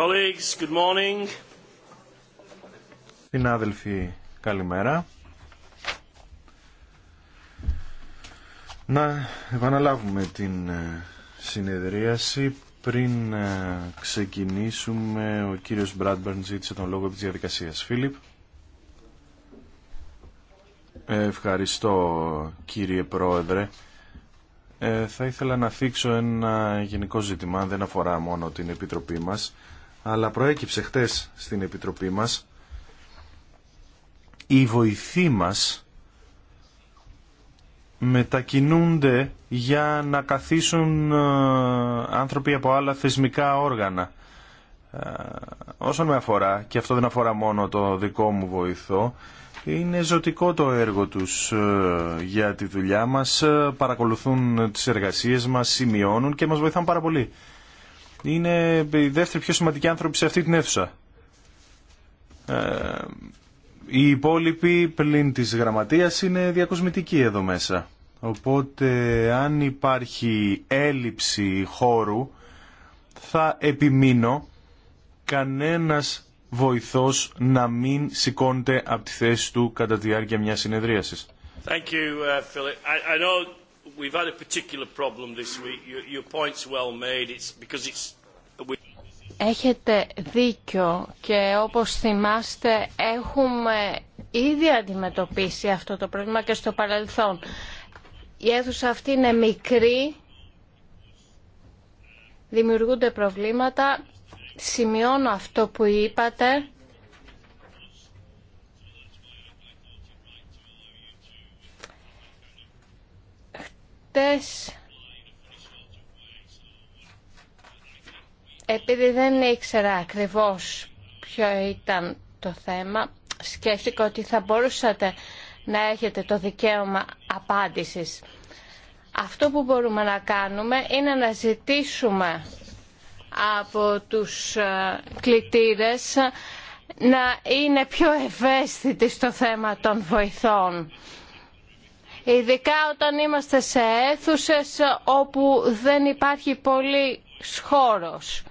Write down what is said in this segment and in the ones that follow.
Colleagues, good morning. καλημέρα. Να επαναλάβουμε την ε, συνεδρίαση. Πριν ε, ξεκινήσουμε, ο κύριος Μπράντμπερν ζήτησε τον λόγο τη της διαδικασίας. Φίλιπ. Ε, ευχαριστώ κύριε Πρόεδρε. θα ήθελα να θίξω ένα γενικό ζήτημα, δεν αφορά μόνο την Επιτροπή μας αλλά προέκυψε χτες στην Επιτροπή μας, οι βοηθοί μας μετακινούνται για να καθίσουν ε, άνθρωποι από άλλα θεσμικά όργανα. Ε, όσον με αφορά, και αυτό δεν αφορά μόνο το δικό μου βοηθό, είναι ζωτικό το έργο τους ε, για τη δουλειά μας, παρακολουθούν τις εργασίες μας, σημειώνουν και μας βοηθάνε πάρα πολύ είναι οι δεύτεροι πιο σημαντικοί άνθρωποι σε αυτή την αίθουσα. Ε, οι υπόλοιποι πλην της γραμματείας είναι διακοσμητικοί εδώ μέσα. Οπότε αν υπάρχει έλλειψη χώρου θα επιμείνω κανένας βοηθός να μην σηκώνεται από τη θέση του κατά τη διάρκεια μιας συνεδρίασης. Thank you, uh, I, I know had a particular problem this week. Your, well made. because Έχετε δίκιο και όπως θυμάστε έχουμε ήδη αντιμετωπίσει αυτό το πρόβλημα και στο παρελθόν. Η αίθουσα αυτή είναι μικρή, δημιουργούνται προβλήματα. Σημειώνω αυτό που είπατε επειδή δεν ήξερα ακριβώς ποιο ήταν το θέμα σκέφτηκα ότι θα μπορούσατε να έχετε το δικαίωμα απάντησης. Αυτό που μπορούμε να κάνουμε είναι να ζητήσουμε από τους ε, κλητήρες να είναι πιο ευαίσθητοι στο θέμα των βοηθών ειδικά όταν είμαστε σε αίθουσες όπου δεν υπάρχει πολύ χώρος.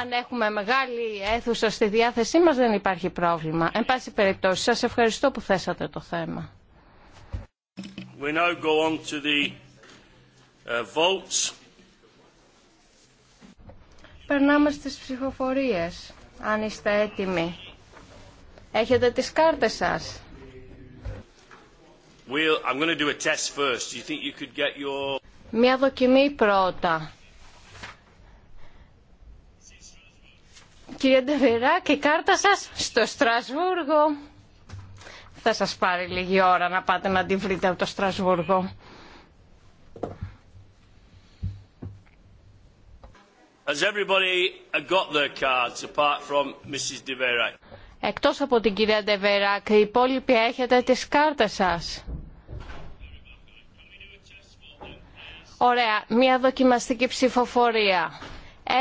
Αν έχουμε μεγάλη αίθουσα στη διάθεσή μας δεν υπάρχει πρόβλημα. Εν πάση περιπτώσει, σας ευχαριστώ που θέσατε το θέμα. We now go on uh, Περνάμε στις ψηφοφορίες, αν είστε έτοιμοι. Έχετε τις κάρτες σας. We'll, I'm going to do a test first. Do you think you could get your... Μια δοκιμή πρώτα. Κύριε Ντεβερά, η κάρτα σας στο Στρασβούργο. Θα σας πάρει λίγη ώρα να πάτε να την βρείτε από το Στρασβούργο. Has everybody got their cards apart from Mrs. De Verac? Εκτός από την κυρία Ντεβεράκ, οι υπόλοιποι έχετε τις κάρτες σας. Ωραία, μια δοκιμαστική ψηφοφορία.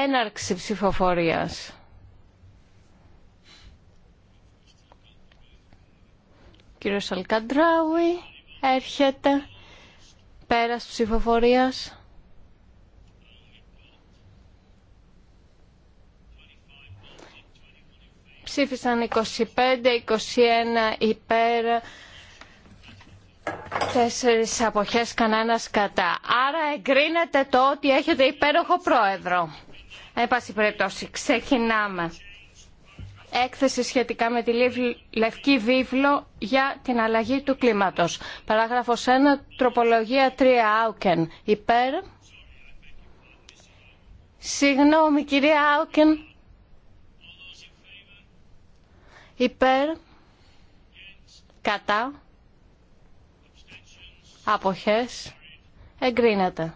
Έναρξη ψηφοφορίας. Κύριος Αλκαντράουι, έρχεται. Πέρας ψηφοφορίας. Ψήφισαν 25, 21 υπέρ, 4 αποχές, κανένας κατά. Άρα εγκρίνεται το ότι έχετε υπέροχο πρόεδρο. Εν πάση περιπτώσει, ξεκινάμε. Έκθεση σχετικά με τη Λευκή Βίβλο για την αλλαγή του κλίματος. Παράγραφος 1, τροπολογία 3, Άουκεν. Υπέρ. Συγγνώμη, κυρία Άουκεν, υπέρ, κατά, αποχές, εγκρίνεται.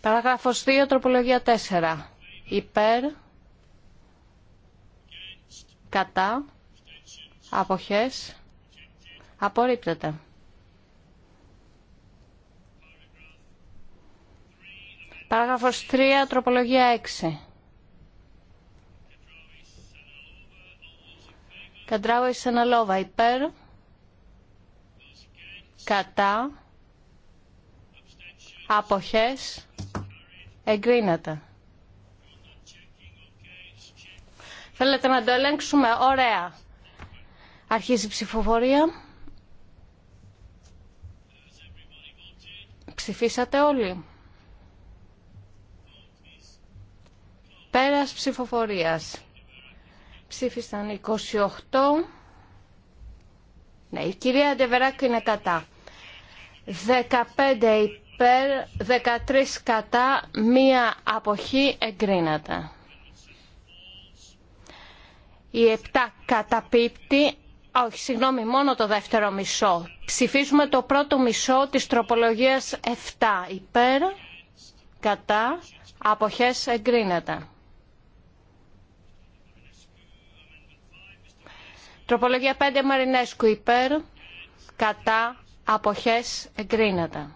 Παράγραφος 2, τροπολογία 4. Υπέρ, κατά, αποχές, απορρίπτεται. Παράγραφος 3, τροπολογία 6. ένα λόβα υπέρ, κατά, αποχές, εγκρίνεται. Θέλετε να το ελέγξουμε, ωραία. Αρχίζει η ψηφοφορία. Ψηφίσατε όλοι. Πέρας ψηφοφορίας. Ψήφισαν 28. Ναι, η κυρία Ντεβεράκη είναι κατά. 15 υπέρ, 13 κατά, μία αποχή εγκρίνατα. Οι 7 καταπίπτει, όχι, συγγνώμη, μόνο το δεύτερο μισό. Ψηφίζουμε το πρώτο μισό της τροπολογίας 7 υπέρ, κατά, αποχές εγκρίνεται. Τροπολογία 5 Μαρινέσκου υπέρ, κατά, αποχές, εγκρίνεται.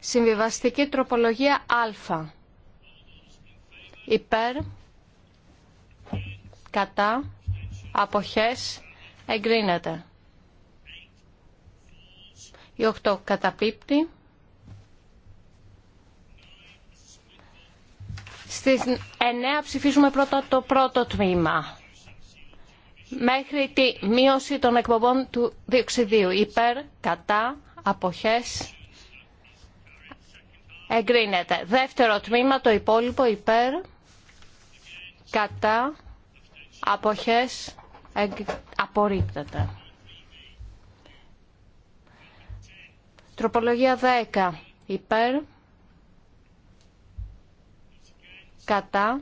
Συμβιβαστική τροπολογία Α. Υπέρ, κατά, αποχές, εγκρίνεται. Η 8 καταπίπτει. Στις 9 ψηφίζουμε πρώτα το πρώτο τμήμα. Μέχρι τη μείωση των εκπομπών του διοξιδίου. Υπέρ, κατά, αποχές. Εγκρίνεται. Δεύτερο τμήμα, το υπόλοιπο υπέρ, κατά, αποχές, εγ... απορρίπτεται. Τροπολογία 10. Υπέρ, κατά,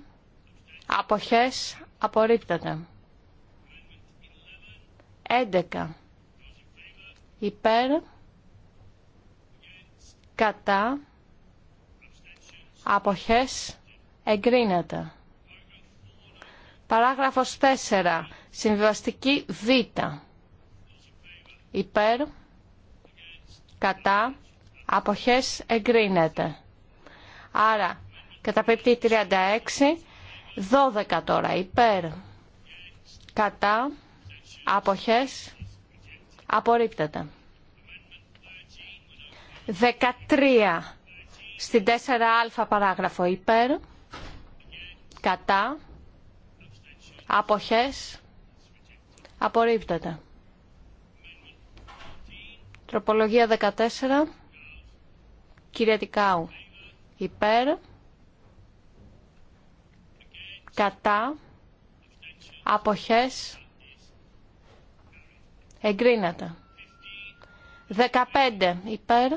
αποχές, απορρίπτεται. 11. Υπέρ, κατά, αποχές, εγκρίνεται. Παράγραφος 4. Συμβιβαστική Β. Υπέρ, κατά, αποχές εγκρίνεται. Άρα Καταπίπτει 36. 12 τώρα. Υπέρ. Κατά. Αποχές. Απορρίπτεται. 13. Στην 4α παράγραφο. Υπέρ. Κατά. Αποχές. Απορρίπτεται. Τροπολογία 14. Κυρία Υπέρ κατά, αποχές, εγκρίνεται. 15 υπέρ,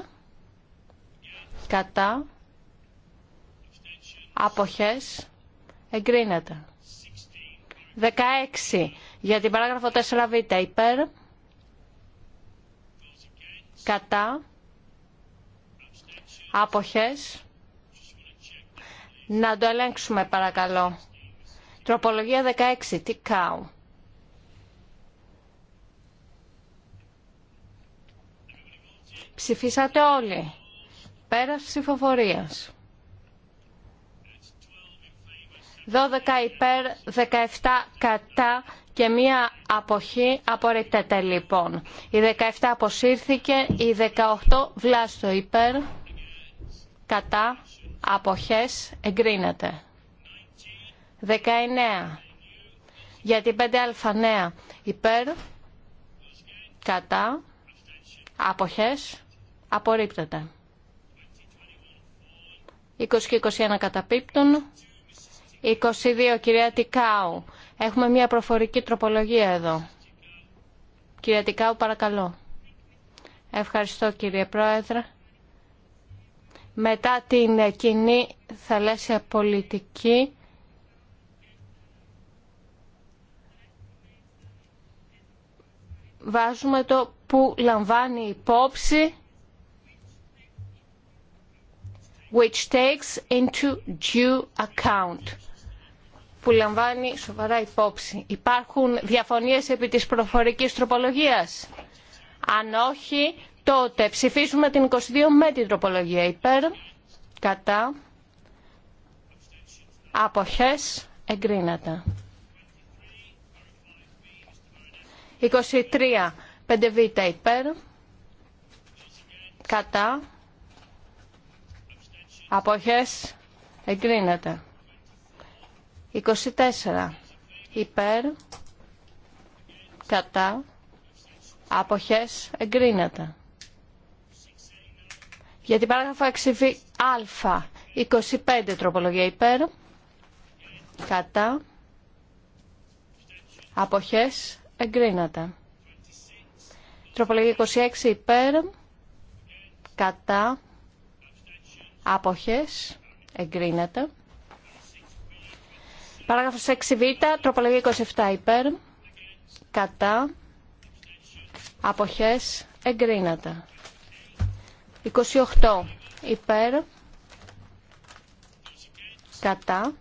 κατά, αποχές, εγκρίνεται. 16 για την παράγραφο 4β υπέρ, κατά, άποχες. Να το ελέγξουμε παρακαλώ. Τροπολογία 16. Τι κάω. Ψηφίσατε όλοι. Πέρας ψηφοφορίας. 12 υπέρ, 17 κατά και μία αποχή απορρίπτεται λοιπόν. Η 17 αποσύρθηκε, η 18 βλάστο υπέρ, κατά, αποχές, εγκρίνεται. 19 για την 5α νέα υπέρ, κατά, άποχες, απορρίπτεται. 20 και 21 καταπίπτουν. 22 κυρία Τικάου. Έχουμε μια προφορική τροπολογία εδώ. Κυρία Τικάου παρακαλώ. Ευχαριστώ κύριε Πρόεδρε. Μετά την κοινή θαλάσσια πολιτική βάζουμε το που λαμβάνει υπόψη which takes into due account που λαμβάνει σοβαρά υπόψη. Υπάρχουν διαφωνίες επί της προφορικής τροπολογίας. Αν όχι, τότε ψηφίζουμε την 22 με την τροπολογία υπέρ, κατά, αποχές, εγκρίνεται. 23 5β υπέρ κατά αποχές εγκρίνεται 24 υπέρ κατά αποχές εγκρίνεται για την παράγραφο α 25 τροπολογία υπέρ κατά αποχές εγκρίνεται. Τροπολογία 26 υπέρ, κατά, άποχες, εγκρίνεται. Παράγραφος 6β, τροπολογία 27 υπέρ, κατά, άποχες, εγκρίνεται. 28 υπέρ, κατά,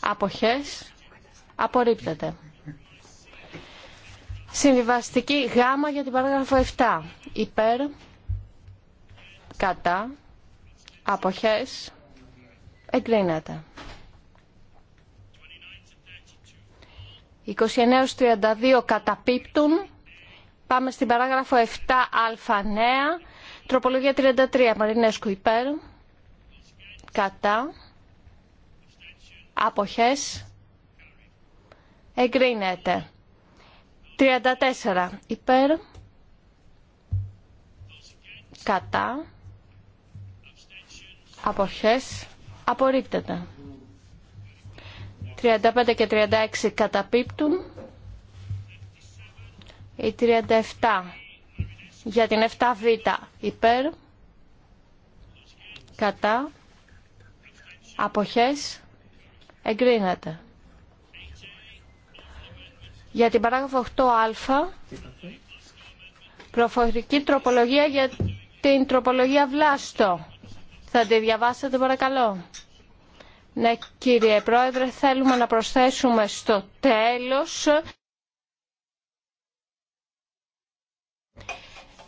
άποχες, απορρίπτεται. Συμβιβαστική γάμα για την παράγραφο 7. Υπέρ, κατά, αποχές, εγκρίνεται. 29-32 καταπίπτουν. Πάμε στην παράγραφο 7α νέα. Τροπολογία 33. Μαρινέσκου υπέρ. Κατά. Αποχές. Εγκρίνεται. 34 υπέρ κατά αποχές απορρίπτεται 35 και 36 καταπίπτουν η 37 για την 7β υπέρ κατά αποχές εγκρίνεται για την παράγραφο 8α, προφορική τροπολογία για την τροπολογία Βλάστο. Θα τη διαβάσετε παρακαλώ. Ναι κύριε Πρόεδρε, θέλουμε να προσθέσουμε στο τέλος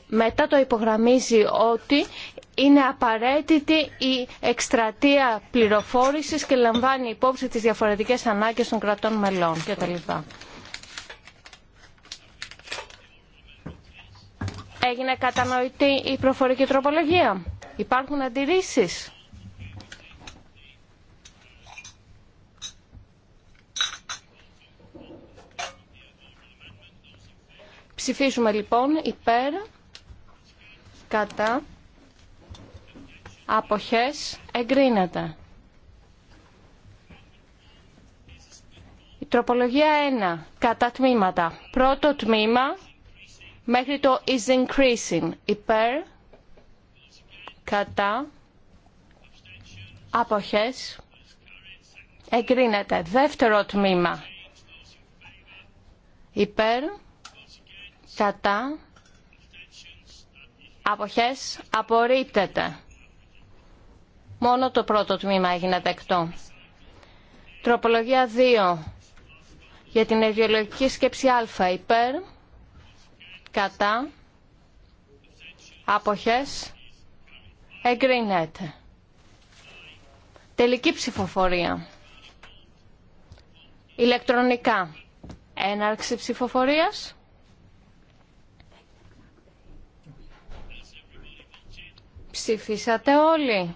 μετά το υπογραμμίζει ότι είναι απαραίτητη η εκστρατεία πληροφόρησης και λαμβάνει υπόψη τις διαφορετικές ανάγκες των κρατών μελών κτλ. Έγινε κατανοητή η προφορική τροπολογία. Υπάρχουν αντιρρήσεις. Ψηφίσουμε λοιπόν υπέρ, κατά, αποχές, εγκρίνεται. Η τροπολογία 1. Κατά τμήματα. Πρώτο τμήμα μέχρι το is increasing υπέρ κατά αποχές εγκρίνεται δεύτερο τμήμα υπέρ κατά αποχές απορρίπτεται μόνο το πρώτο τμήμα έγινε δεκτό τροπολογία 2 για την ιδεολογική σκέψη α υπέρ κατά αποχές εγκρίνεται. Τελική ψηφοφορία. Ηλεκτρονικά. Έναρξη ψηφοφορίας. Ψηφίσατε όλοι.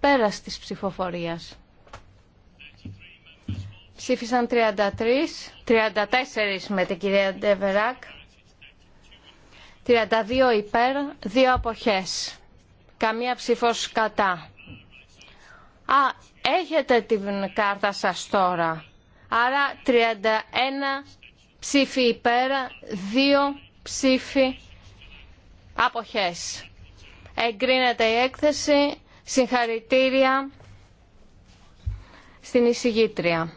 Πέρας της ψηφοφορίας. Ψήφισαν 33, 34 με την κυρία Ντεβεράκ. 32 υπέρ, 2 αποχές. Καμία ψήφος κατά. Α, έχετε την κάρτα σας τώρα. Άρα 31 ψήφοι υπέρ, 2 ψήφοι αποχές. Εγκρίνεται η έκθεση. Συγχαρητήρια στην εισηγήτρια.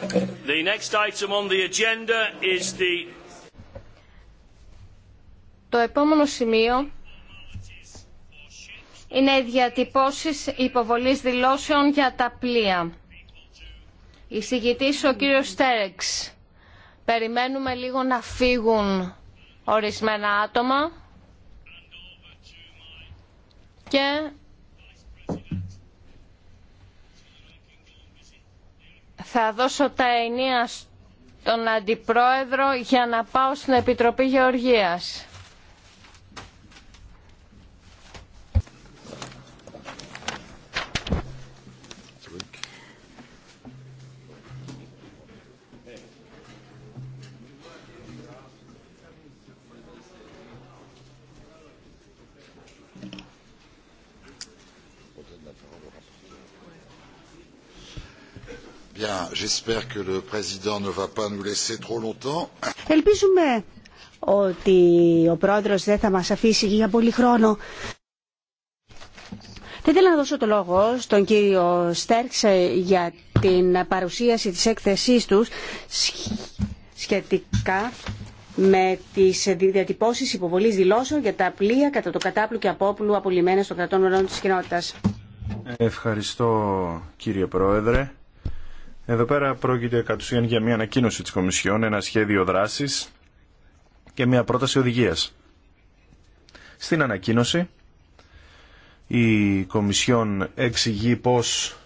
The next item on Το επόμενο σημείο είναι οι διατυπώσεις υποβολής δηλώσεων για τα πλοία. Η ο κύριος Στέρεξ. Περιμένουμε λίγο να φύγουν ορισμένα άτομα και Θα δώσω τα ενία στον Αντιπρόεδρο για να πάω στην Επιτροπή Γεωργίας. Ελπίζουμε ότι ο πρόεδρος δεν θα μας αφήσει για πολύ χρόνο. Θα ήθελα να δώσω το λόγο στον κύριο Στέρξ για την παρουσίαση της έκθεσής τους σχετικά με τις διατυπώσεις υποβολής δηλώσεων για τα πλοία κατά το κατάπλου και απόπλου απολυμμένα στο κρατών μελών της κοινότητας. Ευχαριστώ κύριε Πρόεδρε. Εδώ πέρα πρόκειται κατ' ουσίαν για μια ανακοίνωση της Κομισιόν, ένα σχέδιο δράσης και μια πρόταση οδηγίας. Στην ανακοίνωση η Κομισιόν εξηγεί πώς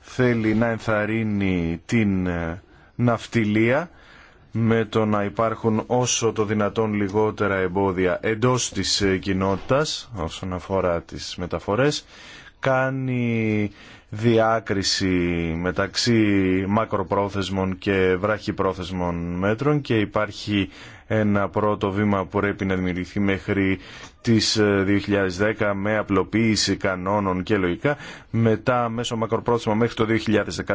θέλει να ενθαρρύνει την ε, ναυτιλία με το να υπάρχουν όσο το δυνατόν λιγότερα εμπόδια εντός της ε, κοινότητας όσον αφορά τις μεταφορές κάνει διάκριση μεταξύ μακροπρόθεσμων και βραχυπρόθεσμων μέτρων και υπάρχει ένα πρώτο βήμα που πρέπει να δημιουργηθεί μέχρι τις 2010 ε, με απλοποίηση κανόνων και λογικά, μετά μέσω μακροπρόθεσμα μέχρι το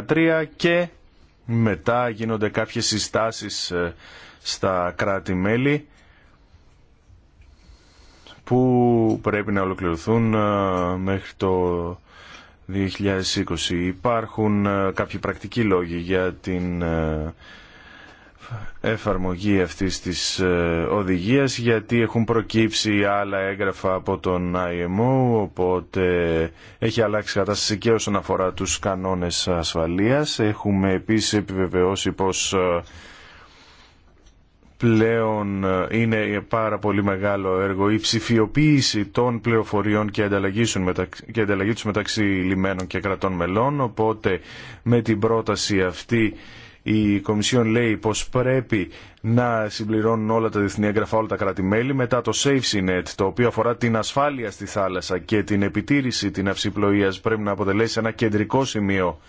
2013 και μετά γίνονται κάποιες συστάσεις ε, στα κράτη-μέλη που πρέπει να ολοκληρωθούν ε, μέχρι το 2020. Υπάρχουν ε, κάποιοι πρακτικοί λόγοι για την ε, εφαρμογή αυτής της οδηγίας γιατί έχουν προκύψει άλλα έγγραφα από τον IMO οπότε έχει αλλάξει κατάσταση και όσον αφορά τους κανόνες ασφαλείας. Έχουμε επίσης επιβεβαιώσει πως πλέον ε, είναι πάρα πολύ μεγάλο έργο η ψηφιοποίηση των πληροφοριών και ανταλλαγή, και τους μεταξύ λιμένων και κρατών μελών οπότε με την πρόταση αυτή η Κομισιόν λέει πως πρέπει να συμπληρώνουν όλα τα διεθνή έγγραφα, όλα τα κράτη-μέλη. Μετά το net, το οποίο αφορά την ασφάλεια στη θάλασσα και την επιτήρηση την αυσιπλοείας, πρέπει να αποτελέσει ένα κεντρικό σημείο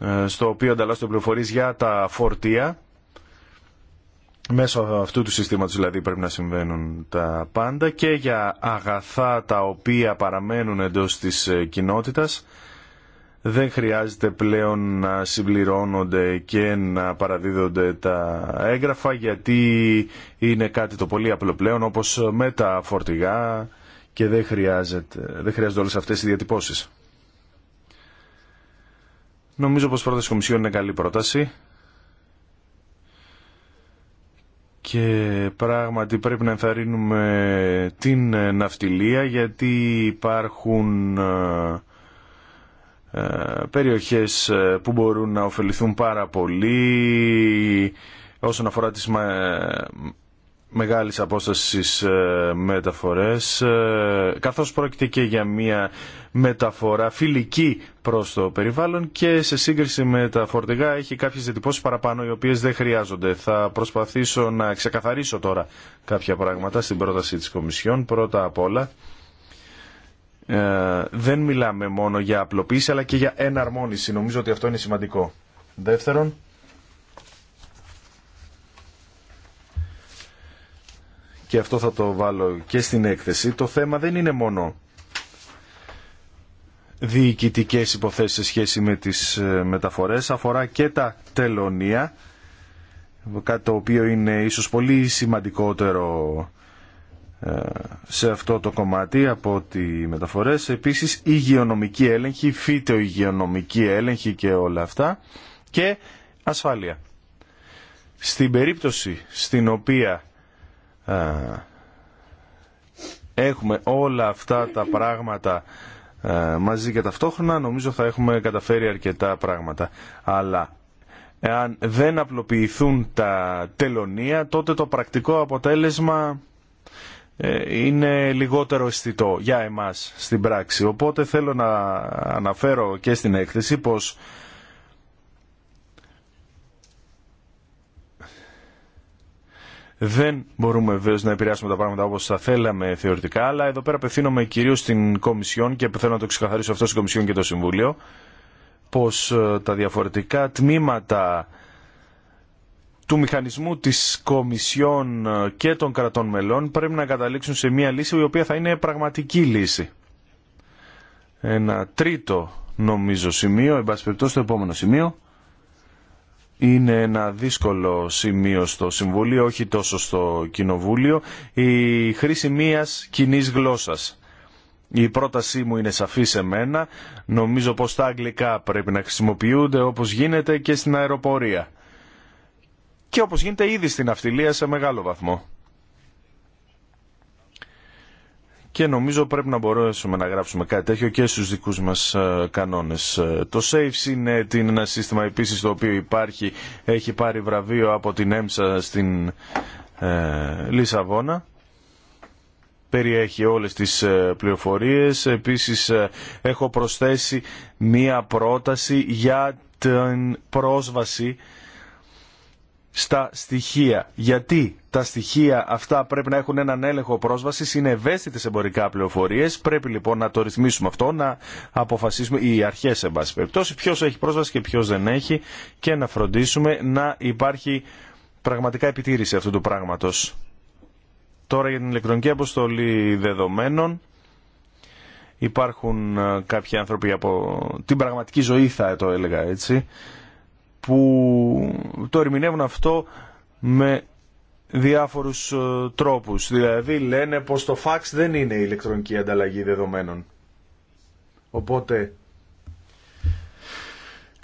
ε, στο οποίο ανταλλάσσονται πληροφορίε για τα φορτία Μέσω αυτού του συστήματος δηλαδή πρέπει να συμβαίνουν τα πάντα και για αγαθά τα οποία παραμένουν εντός της ε, κοινότητας δεν χρειάζεται πλέον να συμπληρώνονται και να παραδίδονται τα έγγραφα γιατί είναι κάτι το πολύ απλό πλέον όπως με τα φορτηγά και δεν, χρειάζεται, δεν χρειάζονται όλες αυτές οι διατυπώσεις. Νομίζω πως πρόταση Κομισιόν είναι καλή πρόταση και πράγματι πρέπει να ενθαρρύνουμε την ε, ναυτιλία γιατί υπάρχουν ε, ε, περιοχές που μπορούν να ωφεληθούν πάρα πολύ όσον αφορά τις μεγάλης απόστασης μεταφορές καθώς πρόκειται και για μια μεταφορά φιλική προς το περιβάλλον και σε σύγκριση με τα φορτηγά έχει κάποιες εντυπώσει παραπάνω οι οποίε δεν χρειάζονται. Θα προσπαθήσω να ξεκαθαρίσω τώρα κάποια πράγματα στην πρόταση της Κομισιόν. Πρώτα απ' όλα ε, δεν μιλάμε μόνο για απλοποίηση αλλά και για εναρμόνιση. Νομίζω ότι αυτό είναι σημαντικό. Δεύτερον, και αυτό θα το βάλω και στην έκθεση, το θέμα δεν είναι μόνο διοικητικές υποθέσεις σε σχέση με τις ε, μεταφορές. Αφορά και τα τελωνία, κάτι το οποίο είναι ίσως πολύ σημαντικότερο ε, σε αυτό το κομμάτι από τι μεταφορές. Επίσης υγειονομική έλεγχη, φύτεο υγειονομική έλεγχη και όλα αυτά και ασφάλεια. Στην περίπτωση στην οποία ε, έχουμε όλα αυτά τα πράγματα ε, μαζί και ταυτόχρονα νομίζω θα έχουμε καταφέρει αρκετά πράγματα. Αλλά εάν δεν απλοποιηθούν τα τελωνία τότε το πρακτικό αποτέλεσμα ε, είναι λιγότερο αισθητό για εμάς στην πράξη. Οπότε θέλω να αναφέρω και στην έκθεση πως Δεν μπορούμε βέβαια να επηρεάσουμε τα πράγματα όπω θα θέλαμε θεωρητικά, αλλά εδώ πέρα απευθύνομαι κυρίω στην Κομισιόν και θέλω να το ξεκαθαρίσω αυτό στην Κομισιόν και το Συμβούλιο, πω ε, τα διαφορετικά τμήματα του μηχανισμού της Κομισιόν ε, και των κρατών μελών πρέπει να καταλήξουν σε μια λύση η οποία θα είναι πραγματική λύση. Ένα τρίτο νομίζω σημείο, εν πάση περιπτώσει το επόμενο σημείο, είναι ένα δύσκολο σημείο στο Συμβούλιο, όχι τόσο στο Κοινοβούλιο, η χρήση μίας κοινή γλώσσας. Η πρότασή μου είναι σαφή σε μένα. Νομίζω πως τα αγγλικά πρέπει να χρησιμοποιούνται όπως γίνεται και στην αεροπορία. Και όπως γίνεται ήδη στην αυτιλία σε μεγάλο βαθμό. και νομίζω πρέπει να μπορέσουμε να γράψουμε κάτι τέτοιο και στους δικούς μας ε, κανόνες. Ε, το SAFES είναι ένα σύστημα επίσης το οποίο υπάρχει, έχει πάρει βραβείο από την ΕΜΣΑ στην ε, Λισαβόνα. Περιέχει όλες τις πληροφορίες. Επίσης έχω προσθέσει μία πρόταση για την πρόσβαση στα στοιχεία. Γιατί τα στοιχεία αυτά πρέπει να έχουν έναν έλεγχο πρόσβαση, είναι ευαίσθητε εμπορικά πληροφορίε. Πρέπει λοιπόν να το ρυθμίσουμε αυτό, να αποφασίσουμε οι αρχέ, εν πάση περιπτώσει, ποιο έχει πρόσβαση και ποιο δεν έχει και να φροντίσουμε να υπάρχει πραγματικά επιτήρηση αυτού του πράγματο. Τώρα για την ηλεκτρονική αποστολή δεδομένων. Υπάρχουν ε, κάποιοι άνθρωποι από την πραγματική ζωή, θα το έλεγα έτσι, που το ερμηνεύουν αυτό με διάφορους ε, τρόπους. Δηλαδή λένε πως το fax δεν είναι ηλεκτρονική ανταλλαγή δεδομένων. Οπότε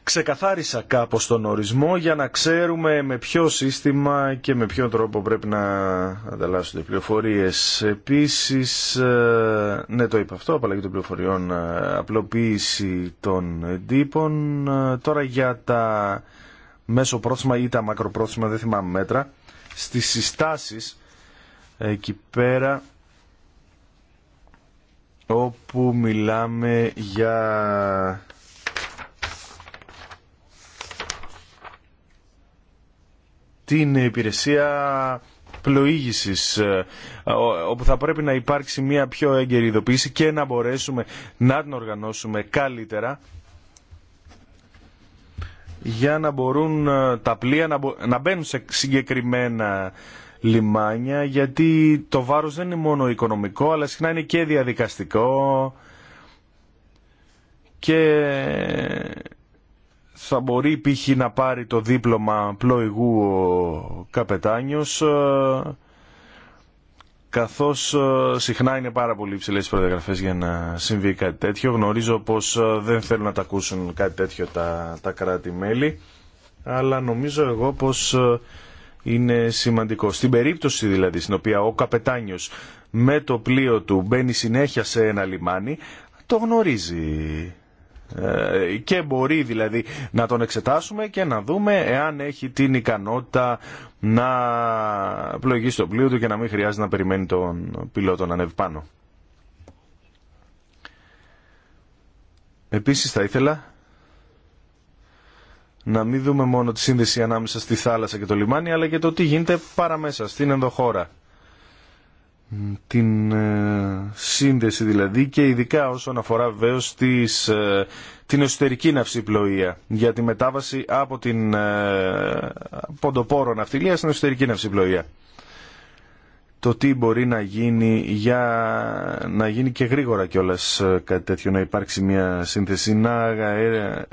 ξεκαθάρισα κάπως τον ορισμό για να ξέρουμε με ποιο σύστημα και με ποιο τρόπο πρέπει να ανταλλάσσονται οι πληροφορίες. Επίσης, ε, ναι το είπα αυτό, απαλλαγή των πληροφοριών, ε, απλοποίηση των εντύπων. Ε, τώρα για τα μέσο πρόθυμα ή τα μακροπρόθυμα, δεν θυμάμαι μέτρα, στις συστάσεις εκεί πέρα όπου μιλάμε για την υπηρεσία πλοήγησης ε, όπου θα πρέπει να υπάρξει μια πιο έγκαιρη ειδοποίηση και να μπορέσουμε να την οργανώσουμε καλύτερα για να μπορούν ε, τα πλοία να, να μπαίνουν σε συγκεκριμένα λιμάνια γιατί το βάρος δεν είναι μόνο οικονομικό αλλά συχνά είναι και διαδικαστικό και θα μπορεί π.χ. να πάρει το δίπλωμα πλοηγού ο καπετάνιος ε, καθώς ε, συχνά είναι πάρα πολύ υψηλέ οι προδιαγραφές για να συμβεί κάτι τέτοιο. Γνωρίζω πως ε, δεν θέλουν να τα ακούσουν κάτι τέτοιο τα, τα κράτη-μέλη, αλλά νομίζω εγώ πως είναι σημαντικό. Στην περίπτωση δηλαδή στην οποία ο καπετάνιος με το πλοίο του μπαίνει συνέχεια σε ένα λιμάνι, το γνωρίζει ε, και μπορεί δηλαδή να τον εξετάσουμε και να δούμε εάν έχει την ικανότητα να πλοηγήσει το πλοίο του και να μην χρειάζεται να περιμένει τον πιλότο να ανέβει πάνω. Επίσης θα ήθελα να μην δούμε μόνο τη σύνδεση ανάμεσα στη θάλασσα και το λιμάνι αλλά και το τι γίνεται παραμέσα στην ενδοχώρα την ε, σύνδεση δηλαδή και ειδικά όσον αφορά βεβαίω ε, την εσωτερική ναυσιπλοεία για τη μετάβαση από την ε, ποντοπόρο ναυτιλία στην εσωτερική ναυσιπλοεία. Το τι μπορεί να γίνει για να γίνει και γρήγορα κιόλα κάτι τέτοιο, να υπάρξει μια σύνθεση, να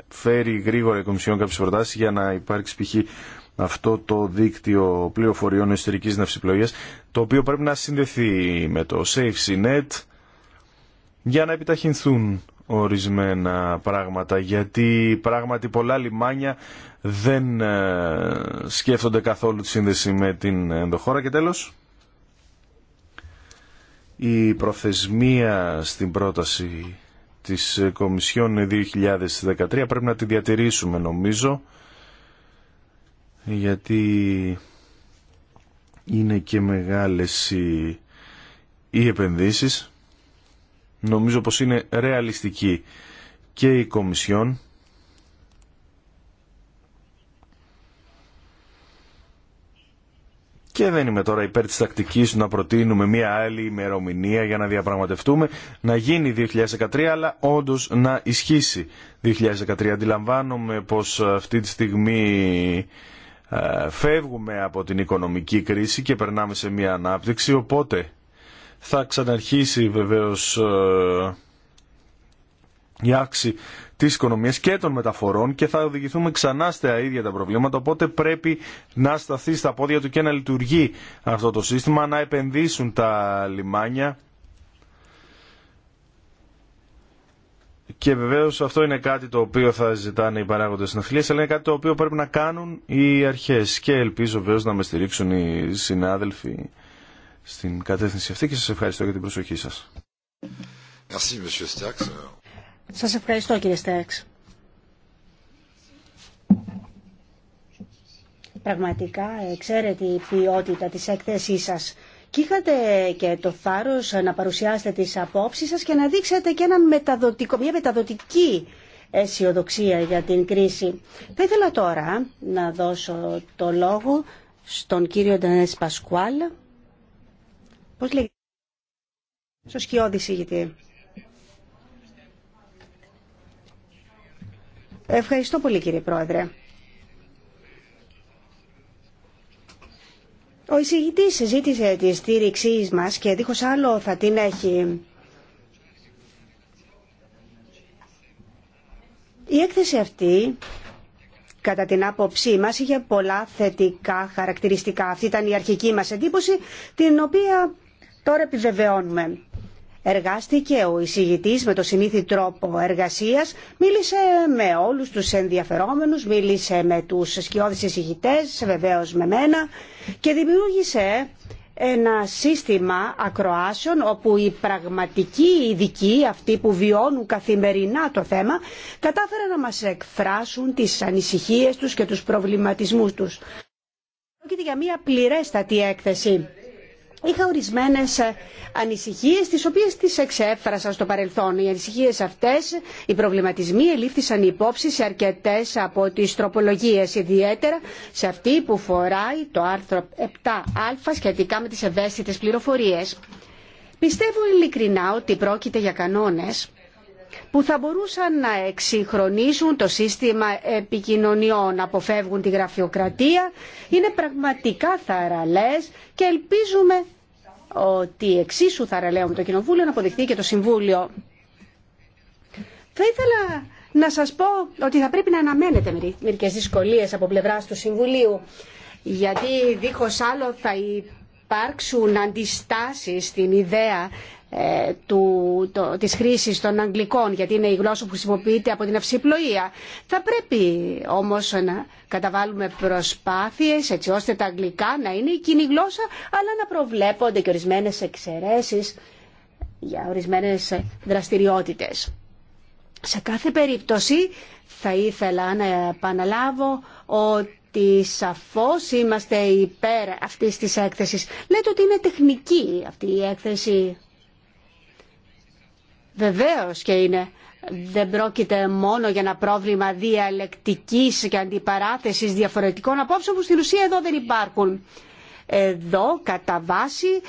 φέρει γρήγορα η Κομισιόν κάποιες προτάσει για να υπάρξει π.χ αυτό το δίκτυο πληροφοριών εσωτερικής ναυσιπλογίας, το οποίο πρέπει να συνδεθεί με το net για να επιταχυνθούν ορισμένα πράγματα γιατί πράγματι πολλά λιμάνια δεν ε, σκέφτονται καθόλου τη σύνδεση με την ενδοχώρα και τέλος η προθεσμία στην πρόταση της Κομισιόν 2013 πρέπει να τη διατηρήσουμε νομίζω γιατί είναι και μεγάλες οι, οι επενδύσεις. Νομίζω πως είναι ρεαλιστική και η Κομισιόν Και δεν είμαι τώρα υπέρ της τακτικής να προτείνουμε μία άλλη ημερομηνία για να διαπραγματευτούμε, να γίνει 2013, αλλά όντως να ισχύσει 2013. Αντιλαμβάνομαι πως αυτή τη στιγμή ε, φεύγουμε από την οικονομική κρίση και περνάμε σε μια ανάπτυξη οπότε θα ξαναρχίσει βεβαίως ε, η άξη της οικονομίας και των μεταφορών και θα οδηγηθούμε ξανά στα ίδια τα προβλήματα οπότε πρέπει να σταθεί στα πόδια του και να λειτουργεί αυτό το σύστημα να επενδύσουν τα λιμάνια Και βεβαίω αυτό είναι κάτι το οποίο θα ζητάνε οι παράγοντε συναθλίε, αλλά είναι κάτι το οποίο πρέπει να κάνουν οι αρχέ. Και ελπίζω βεβαίω να με στηρίξουν οι συνάδελφοι στην κατεύθυνση αυτή και σα ευχαριστώ για την προσοχή σα. Σα ευχαριστώ κύριε Στέξ. Πραγματικά εξαίρετη η ποιότητα της έκθεσής σας. Και είχατε και το θάρρος να παρουσιάσετε τις απόψεις σας και να δείξετε και έναν μεταδοτικό, μια μεταδοτική αισιοδοξία για την κρίση. Θα ήθελα τώρα να δώσω το λόγο στον κύριο Ντανές Πασκουάλ. Πώς λέγεται. Στο σκιώδη Ευχαριστώ πολύ κύριε Πρόεδρε. Ο εισηγητή συζήτησε τη στήριξή μας και δίχως άλλο θα την έχει. Η έκθεση αυτή, κατά την άποψή μας, είχε πολλά θετικά χαρακτηριστικά. Αυτή ήταν η αρχική μας εντύπωση, την οποία τώρα επιβεβαιώνουμε. Εργάστηκε ο εισηγητής με το συνήθι τρόπο εργασίας, μίλησε με όλους τους ενδιαφερόμενους, μίλησε με τους σκιώδεις εισηγητές, βεβαίως με μένα και δημιούργησε ένα σύστημα ακροάσεων όπου οι πραγματικοί ειδικοί, αυτοί που βιώνουν καθημερινά το θέμα, κατάφεραν να μας εκφράσουν τις ανησυχίες τους και τους προβληματισμούς τους. Πρόκειται για μια πληρέστατη έκθεση Είχα ορισμένε ανησυχίε, τις οποίες τις εξέφρασα στο παρελθόν. Οι ανησυχίε αυτέ, οι προβληματισμοί ελήφθησαν υπόψη σε αρκετέ από τι τροπολογίε ιδιαίτερα σε αυτή που φοράει το άρθρο 7α σχετικά με τι ευαίσθητε πληροφορίε. Πιστεύω ειλικρινά ότι πρόκειται για κανόνε που θα μπορούσαν να εξυγχρονίσουν το σύστημα επικοινωνιών, αποφεύγουν τη γραφειοκρατία, είναι πραγματικά θαραλές και ελπίζουμε ότι εξίσου ρελέω με το Κοινοβούλιο να αποδειχθεί και το Συμβούλιο. Θα ήθελα να σας πω ότι θα πρέπει να αναμένετε μερικές δυσκολίες από πλευράς του Συμβουλίου, γιατί δίχως άλλο θα υπάρξουν αντιστάσεις στην ιδέα ε, του, το, της χρήσης των αγγλικών γιατί είναι η γλώσσα που χρησιμοποιείται από την αυσιπλοεία. Θα πρέπει όμως να καταβάλουμε προσπάθειες έτσι ώστε τα αγγλικά να είναι η κοινή γλώσσα αλλά να προβλέπονται και ορισμένες εξαιρέσεις για ορισμένες δραστηριότητες. Σε κάθε περίπτωση θα ήθελα να επαναλάβω ότι σαφώς είμαστε υπέρ αυτής της έκθεσης. Λέτε ότι είναι τεχνική αυτή η έκθεση Βεβαίως και είναι. Δεν πρόκειται μόνο για ένα πρόβλημα διαλεκτικής και αντιπαράθεσης διαφορετικών απόψεων που στην ουσία εδώ δεν υπάρχουν. Εδώ κατά βάση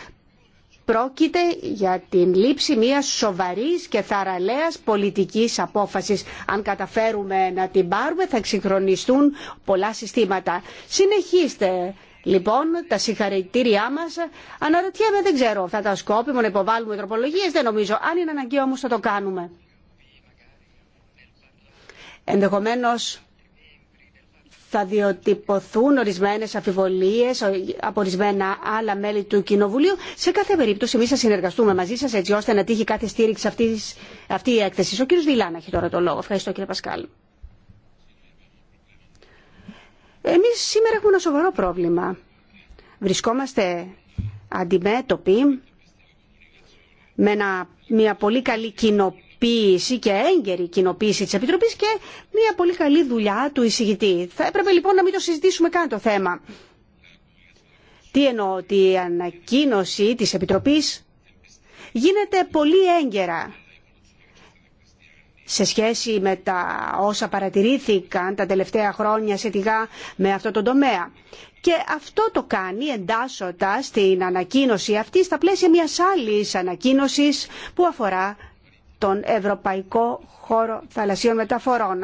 πρόκειται για την λήψη μιας σοβαρής και θαραλέας πολιτικής απόφασης. Αν καταφέρουμε να την πάρουμε θα εξυγχρονιστούν πολλά συστήματα. Συνεχίστε Λοιπόν, τα συγχαρητήριά μα. Αναρωτιέμαι, δεν ξέρω θα τα σκόπιμο να υποβάλουμε τροπολογίε, δεν νομίζω. Αν είναι αναγκαίο όμω θα το κάνουμε. Ενδεχομένω θα διοτυπωθούν ορισμένε αφιβολίε από ορισμένα άλλα μέλη του Κοινοβουλίου. Σε κάθε περίπτωση, εμεί θα συνεργαστούμε μαζί σα έτσι ώστε να τύχει κάθε στήριξη αυτή, η έκθεση. Ο κ. Δηλάνα έχει τώρα το λόγο. Ευχαριστώ, κ. Πασκάλ. Εμείς σήμερα έχουμε ένα σοβαρό πρόβλημα. Βρισκόμαστε αντιμέτωποι με μια πολύ καλή κοινοποίηση και έγκαιρη κοινοποίηση της Επιτροπής και μια πολύ καλή δουλειά του εισηγητή. Θα έπρεπε λοιπόν να μην το συζητήσουμε καν το θέμα. Τι εννοώ ότι η ανακοίνωση της Επιτροπής γίνεται πολύ έγκαιρα σε σχέση με τα όσα παρατηρήθηκαν τα τελευταία χρόνια σχετικά με αυτό το τομέα. Και αυτό το κάνει εντάσσοντα την ανακοίνωση αυτή στα πλαίσια μια άλλη ανακοίνωση που αφορά τον Ευρωπαϊκό Χώρο Θαλασσίων Μεταφορών.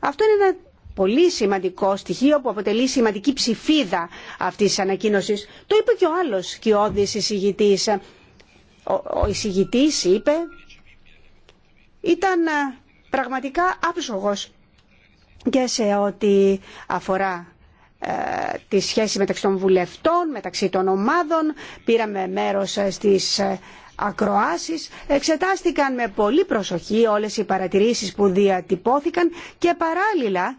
Αυτό είναι ένα πολύ σημαντικό στοιχείο που αποτελεί σημαντική ψηφίδα αυτής της ανακοίνωση. Το είπε και ο άλλο κοιόδη εισηγητή. Ο εισηγητή είπε ήταν ε, πραγματικά άψογος και σε ό,τι αφορά ε, τη σχέση μεταξύ των βουλευτών, μεταξύ των ομάδων. Πήραμε μέρος ε, στις ακροάσεις. Εξετάστηκαν με πολύ προσοχή όλες οι παρατηρήσεις που διατυπώθηκαν και παράλληλα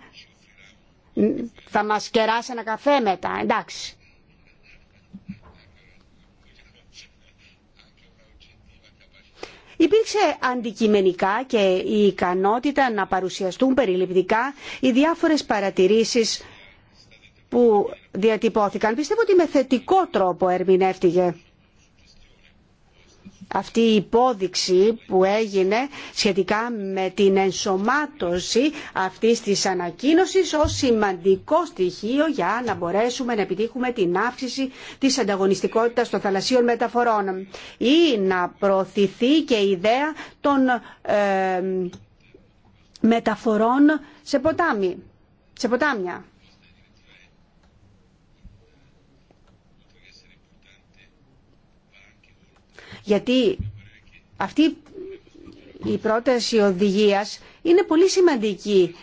θα μας κεράσει ένα καφέ μετά, εντάξει. υπήρξε αντικειμενικά και η ικανότητα να παρουσιαστούν περιληπτικά οι διάφορες παρατηρήσεις που διατυπώθηκαν. Πιστεύω ότι με θετικό τρόπο ερμηνεύτηκε αυτή η υπόδειξη που έγινε σχετικά με την ενσωμάτωση αυτής της ανακοίνωσης ως σημαντικό στοιχείο για να μπορέσουμε να επιτύχουμε την αύξηση της ανταγωνιστικότητας των θαλασσίων μεταφορών ή να προωθηθεί και η ιδέα των ε, μεταφορών σε, ποτάμι, σε ποτάμια. γιατί αυτή η πρόταση οδηγίας είναι πολύ σημαντική.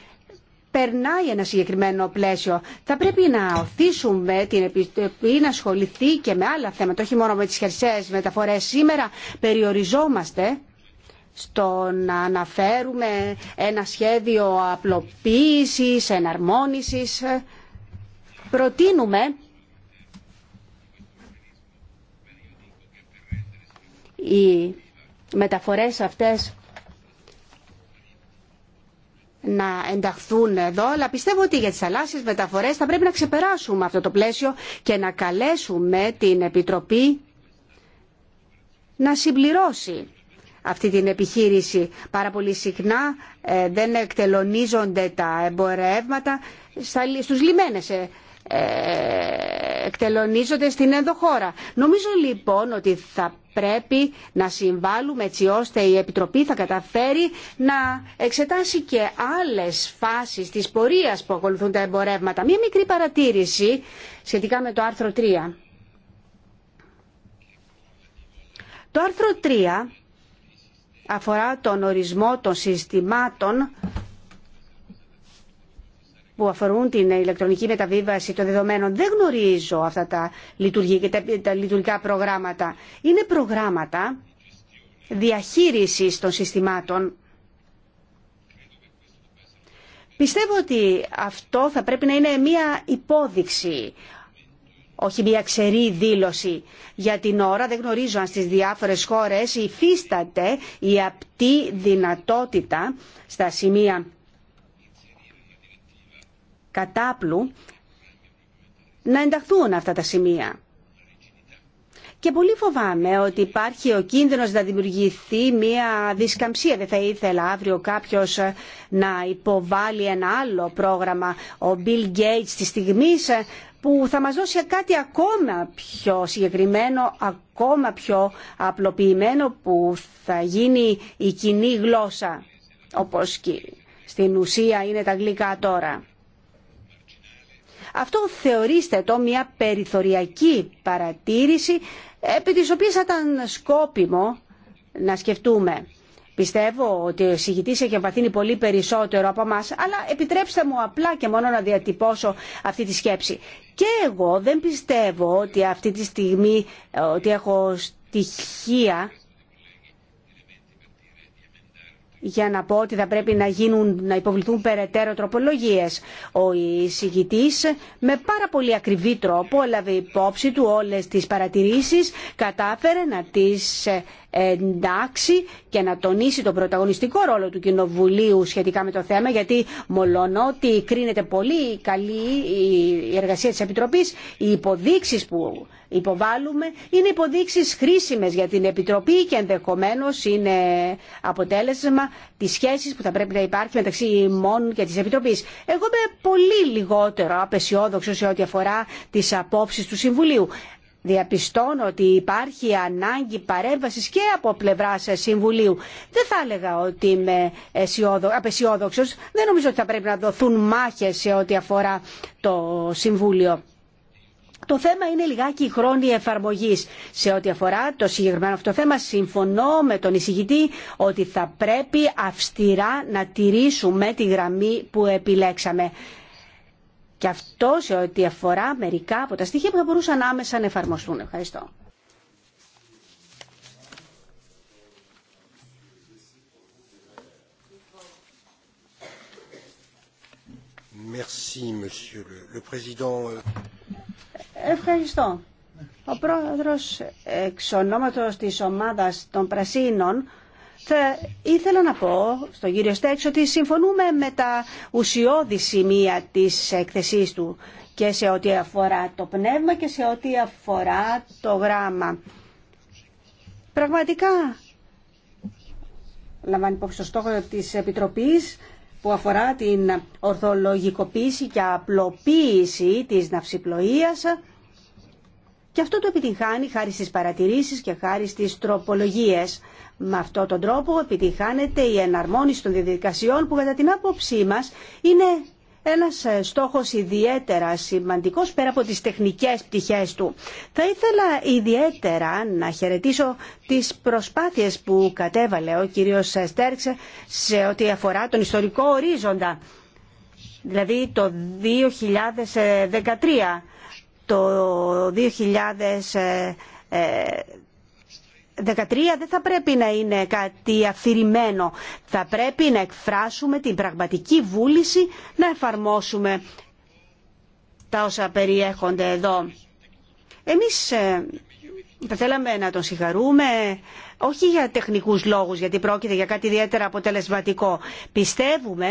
Περνάει ένα συγκεκριμένο πλαίσιο. Θα πρέπει να οθήσουμε την Επιτροπή να ασχοληθεί και με άλλα θέματα, όχι μόνο με τις χερσαίες μεταφορές. Σήμερα περιοριζόμαστε στο να αναφέρουμε ένα σχέδιο απλοποίησης, εναρμόνισης. Προτείνουμε οι μεταφορές αυτές να ενταχθούν εδώ, αλλά πιστεύω ότι για τις θαλάσσιες μεταφορές θα πρέπει να ξεπεράσουμε αυτό το πλαίσιο και να καλέσουμε την Επιτροπή να συμπληρώσει αυτή την επιχείρηση. Πάρα πολύ συχνά ε, δεν εκτελονίζονται τα εμπορεύματα στους λιμένες ε, ε, εκτελονίζονται στην ενδοχώρα. Νομίζω λοιπόν ότι θα πρέπει να συμβάλλουμε έτσι ώστε η Επιτροπή θα καταφέρει να εξετάσει και άλλες φάσεις της πορείας που ακολουθούν τα εμπορεύματα. Μία μικρή παρατήρηση σχετικά με το άρθρο 3. Το άρθρο 3 αφορά τον ορισμό των συστημάτων που αφορούν την ηλεκτρονική μεταβίβαση των δεδομένων. Δεν γνωρίζω αυτά τα λειτουργικά, τα προγράμματα. Είναι προγράμματα διαχείρισης των συστημάτων. Πιστεύω ότι αυτό θα πρέπει να είναι μια υπόδειξη, όχι μια ξερή δήλωση. Για την ώρα δεν γνωρίζω αν στις διάφορες χώρες υφίσταται η απτή δυνατότητα στα σημεία κατάπλου να ενταχθούν αυτά τα σημεία. Και πολύ φοβάμαι ότι υπάρχει ο κίνδυνος να δημιουργηθεί μια δισκαμψία. Δεν θα ήθελα αύριο κάποιος να υποβάλει ένα άλλο πρόγραμμα, ο Bill Gates τη στιγμή που θα μας δώσει κάτι ακόμα πιο συγκεκριμένο, ακόμα πιο απλοποιημένο που θα γίνει η κοινή γλώσσα, όπως στην ουσία είναι τα γλυκά τώρα. Αυτό θεωρήστε το μια περιθωριακή παρατήρηση επί της οποίας ήταν σκόπιμο να σκεφτούμε. Πιστεύω ότι ο συγητή έχει εμπαθύνει πολύ περισσότερο από εμά, αλλά επιτρέψτε μου απλά και μόνο να διατυπώσω αυτή τη σκέψη. Και εγώ δεν πιστεύω ότι αυτή τη στιγμή ε, ότι έχω στοιχεία για να πω ότι θα πρέπει να, γίνουν, να υποβληθούν περαιτέρω τροπολογίες. Ο εισηγητή με πάρα πολύ ακριβή τρόπο έλαβε υπόψη του όλες τις παρατηρήσεις, κατάφερε να τις ε, εντάξει και να τονίσει τον πρωταγωνιστικό ρόλο του Κοινοβουλίου σχετικά με το θέμα γιατί μολονότι κρίνεται πολύ καλή η εργασία της Επιτροπής οι υποδείξεις που υποβάλλουμε είναι υποδείξεις χρήσιμες για την Επιτροπή και ενδεχομένως είναι αποτέλεσμα της σχέσης που θα πρέπει να υπάρχει μεταξύ ημών και της Επιτροπής. Εγώ είμαι πολύ λιγότερο απεσιόδοξο σε ό,τι αφορά τις απόψεις του Συμβουλίου διαπιστώνω ότι υπάρχει ανάγκη παρέμβασης και από πλευράς Συμβουλίου. Δεν θα έλεγα ότι είμαι απεσιόδοξο. Δεν νομίζω ότι θα πρέπει να δοθούν μάχες σε ό,τι αφορά το Συμβούλιο. Το θέμα είναι λιγάκι η χρόνη εφαρμογή. Σε ό,τι αφορά το συγκεκριμένο αυτό θέμα, συμφωνώ με τον εισηγητή ότι θα πρέπει αυστηρά να τηρήσουμε τη γραμμή που επιλέξαμε. Και αυτό σε ό,τι αφορά μερικά από τα στοιχεία που θα μπορούσαν άμεσα να εφαρμοστούν. Ευχαριστώ. Ευχαριστώ. Ο πρόεδρος εξ ονόματος της ομάδας των Πρασίνων θα ήθελα να πω στον κύριο Στέξ ότι συμφωνούμε με τα ουσιώδη σημεία της έκθεσής του και σε ό,τι αφορά το πνεύμα και σε ό,τι αφορά το γράμμα. Πραγματικά, λαμβάνει υπόψη το στόχο της Επιτροπής που αφορά την ορθολογικοποίηση και απλοποίηση της ναυσιπλοείας και αυτό το επιτυγχάνει χάρη στις παρατηρήσεις και χάρη στις τροπολογίες. Με αυτόν τον τρόπο επιτυγχάνεται η εναρμόνιση των διαδικασιών που κατά την άποψή μας είναι ένας ε, στόχος ιδιαίτερα σημαντικός πέρα από τις τεχνικές πτυχές του. Θα ήθελα ιδιαίτερα να χαιρετήσω τις προσπάθειες που κατέβαλε ο κύριος Στέρξε σε ό,τι αφορά τον ιστορικό ορίζοντα, δηλαδή το 2013 το 2013 ε, ε, δεν θα πρέπει να είναι κάτι αφηρημένο. Θα πρέπει να εκφράσουμε την πραγματική βούληση να εφαρμόσουμε τα όσα περιέχονται εδώ. Εμείς ε, θα θέλαμε να τον συγχαρούμε, όχι για τεχνικούς λόγους, γιατί πρόκειται για κάτι ιδιαίτερα αποτελεσματικό. Πιστεύουμε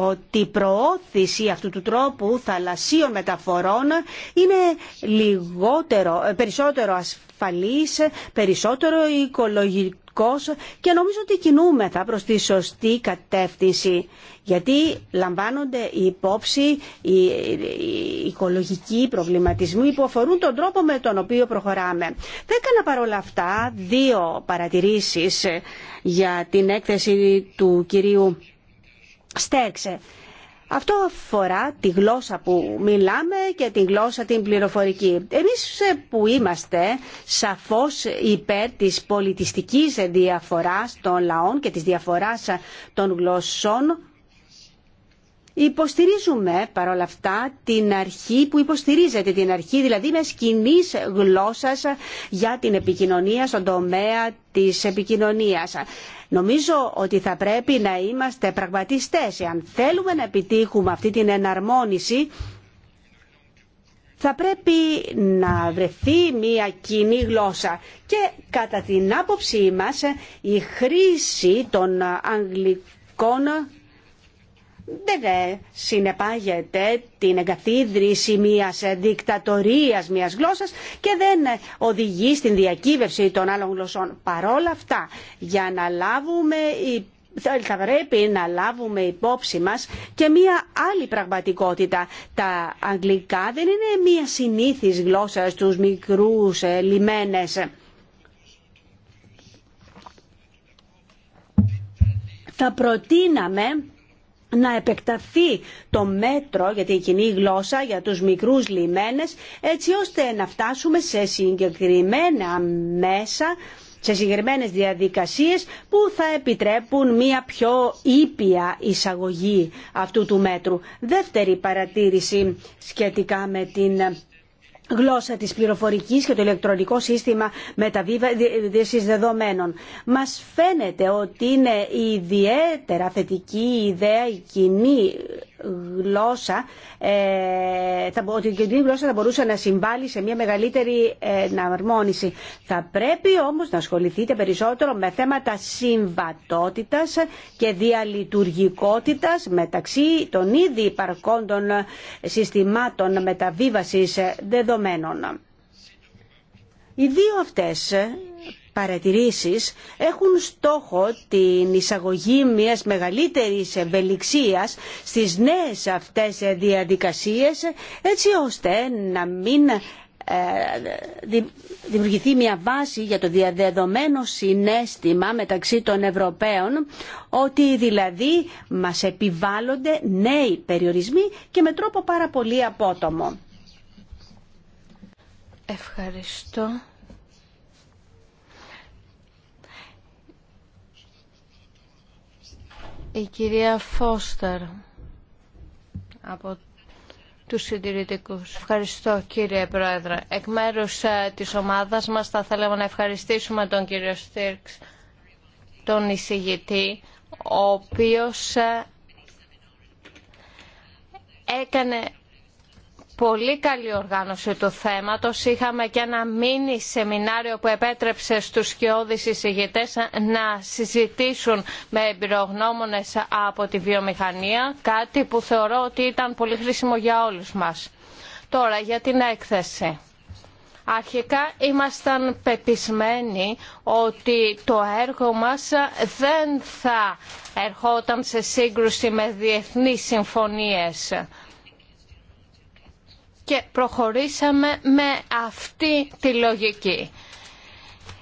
ότι η προώθηση αυτού του τρόπου θαλασσίων μεταφορών είναι λιγότερο, ε, περισσότερο ασφαλής, περισσότερο οικολογική και νομίζω ότι κινούμεθα προς τη σωστή κατεύθυνση γιατί λαμβάνονται οι υπόψη οι οικολογικοί προβληματισμοί που αφορούν τον τρόπο με τον οποίο προχωράμε. Θα έκανα παρόλα αυτά δύο παρατηρήσεις για την έκθεση του κυρίου Στέρξε. Αυτό αφορά τη γλώσσα που μιλάμε και τη γλώσσα την πληροφορική. Εμείς ε, που είμαστε σαφώς υπέρ της πολιτιστικής διαφοράς των λαών και της διαφοράς των γλωσσών Υποστηρίζουμε παρόλα αυτά την αρχή που υποστηρίζεται, την αρχή δηλαδή με κοινή γλώσσα για την επικοινωνία στον τομέα της επικοινωνίας. Νομίζω ότι θα πρέπει να είμαστε πραγματιστές. Αν θέλουμε να επιτύχουμε αυτή την εναρμόνιση, θα πρέπει να βρεθεί μια κοινή γλώσσα και κατά την άποψή μας η χρήση των αγγλικών δεν ε, συνεπάγεται την εγκαθίδρυση μιας δικτατορίας μιας γλώσσας και δεν ε, οδηγεί στην διακύβευση των άλλων γλωσσών. Παρόλα αυτά, για να λάβουμε θα πρέπει να λάβουμε υπόψη μας και μία άλλη πραγματικότητα. Τα αγγλικά δεν είναι μία συνήθις γλώσσα στους μικρούς ε, λιμένες. Θα προτείναμε να επεκταθεί το μέτρο για την κοινή γλώσσα για τους μικρούς λιμένες έτσι ώστε να φτάσουμε σε συγκεκριμένα μέσα σε συγκεκριμένες διαδικασίες που θα επιτρέπουν μία πιο ήπια εισαγωγή αυτού του μέτρου. Δεύτερη παρατήρηση σχετικά με την γλώσσα της πληροφορικής και το ηλεκτρονικό σύστημα μεταβίβασης δεδομένων. Μας φαίνεται ότι είναι ιδιαίτερα θετική ιδέα η κοινή γλώσσα, ε, ότι η κοινή γλώσσα θα μπορούσε να συμβάλλει σε μια μεγαλύτερη ε, εναρμόνιση. Θα πρέπει όμως να ασχοληθείτε περισσότερο με θέματα συμβατότητας και διαλειτουργικότητας μεταξύ των ήδη υπαρκών των συστημάτων μεταβίβασης δεδομένων. Οι δύο αυτές έχουν στόχο την εισαγωγή μιας μεγαλύτερης ευελιξία στις νέες αυτές διαδικασίες έτσι ώστε να μην ε, δημιουργηθεί μια βάση για το διαδεδομένο συνέστημα μεταξύ των Ευρωπαίων ότι δηλαδή μας επιβάλλονται νέοι περιορισμοί και με τρόπο πάρα πολύ απότομο. Ευχαριστώ. Η κυρία Φώστερ από τους συντηρητικούς. Ευχαριστώ κύριε Πρόεδρε. Εκ μέρους ε, της ομάδας μας θα θέλαμε να ευχαριστήσουμε τον κύριο Στίρξ, τον εισηγητή, ο οποίος ε, έκανε πολύ καλή οργάνωση του θέματος. Είχαμε και ένα μίνι σεμινάριο που επέτρεψε στους σκιώδεις εισηγητές να συζητήσουν με εμπειρογνώμονες από τη βιομηχανία, κάτι που θεωρώ ότι ήταν πολύ χρήσιμο για όλους μας. Τώρα για την έκθεση. Αρχικά ήμασταν πεπισμένοι ότι το έργο μας δεν θα ερχόταν σε σύγκρουση με διεθνείς συμφωνίες και προχωρήσαμε με αυτή τη λογική.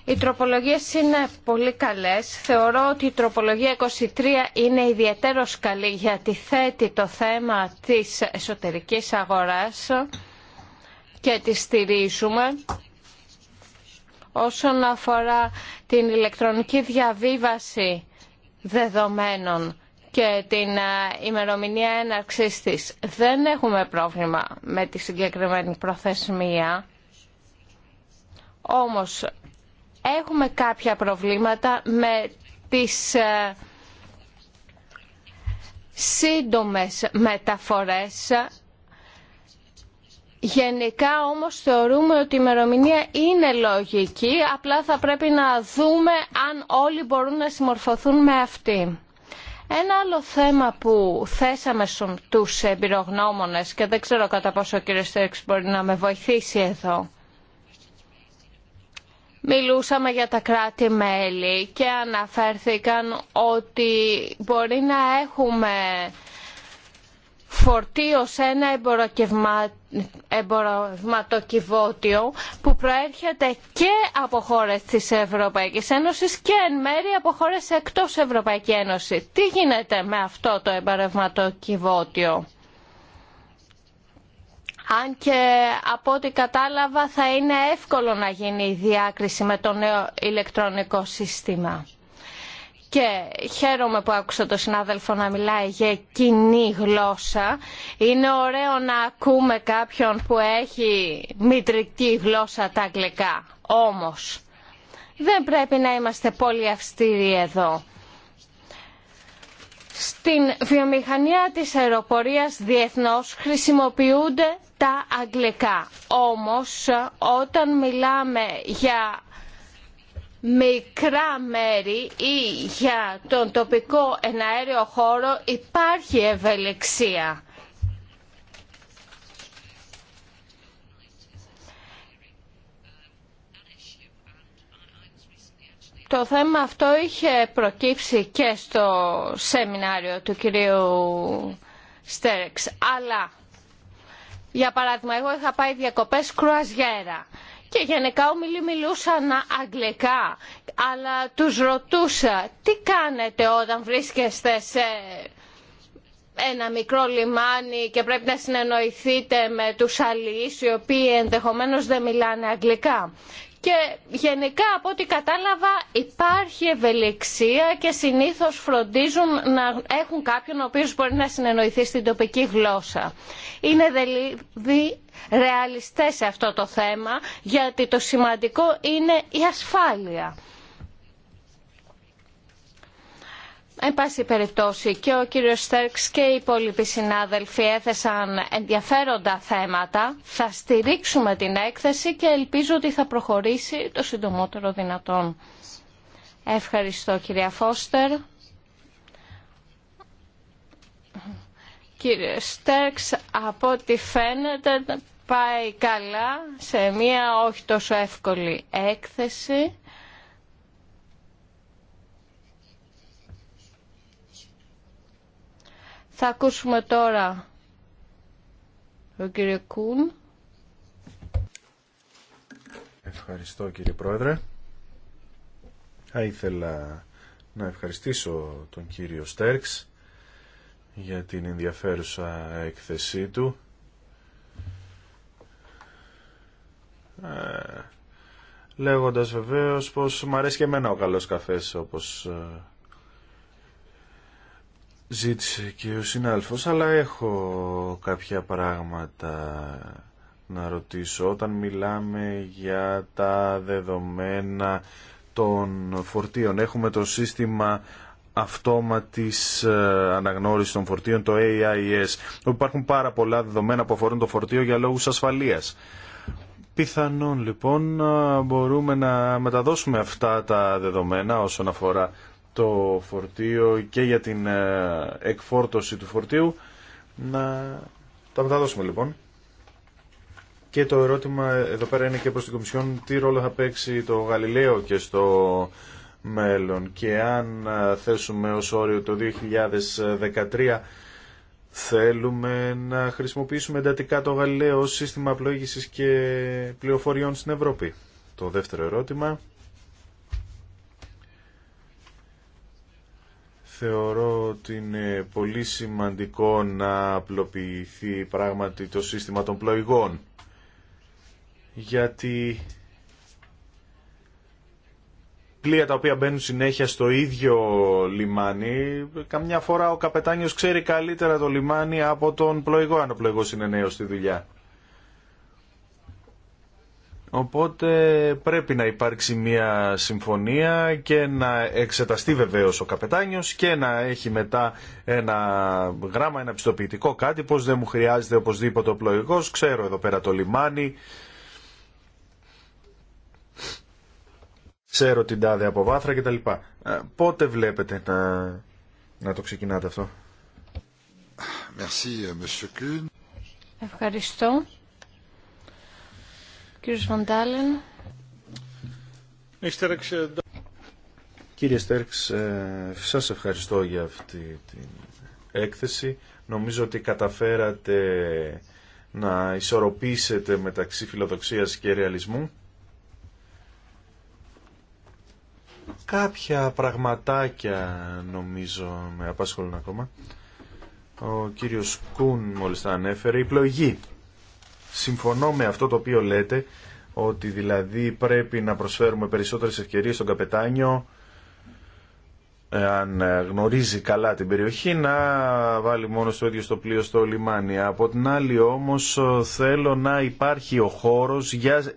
Οι τροπολογίες είναι πολύ καλές. Θεωρώ ότι η τροπολογία 23 είναι ιδιαίτερο καλή γιατί θέτει το θέμα της εσωτερικής αγοράς και τη στηρίζουμε. Όσον αφορά την ηλεκτρονική διαβίβαση δεδομένων και την ε, ημερομηνία έναρξής της. Δεν έχουμε πρόβλημα με τη συγκεκριμένη προθεσμία, όμως έχουμε κάποια προβλήματα με τις ε, σύντομες μεταφορές. Γενικά όμως θεωρούμε ότι η ημερομηνία είναι λογική, απλά θα πρέπει να δούμε αν όλοι μπορούν να συμμορφωθούν με αυτή. Ένα άλλο θέμα που θέσαμε στους εμπειρογνώμονες και δεν ξέρω κατά πόσο ο κύριος Στέρξ μπορεί να με βοηθήσει εδώ. Μιλούσαμε για τα κράτη-μέλη και αναφέρθηκαν ότι μπορεί να έχουμε φορτίο σε ένα εμπορευματοκιβώτιο που προέρχεται και από χώρες της Ευρωπαϊκής Ένωσης και εν μέρει από χώρες εκτός Ευρωπαϊκής Ένωσης. Τι γίνεται με αυτό το εμπορευματοκιβώτιο. Αν και από ό,τι κατάλαβα θα είναι εύκολο να γίνει η διάκριση με το νέο ηλεκτρονικό σύστημα και χαίρομαι που άκουσα τον συνάδελφο να μιλάει για κοινή γλώσσα. Είναι ωραίο να ακούμε κάποιον που έχει μητρική γλώσσα τα αγγλικά. Όμως δεν πρέπει να είμαστε πολύ αυστηροί εδώ. Στην βιομηχανία της αεροπορίας διεθνώς χρησιμοποιούνται τα αγγλικά. Όμως όταν μιλάμε για μικρά μέρη ή για τον τοπικό εναέριο χώρο υπάρχει ευελιξία. Το θέμα αυτό είχε προκύψει και στο σεμινάριο του κυρίου Στέρεξ. Αλλά, για παράδειγμα, εγώ είχα πάει διακοπές κρουαζιέρα και γενικά ομιλή μιλούσαν αγγλικά, αλλά τους ρωτούσα τι κάνετε όταν βρίσκεστε σε ένα μικρό λιμάνι και πρέπει να συνεννοηθείτε με τους αλληλείς οι οποίοι ενδεχομένως δεν μιλάνε αγγλικά και γενικά από ό,τι κατάλαβα υπάρχει ευελιξία και συνήθως φροντίζουν να έχουν κάποιον ο οποίος μπορεί να συνεννοηθεί στην τοπική γλώσσα. Είναι δηλαδή ρεαλιστές σε αυτό το θέμα γιατί το σημαντικό είναι η ασφάλεια. Εν πάση περιπτώσει και ο κύριος Στέρξ και οι υπόλοιποι συνάδελφοι έθεσαν ενδιαφέροντα θέματα. Θα στηρίξουμε την έκθεση και ελπίζω ότι θα προχωρήσει το συντομότερο δυνατόν. Ευχαριστώ κυρία Φώστερ. Κύριε Στέρξ, από ό,τι φαίνεται πάει καλά σε μία όχι τόσο εύκολη έκθεση. Θα ακούσουμε τώρα τον κύριο Κούν. Ευχαριστώ κύριε Πρόεδρε. Θα ήθελα να ευχαριστήσω τον κύριο Στέρξ για την ενδιαφέρουσα έκθεσή του. Ε, λέγοντας βεβαίως πως μου αρέσει και εμένα ο καλός καφές όπως ε, ζήτησε και ο συνάδελφος, αλλά έχω κάποια πράγματα να ρωτήσω. Όταν μιλάμε για τα δεδομένα των φορτίων, έχουμε το σύστημα αυτόματης ε, αναγνώρισης των φορτίων, το AIS, όπου υπάρχουν πάρα πολλά δεδομένα που αφορούν το φορτίο για λόγους ασφαλείας. Πιθανόν λοιπόν μπορούμε να μεταδώσουμε αυτά τα δεδομένα όσον αφορά το φορτίο και για την ε, εκφόρτωση του φορτίου. Να τα μεταδώσουμε λοιπόν. Και το ερώτημα εδώ πέρα είναι και προς την Κομισιόν τι ρόλο θα παίξει το Γαλιλαίο και στο μέλλον και αν ε, θέσουμε ως όριο το 2013 θέλουμε να χρησιμοποιήσουμε εντατικά το Γαλιλαίο ως σύστημα πλοήγησης και πληροφοριών στην Ευρώπη. Το δεύτερο ερώτημα Θεωρώ ότι είναι πολύ σημαντικό να απλοποιηθεί πράγματι το σύστημα των πλοηγών. Γιατί πλοία τα οποία μπαίνουν συνέχεια στο ίδιο λιμάνι, καμιά φορά ο καπετάνιος ξέρει καλύτερα το λιμάνι από τον πλοηγό, αν ο πλοηγός είναι νέος στη δουλειά. Οπότε πρέπει να υπάρξει μια συμφωνία και να εξεταστεί βεβαίω ο καπετάνιος και να έχει μετά ένα γράμμα, ένα πιστοποιητικό κάτι, πώ δεν μου χρειάζεται οπωσδήποτε ο πλοηγός, ξέρω εδώ πέρα το λιμάνι, ξέρω την τάδε από βάθρα κτλ. Ε, πότε βλέπετε να, να το ξεκινάτε αυτό. Merci, ε, Ευχαριστώ. Κύριε Στέρξ, ε, σας ευχαριστώ για αυτή την έκθεση. Νομίζω ότι καταφέρατε να ισορροπήσετε μεταξύ φιλοδοξίας και ρεαλισμού. Κάποια πραγματάκια νομίζω με απασχολούν ακόμα. Ο κύριος Κούν μόλις τα ανέφερε, η πλοηγή συμφωνώ με αυτό το οποίο λέτε, ότι δηλαδή πρέπει να προσφέρουμε περισσότερες ευκαιρίες στον καπετάνιο, αν γνωρίζει καλά την περιοχή, να βάλει μόνο στο ίδιο στο πλοίο στο λιμάνι. Από την άλλη όμως θέλω να υπάρχει ο χώρος για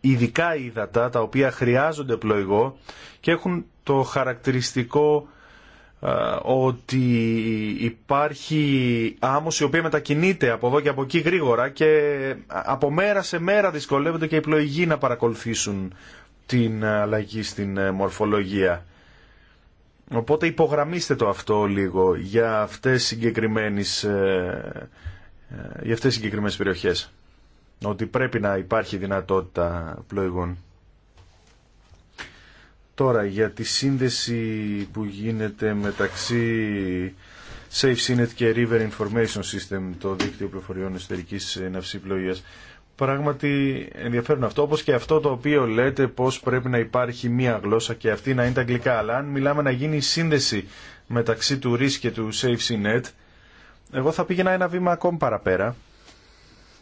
ειδικά ύδατα τα οποία χρειάζονται πλοηγό και έχουν το χαρακτηριστικό ε, ότι υπάρχει άμμος η οποία μετακινείται από εδώ και από εκεί γρήγορα και από μέρα σε μέρα δυσκολεύονται και οι πλοηγοί να παρακολουθήσουν την αλλαγή στην ε, μορφολογία. Οπότε υπογραμμίστε το αυτό λίγο για αυτές συγκεκριμένες, ε, για αυτές συγκεκριμένες περιοχές. Ότι πρέπει να υπάρχει δυνατότητα πλοηγών. Τώρα για τη σύνδεση που γίνεται μεταξύ SafeSynet και River Information System, το δίκτυο πληροφοριών εσωτερική ναυσιπλοεία. πράγματι ενδιαφέρον αυτό, όπως και αυτό το οποίο λέτε πως πρέπει να υπάρχει μία γλώσσα και αυτή να είναι τα αγγλικά. Αλλά αν μιλάμε να γίνει σύνδεση μεταξύ του RIS και του SafeSynet, εγώ θα πήγαινα ένα βήμα ακόμη παραπέρα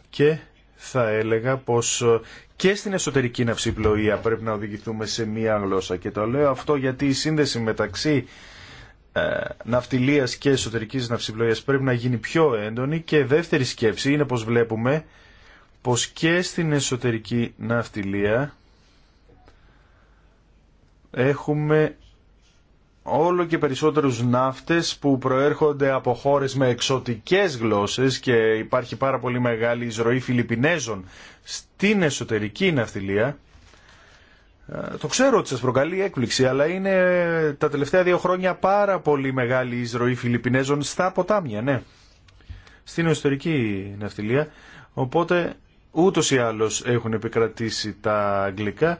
και θα έλεγα πως ε, και στην εσωτερική ναυσιπλοεία πρέπει να οδηγηθούμε σε μία γλώσσα. Και το λέω αυτό γιατί η σύνδεση μεταξύ ε, ναυτιλίας και εσωτερικής ναυσιπλοείας πρέπει να γίνει πιο έντονη και δεύτερη σκέψη είναι πως βλέπουμε πως και στην εσωτερική ναυτιλία έχουμε όλο και περισσότερους ναύτες που προέρχονται από χώρες με εξωτικές γλώσσες και υπάρχει πάρα πολύ μεγάλη εισρωή Φιλιππινέζων στην εσωτερική ναυτιλία. Ε, το ξέρω ότι σας προκαλεί έκπληξη, αλλά είναι τα τελευταία δύο χρόνια πάρα πολύ μεγάλη εισρωή Φιλιππινέζων στα ποτάμια, ναι. Στην εσωτερική ναυτιλία. Οπότε ούτως ή άλλως έχουν επικρατήσει τα αγγλικά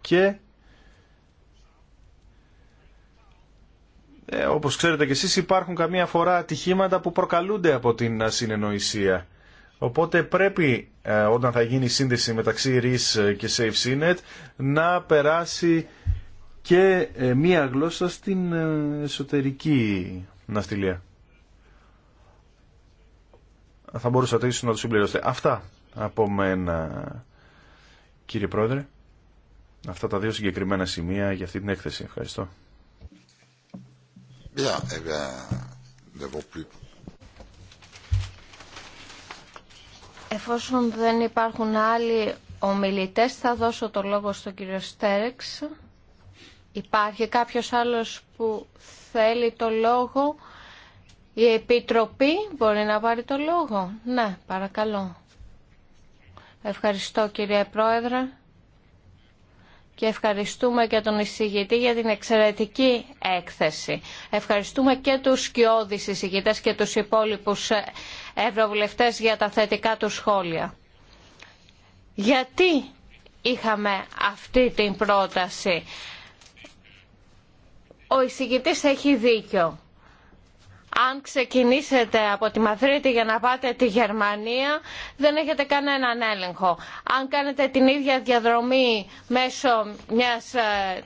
και ε, όπως ξέρετε κι εσείς υπάρχουν καμία φορά ατυχήματα που προκαλούνται από την ασυνεννοησία. Οπότε πρέπει ε, όταν θα γίνει η σύνδεση μεταξύ RIS και SafeSynet να περάσει και ε, μία γλώσσα στην ε, εσωτερική ναυτιλία. Θα μπορούσατε ίσως να το συμπληρώσετε. Αυτά από μένα κύριε Πρόεδρε. Αυτά τα δύο συγκεκριμένα σημεία για αυτή την έκθεση. Ευχαριστώ. Eh Εφόσον δεν υπάρχουν άλλοι ομιλητές, θα δώσω το λόγο στον κύριο Στέρεξ. Υπάρχει κάποιος άλλος που θέλει το λόγο. Η Επιτροπή μπορεί να πάρει το λόγο. Ναι, παρακαλώ. Ευχαριστώ κύριε Πρόεδρε και ευχαριστούμε και τον εισηγητή για την εξαιρετική έκθεση. Ευχαριστούμε και τους σκιώδεις εισηγητές και τους υπόλοιπους ε, ευρωβουλευτές για τα θετικά του σχόλια. Γιατί είχαμε αυτή την πρόταση. Ο εισηγητής έχει δίκιο αν ξεκινήσετε από τη Μαδρίτη για να πάτε τη Γερμανία δεν έχετε κανέναν έλεγχο. Αν κάνετε την ίδια διαδρομή μέσω μιας ε,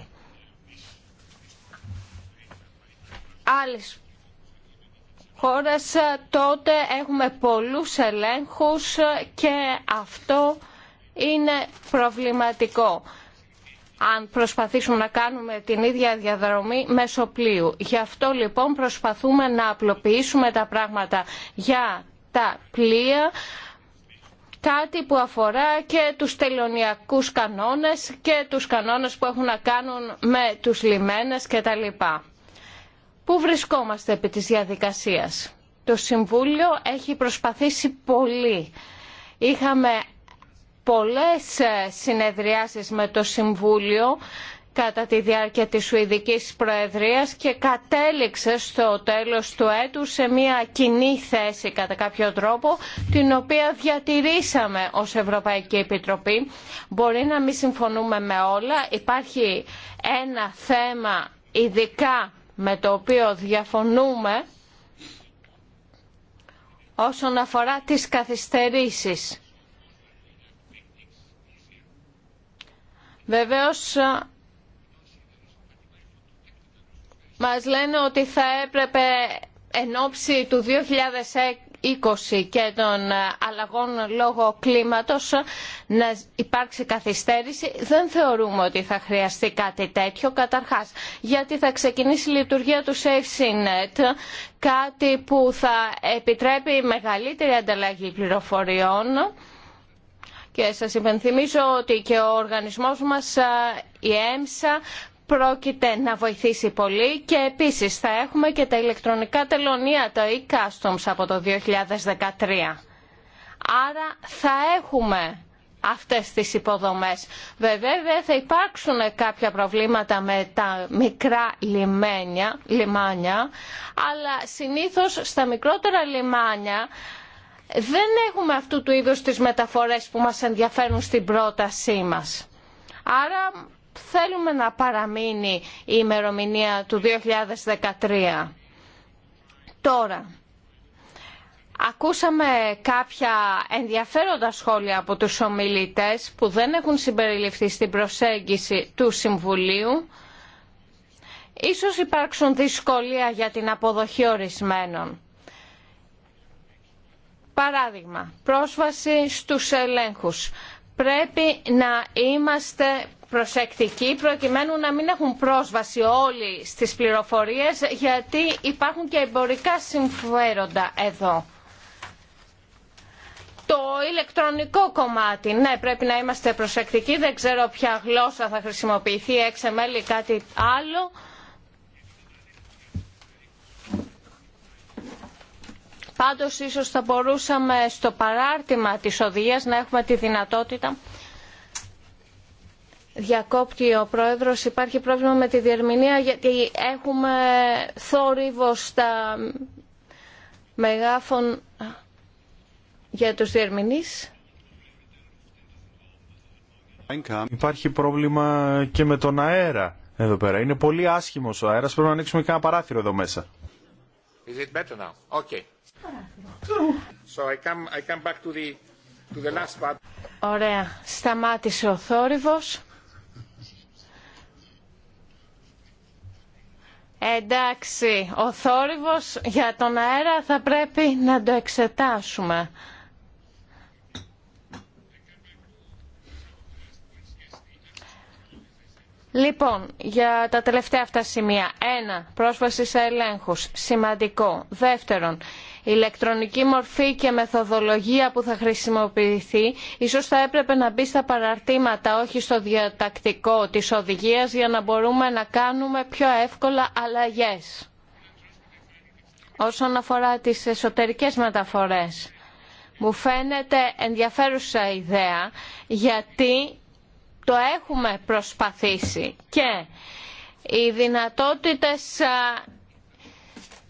άλλης χώρας ε, τότε έχουμε πολλούς ελέγχους και αυτό είναι προβληματικό αν προσπαθήσουμε να κάνουμε την ίδια διαδρομή μέσω πλοίου. Γι' αυτό λοιπόν προσπαθούμε να απλοποιήσουμε τα πράγματα για τα πλοία, κάτι που αφορά και τους τελωνιακούς κανόνες και τους κανόνες που έχουν να κάνουν με τους λιμένες κτλ. Πού βρισκόμαστε επί της διαδικασίας. Το Συμβούλιο έχει προσπαθήσει πολύ. Είχαμε πολλές ε, συνεδριάσεις με το Συμβούλιο κατά τη διάρκεια της Σουηδικής Προεδρίας και κατέληξε στο τέλος του έτου σε μια κοινή θέση κατά κάποιο τρόπο την οποία διατηρήσαμε ως Ευρωπαϊκή Επιτροπή. Μπορεί να μην συμφωνούμε με όλα. Υπάρχει ένα θέμα ειδικά με το οποίο διαφωνούμε όσον αφορά τις καθυστερήσεις. Βεβαίως μας λένε ότι θα έπρεπε εν ώψη του 2020 και των αλλαγών λόγω κλίματος να υπάρξει καθυστέρηση. Δεν θεωρούμε ότι θα χρειαστεί κάτι τέτοιο. Καταρχάς, γιατί θα ξεκινήσει η λειτουργία του SafeSynet, κάτι που θα επιτρέπει μεγαλύτερη ανταλλαγή πληροφοριών και σας υπενθυμίζω ότι και ο οργανισμός μας, η ΕΜΣΑ, πρόκειται να βοηθήσει πολύ και επίσης θα έχουμε και τα ηλεκτρονικά τελωνία, τα e-customs από το 2013. Άρα θα έχουμε αυτές τις υποδομές. Βέβαια θα υπάρξουν κάποια προβλήματα με τα μικρά λιμάνια, αλλά συνήθως στα μικρότερα λιμάνια δεν έχουμε αυτού του είδους τις μεταφορές που μας ενδιαφέρουν στην πρότασή μας. Άρα θέλουμε να παραμείνει η ημερομηνία του 2013. Τώρα, ακούσαμε κάποια ενδιαφέροντα σχόλια από τους ομιλητές που δεν έχουν συμπεριληφθεί στην προσέγγιση του Συμβουλίου. Ίσως υπάρξουν δυσκολία για την αποδοχή ορισμένων. Παράδειγμα, πρόσβαση στους ελέγχους. Πρέπει να είμαστε προσεκτικοί προκειμένου να μην έχουν πρόσβαση όλοι στις πληροφορίες γιατί υπάρχουν και εμπορικά συμφέροντα εδώ. Το ηλεκτρονικό κομμάτι, ναι πρέπει να είμαστε προσεκτικοί, δεν ξέρω ποια γλώσσα θα χρησιμοποιηθεί, XML ή κάτι άλλο Πάντως ίσως θα μπορούσαμε στο παράρτημα της οδηγίας να έχουμε τη δυνατότητα Διακόπτει ο Πρόεδρος, υπάρχει πρόβλημα με τη διερμηνία γιατί έχουμε θόρυβο στα μεγάφων για τους διερμηνείς. Υπάρχει πρόβλημα και με τον αέρα εδώ πέρα. Είναι πολύ άσχημος ο αέρας, πρέπει να ανοίξουμε και ένα παράθυρο εδώ μέσα. Is it better now? Okay. So Ωραία. Σταμάτησε ο θόρυβος. Εντάξει, ο θόρυβος για τον αέρα θα πρέπει να το εξετάσουμε. Λοιπόν, για τα τελευταία αυτά σημεία. Ένα, πρόσβαση σε ελέγχους. Σημαντικό. Δεύτερον, η ηλεκτρονική μορφή και μεθοδολογία που θα χρησιμοποιηθεί ίσως θα έπρεπε να μπει στα παραρτήματα όχι στο διατακτικό της οδηγίας για να μπορούμε να κάνουμε πιο εύκολα αλλαγές. Όσον αφορά τις εσωτερικές μεταφορές, μου φαίνεται ενδιαφέρουσα ιδέα γιατί το έχουμε προσπαθήσει και οι δυνατότητες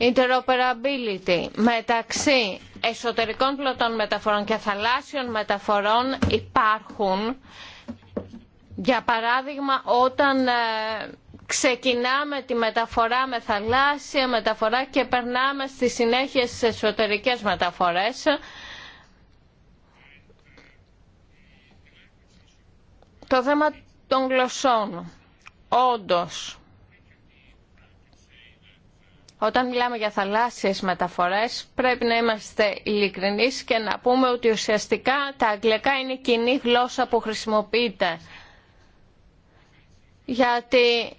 interoperability μεταξύ εσωτερικών πλωτών μεταφορών και θαλάσσιων μεταφορών υπάρχουν. Για παράδειγμα, όταν ε, ξεκινάμε τη μεταφορά με θαλάσσια μεταφορά και περνάμε στη συνέχεια στις εσωτερικές μεταφορές, το θέμα των γλωσσών. Όντως, όταν μιλάμε για θαλάσσιες μεταφορές πρέπει να είμαστε ειλικρινεί και να πούμε ότι ουσιαστικά τα αγγλικά είναι η κοινή γλώσσα που χρησιμοποιείται. Γιατί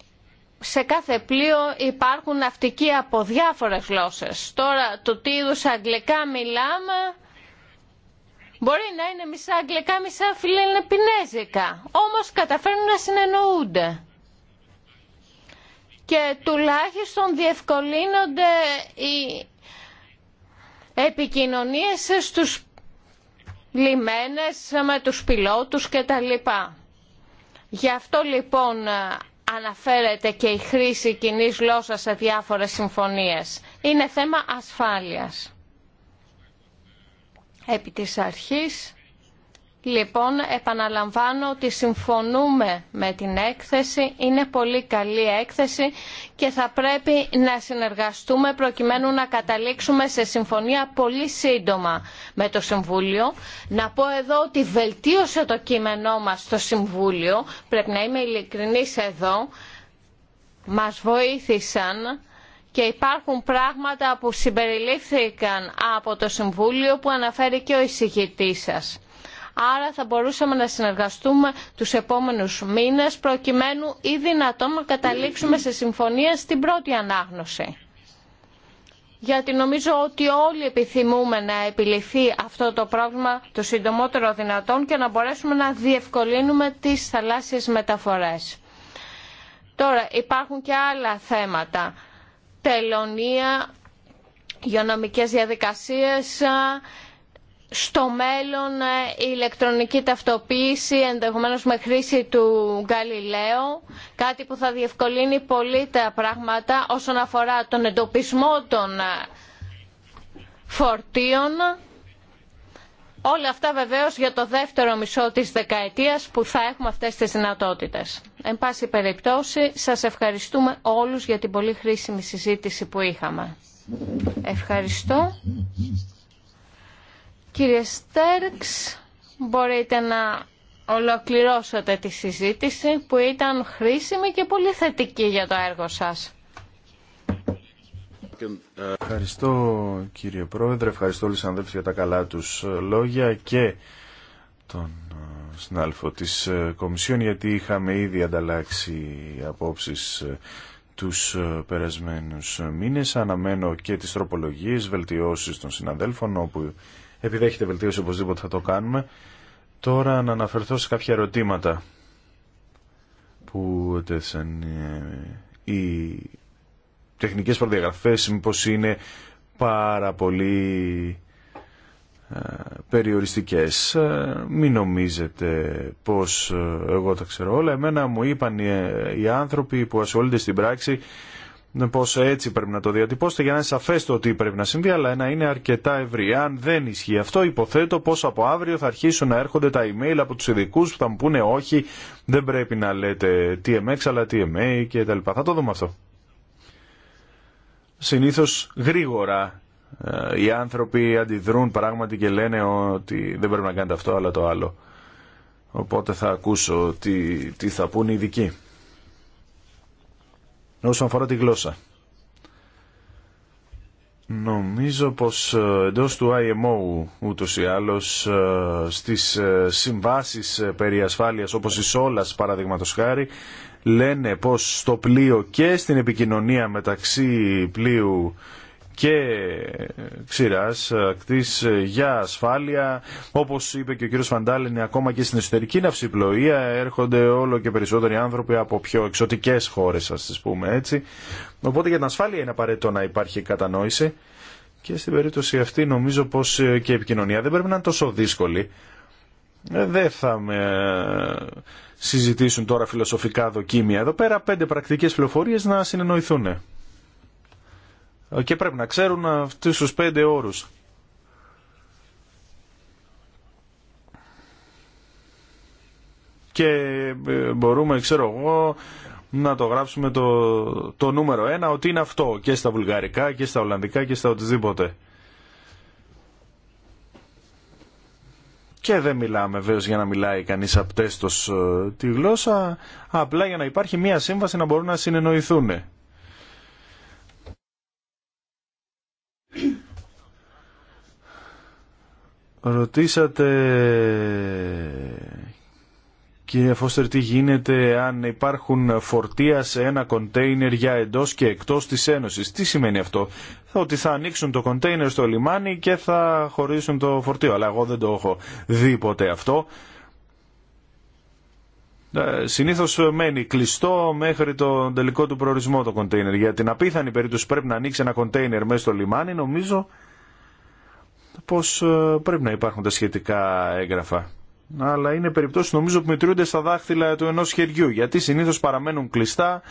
σε κάθε πλοίο υπάρχουν ναυτικοί από διάφορες γλώσσες. Τώρα το τι είδου αγγλικά μιλάμε μπορεί να είναι μισά αγγλικά, μισά φιλελεπινέζικα. Όμως καταφέρνουν να συνεννοούνται και τουλάχιστον διευκολύνονται οι επικοινωνίες στους λιμένες με τους πιλότους κτλ. Γι' αυτό λοιπόν αναφέρεται και η χρήση κοινή γλώσσα σε διάφορες συμφωνίες. Είναι θέμα ασφάλειας. Επί της αρχής Λοιπόν, επαναλαμβάνω ότι συμφωνούμε με την έκθεση, είναι πολύ καλή έκθεση και θα πρέπει να συνεργαστούμε προκειμένου να καταλήξουμε σε συμφωνία πολύ σύντομα με το Συμβούλιο. Να πω εδώ ότι βελτίωσε το κείμενό μας το Συμβούλιο, πρέπει να είμαι ειλικρινής εδώ, μας βοήθησαν και υπάρχουν πράγματα που συμπεριλήφθηκαν από το Συμβούλιο που αναφέρει και ο εισηγητής σας άρα θα μπορούσαμε να συνεργαστούμε τους επόμενους μήνες προκειμένου ή δυνατόν να καταλήξουμε σε συμφωνία στην πρώτη ανάγνωση. Γιατί νομίζω ότι όλοι επιθυμούμε να επιληθεί αυτό το πρόβλημα το συντομότερο δυνατόν και να μπορέσουμε να διευκολύνουμε τις θαλάσσιες μεταφορές. Τώρα υπάρχουν και άλλα θέματα. Τελωνία, υγειονομικές διαδικασίες, στο μέλλον ε, η ηλεκτρονική ταυτοποίηση ενδεχομένως με χρήση του Γκαλιλαίου, κάτι που θα διευκολύνει πολύ τα πράγματα όσον αφορά τον εντοπισμό των ε, φορτίων όλα αυτά βεβαίως για το δεύτερο μισό της δεκαετίας που θα έχουμε αυτές τις δυνατότητες. Εν πάση περιπτώσει σας ευχαριστούμε όλους για την πολύ χρήσιμη συζήτηση που είχαμε. Ευχαριστώ. Κύριε Στέρξ, μπορείτε να ολοκληρώσετε τη συζήτηση που ήταν χρήσιμη και πολύ θετική για το έργο σας. Ευχαριστώ κύριε Πρόεδρε, ευχαριστώ όλους τους για τα καλά τους λόγια και τον ε, συνάλφο της ε, Κομισιόν γιατί είχαμε ήδη ανταλλάξει απόψεις ε, τους περασμένους μήνες. Αναμένω και τις τροπολογίες, βελτιώσεις των συναδέλφων όπου επιδέχεται βελτίωση οπωσδήποτε θα το κάνουμε. Τώρα να αναφερθώ σε κάποια ερωτήματα που ε, οι τεχνικές προδιαγραφές, μήπως είναι πάρα πολύ ε, περιοριστικές. Ε, μην νομίζετε πως εγώ τα ξέρω όλα. Εμένα μου είπαν οι άνθρωποι που ασχολούνται στην πράξη ναι, Πώ έτσι πρέπει να το διατυπώσετε για να είναι σαφέ το τι πρέπει να συμβεί, αλλά να είναι αρκετά ευρύ. Αν δεν ισχύει αυτό, υποθέτω πω από αύριο θα αρχίσουν να έρχονται τα email από του ειδικού που θα μου πούνε όχι, δεν πρέπει να λέτε TMX αλλά TMA κτλ. Θα το δούμε αυτό. Συνήθω γρήγορα ε, οι άνθρωποι αντιδρούν πράγματι και λένε ότι δεν πρέπει να κάνετε αυτό αλλά το άλλο. Οπότε θα ακούσω τι, τι θα πούν οι ειδικοί όσον αφορά τη γλώσσα. Νομίζω πως ε, εντός του IMO ούτως ή άλλως ε, στις ε, συμβάσεις περί ασφάλειας όπως η Σόλας παραδείγματος χάρη λένε πως στο πλοίο και στην επικοινωνία μεταξύ πλοίου και ξηράς ακτής ε, ε, για ασφάλεια. Όπως είπε και ο κύριος Φαντάλη ακόμα και στην εσωτερική ναυσιπλοεία έρχονται όλο και περισσότεροι άνθρωποι από πιο εξωτικές χώρες, ας τις πούμε έτσι. Οπότε για την ασφάλεια είναι απαραίτητο να υπάρχει κατανόηση. Και στην περίπτωση αυτή νομίζω πως ε, και η επικοινωνία δεν πρέπει να είναι τόσο δύσκολη. Δεν θα με συζητήσουν τώρα φιλοσοφικά δοκίμια εδώ πέρα. Πέντε πρακτικές πληροφορίες να συνεννοηθούν και πρέπει να ξέρουν αυτούς τους πέντε όρους. Και ε, μπορούμε, ξέρω εγώ, να το γράψουμε το, νούμερο ένα ότι είναι αυτό και στα βουλγαρικά και στα ολλανδικά και στα οτιδήποτε. Και δεν μιλάμε βέβαια για να μιλάει κανείς απτέστος ε, τη γλώσσα, απλά για να υπάρχει μία σύμβαση να μπορούν να συνεννοηθούν. Ρωτήσατε, κύριε Φώστερ, τι γίνεται αν υπάρχουν φορτία σε ένα κοντέινερ για εντός και εκτός της Ένωσης. Τι σημαίνει αυτό. Ότι θα ανοίξουν το κοντέινερ στο λιμάνι και θα χωρίσουν το φορτίο. Αλλά εγώ δεν το έχω δει ποτέ αυτό. Ε, συνήθως μένει κλειστό μέχρι το τελικό του προορισμό το κοντέινερ. Για την απίθανη περίπτωση πρέπει να ανοίξει ένα κοντέινερ μέσα στο λιμάνι, νομίζω πως ε, πρέπει να υπάρχουν τα σχετικά έγγραφα. Αλλά είναι περιπτώσεις νομίζω που μετρούνται στα δάχτυλα του ενός χεριού γιατί συνήθως παραμένουν κλειστά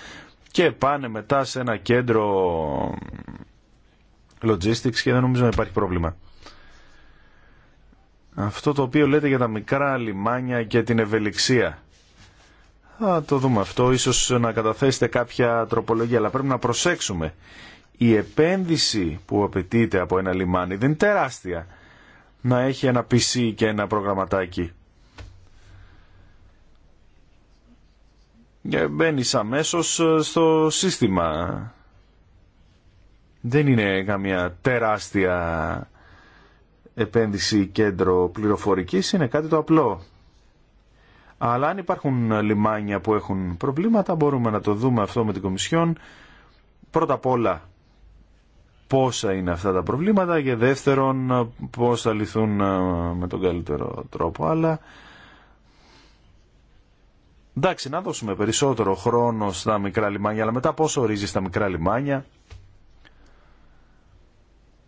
και πάνε μετά σε ένα κέντρο logistics και δεν νομίζω να υπάρχει πρόβλημα. Αυτό το οποίο λέτε για τα μικρά λιμάνια και την ευελιξία. Θα το δούμε αυτό, ίσως να καταθέσετε κάποια τροπολογία, αλλά πρέπει να προσέξουμε η επένδυση που απαιτείται από ένα λιμάνι δεν είναι τεράστια να έχει ένα PC και ένα προγραμματάκι. Ε, μπαίνει αμέσω ε, στο σύστημα. Δεν είναι καμία τεράστια επένδυση κέντρο πληροφορικής, είναι κάτι το απλό. Αλλά αν υπάρχουν λιμάνια που έχουν προβλήματα, μπορούμε να το δούμε αυτό με την Κομισιόν. Πρώτα απ' όλα πόσα είναι αυτά τα προβλήματα και δεύτερον πώς θα λυθούν ε, με τον καλύτερο τρόπο. Αλλά εντάξει να δώσουμε περισσότερο χρόνο στα μικρά λιμάνια αλλά μετά πόσο ορίζει στα μικρά λιμάνια.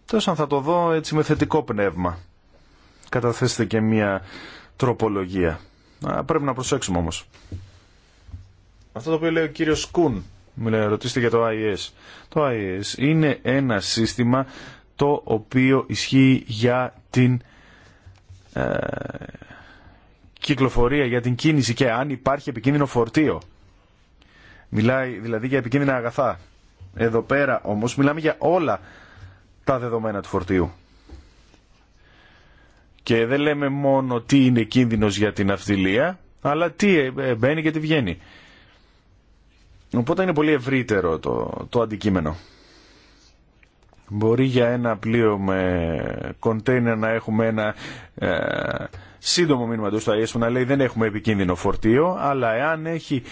Τόσο θα το δω έτσι με θετικό πνεύμα. Καταθέστε και μία τροπολογία. πρέπει να προσέξουμε όμως. Αυτό το οποίο λέει ο κύριος Κούν Μιλάω, ρωτήστε για το IES. Το IES είναι ένα σύστημα το οποίο ισχύει για την ε, κυκλοφορία, για την κίνηση και αν υπάρχει επικίνδυνο φορτίο. Μιλάει δηλαδή για επικίνδυνα αγαθά. Εδώ πέρα όμως μιλάμε για όλα τα δεδομένα του φορτίου. Και δεν λέμε μόνο τι είναι κίνδυνος για την αυτιλία, αλλά τι ε, ε, μπαίνει και τι βγαίνει. Οπότε είναι πολύ ευρύτερο το, το αντικείμενο. Μπορεί για ένα πλοίο με κοντέινερ να έχουμε ένα ε, σύντομο μήνυμα του στο ΑΕΣ που να λέει δεν έχουμε επικίνδυνο φορτίο, αλλά εάν έχει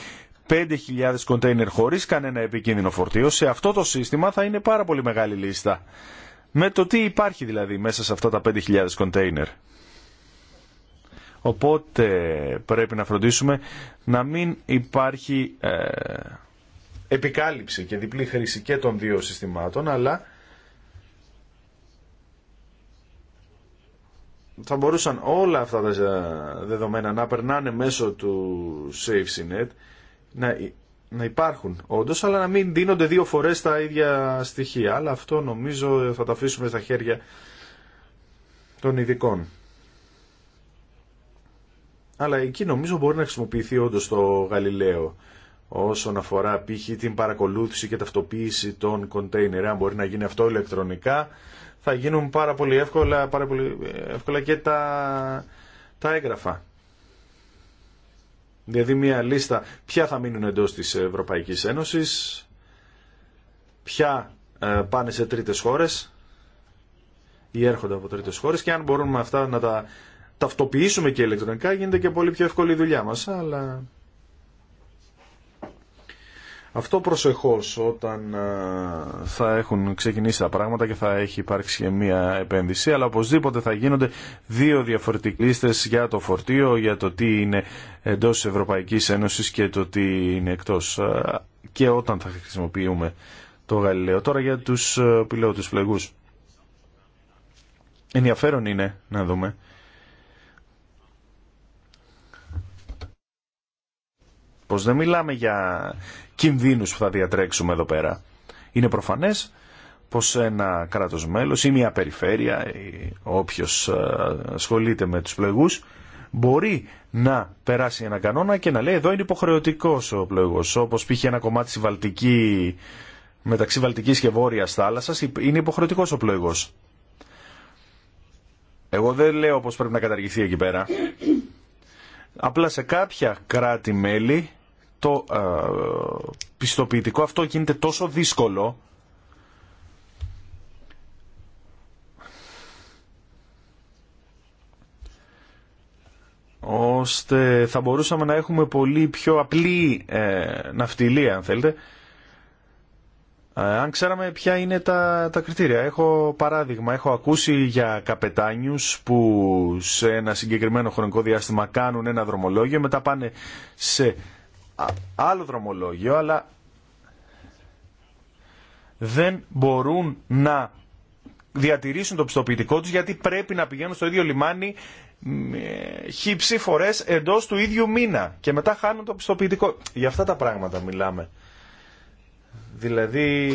5.000 κοντέινερ χωρίς κανένα επικίνδυνο φορτίο, σε αυτό το σύστημα θα είναι πάρα πολύ μεγάλη λίστα. Με το τι υπάρχει δηλαδή μέσα σε αυτά τα 5.000 κοντέινερ. Οπότε πρέπει να φροντίσουμε να μην υπάρχει... Ε, επικάλυψη και διπλή χρήση και των δύο συστημάτων, αλλά θα μπορούσαν όλα αυτά τα δεδομένα να περνάνε μέσω του SafeSynet, να, να υπάρχουν όντω, αλλά να μην δίνονται δύο φορές τα ίδια στοιχεία. Αλλά αυτό νομίζω θα τα αφήσουμε στα χέρια των ειδικών. Αλλά εκεί νομίζω μπορεί να χρησιμοποιηθεί όντω το Γαλιλαίο όσον αφορά π.χ. την παρακολούθηση και ταυτοποίηση των κοντέινερ. Αν μπορεί να γίνει αυτό ηλεκτρονικά, θα γίνουν πάρα πολύ εύκολα, πάρα εύκολα και τα, τα έγγραφα. Δηλαδή μια λίστα ποια θα μείνουν εντός της Ευρωπαϊκής Ένωσης, ποια ε, πάνε σε τρίτες χώρες ή έρχονται από τρίτες χώρες και αν μπορούμε αυτά να τα ταυτοποιήσουμε και ηλεκτρονικά γίνεται και πολύ πιο εύκολη η δουλειά μας, αλλά αυτό προσεχώς όταν θα έχουν ξεκινήσει τα πράγματα και θα έχει υπάρξει μία επένδυση αλλά οπωσδήποτε θα γίνονται δύο διαφορετικοί λίστες για το φορτίο, για το τι είναι εντός Ευρωπαϊκής Ένωσης και το τι είναι εκτός και όταν θα χρησιμοποιούμε το Γαλιλαίο. Τώρα για τους πιλότους φλεγούς. Ενδιαφέρον είναι να δούμε. Πως δεν μιλάμε για κινδύνους που θα διατρέξουμε εδώ πέρα. Είναι προφανές πως ένα κράτος μέλος ή μια περιφέρεια ή όποιος ε, ασχολείται με τους πλοηγούς μπορεί να περάσει ένα κανόνα και να λέει εδώ είναι υποχρεωτικός ο πλοηγός όπως π.χ. ένα κομμάτι στη Βαλτική μεταξύ Βαλτικής και Βόρειας θάλασσας είναι υποχρεωτικός ο πλοηγός. Εγώ δεν λέω πως πρέπει να καταργηθεί εκεί πέρα. Απλά σε κάποια κράτη-μέλη το ε, πιστοποιητικό αυτό γίνεται τόσο δύσκολο ώστε θα μπορούσαμε να έχουμε πολύ πιο απλή ε, ναυτιλία αν θέλετε ε, αν ξέραμε ποια είναι τα, τα κριτήρια. Έχω παράδειγμα, έχω ακούσει για καπετάνιους που σε ένα συγκεκριμένο χρονικό διάστημα κάνουν ένα δρομολόγιο, μετά πάνε σε άλλο δρομολόγιο, αλλά δεν μπορούν να διατηρήσουν το πιστοποιητικό τους γιατί πρέπει να πηγαίνουν στο ίδιο λιμάνι ε, χύψη φορές εντός του ίδιου μήνα και μετά χάνουν το πιστοποιητικό. Για αυτά τα πράγματα μιλάμε. Δηλαδή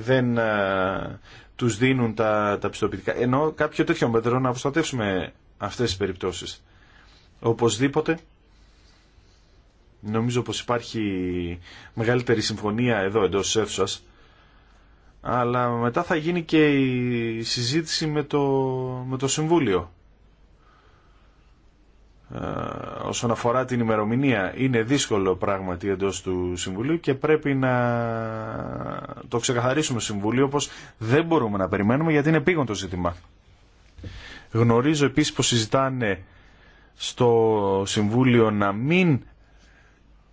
δεν α, ε, τους δίνουν τα, τα πιστοποιητικά. Ενώ κάποιο τέτοιο μέτρο να προστατεύσουμε αυτές τις περιπτώσεις. Οπωσδήποτε Νομίζω πως υπάρχει μεγαλύτερη συμφωνία εδώ εντός αίθουσας. Αλλά μετά θα γίνει και η συζήτηση με το, με το Συμβούλιο. Ε, όσον αφορά την ημερομηνία, είναι δύσκολο πράγματι εντός του Συμβουλίου και πρέπει να το ξεκαθαρίσουμε Συμβούλιο πως δεν μπορούμε να περιμένουμε γιατί είναι επίγοντο ζήτημα. Γνωρίζω επίσης πως συζητάνε στο Συμβούλιο να μην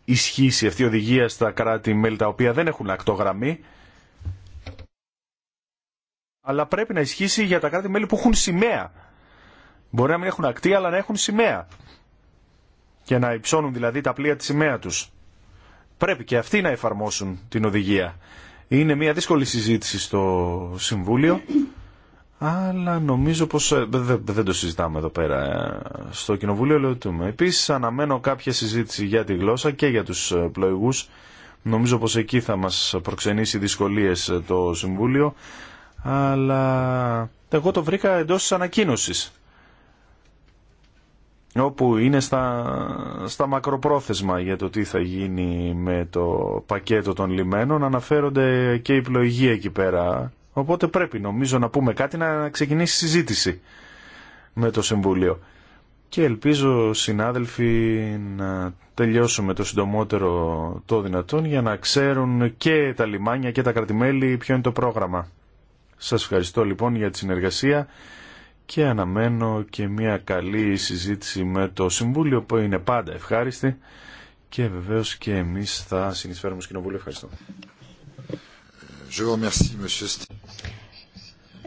ισχύσει αυτή η οδηγία στα κράτη-μέλη τα οποία δεν έχουν ακτογραμμή, αλλά πρέπει να ισχύσει για τα κράτη-μέλη που έχουν σημαία. Μπορεί να μην έχουν ακτή, αλλά να έχουν σημαία. Και να υψώνουν δηλαδή τα πλοία τη σημαία τους. Πρέπει και αυτοί να εφαρμόσουν την οδηγία. Είναι μια δύσκολη συζήτηση στο Συμβούλιο αλλά νομίζω πως ε, δεν το συζητάμε εδώ πέρα ε, στο Κοινοβούλιο λεωτούμε. Επίσης αναμένω κάποια συζήτηση για τη γλώσσα και για τους ε, πλοηγούς. Νομίζω πως εκεί θα μας προξενήσει δυσκολίες το Συμβούλιο, αλλά εγώ το βρήκα εντό τη ανακοίνωση. όπου είναι στα, στα μακροπρόθεσμα για το τι θα γίνει με το πακέτο των λιμένων αναφέρονται και οι πλοηγοί εκεί πέρα Οπότε πρέπει νομίζω να πούμε κάτι να ξεκινήσει συζήτηση με το Συμβούλιο. Και ελπίζω συνάδελφοι να τελειώσουμε το συντομότερο το δυνατόν για να ξέρουν και τα λιμάνια και τα κρατημέλη ποιο είναι το πρόγραμμα. Σας ευχαριστώ λοιπόν για τη συνεργασία και αναμένω και μια καλή συζήτηση με το Συμβούλιο που είναι πάντα ευχάριστη και βεβαίως και εμείς θα συνεισφέρουμε στο Κοινοβούλιο. Ευχαριστώ.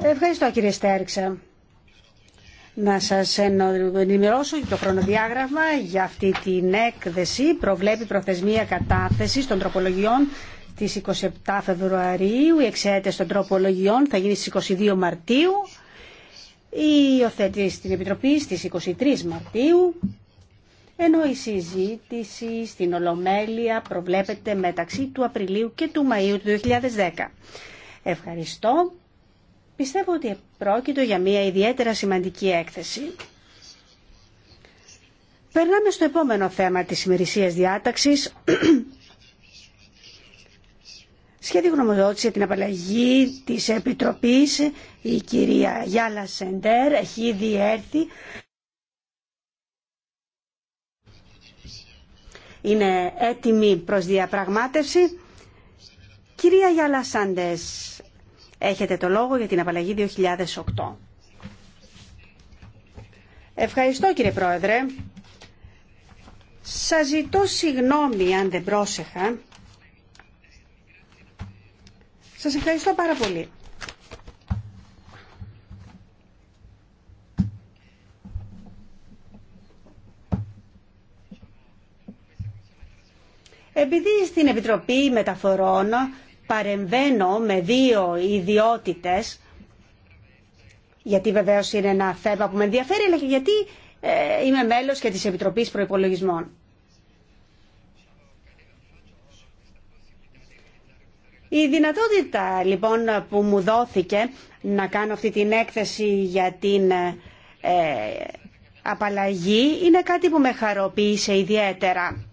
Ευχαριστώ κύριε Στέρξα. Να σας ενημερώσω για το χρονοδιάγραμμα για αυτή την έκθεση. Προβλέπει προθεσμία κατάθεσης των τροπολογιών στις 27 Φεβρουαρίου. Η εξέταση των τροπολογιών θα γίνει στις 22 Μαρτίου. Η υιοθέτηση στην Επιτροπή στις 23 Μαρτίου. Ενώ η συζήτηση στην Ολομέλεια προβλέπεται μεταξύ του Απριλίου και του Μαΐου του 2010. Ευχαριστώ. Πιστεύω ότι πρόκειται για μια ιδιαίτερα σημαντική έκθεση. Περνάμε στο επόμενο θέμα της ημερησίας διάταξης. Σχέδιο γνωμοδότηση για την απαλλαγή της Επιτροπής, η κυρία Γιάλα Σεντέρ έχει ήδη έρθει. Είναι έτοιμη προς διαπραγμάτευση. Κυρία Γιάλα Σάντες, Έχετε το λόγο για την απαλλαγή 2008. Ευχαριστώ κύριε Πρόεδρε. Σας ζητώ συγγνώμη αν δεν πρόσεχα. Σας ευχαριστώ πάρα πολύ. Επειδή στην Επιτροπή Μεταφορών παρεμβαίνω με δύο ιδιότητες, γιατί βεβαίως είναι ένα θέμα που με ενδιαφέρει, αλλά και γιατί ε, είμαι μέλος και της Επιτροπής Προϋπολογισμών. Η δυνατότητα λοιπόν που μου δόθηκε να κάνω αυτή την έκθεση για την ε, απαλλαγή είναι κάτι που με χαροποίησε ιδιαίτερα.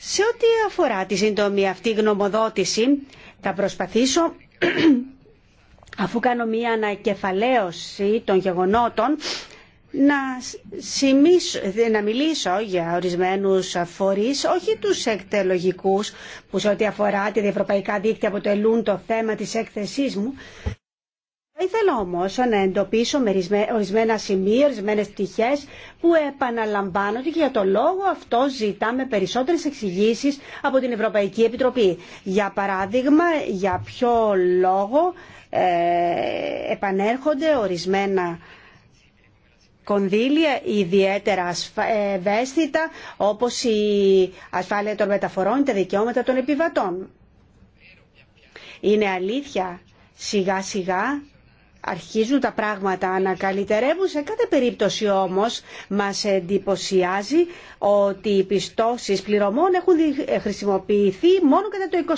Σε ό,τι αφορά τη σύντομη αυτή γνωμοδότηση, θα προσπαθήσω, αφού κάνω μία ανακεφαλαίωση των γεγονότων, να, σημίσω, να μιλήσω για ορισμένους φορείς, όχι τους εκτελογικούς, που σε ό,τι αφορά τη ευρωπαϊκά δίκτυα αποτελούν το θέμα της έκθεσής μου, θα ήθελα όμω να εντοπίσω ορισμένα σημεία, ορισμένε πτυχέ που επαναλαμβάνονται για το λόγο αυτό ζητάμε περισσότερες εξηγήσει από την Ευρωπαϊκή Επιτροπή. Για παράδειγμα, για ποιο λόγο ε, επανέρχονται ορισμένα κονδύλια ιδιαίτερα ε, ευαίσθητα όπως η ασφάλεια των μεταφορών, τα δικαιώματα των επιβατών. Είναι αλήθεια σιγά σιγά αρχίζουν τα πράγματα να καλυτερεύουν. Σε κάθε περίπτωση όμως μας εντυπωσιάζει ότι οι πιστώσεις πληρωμών έχουν ε, χρησιμοποιηθεί μόνο κατά το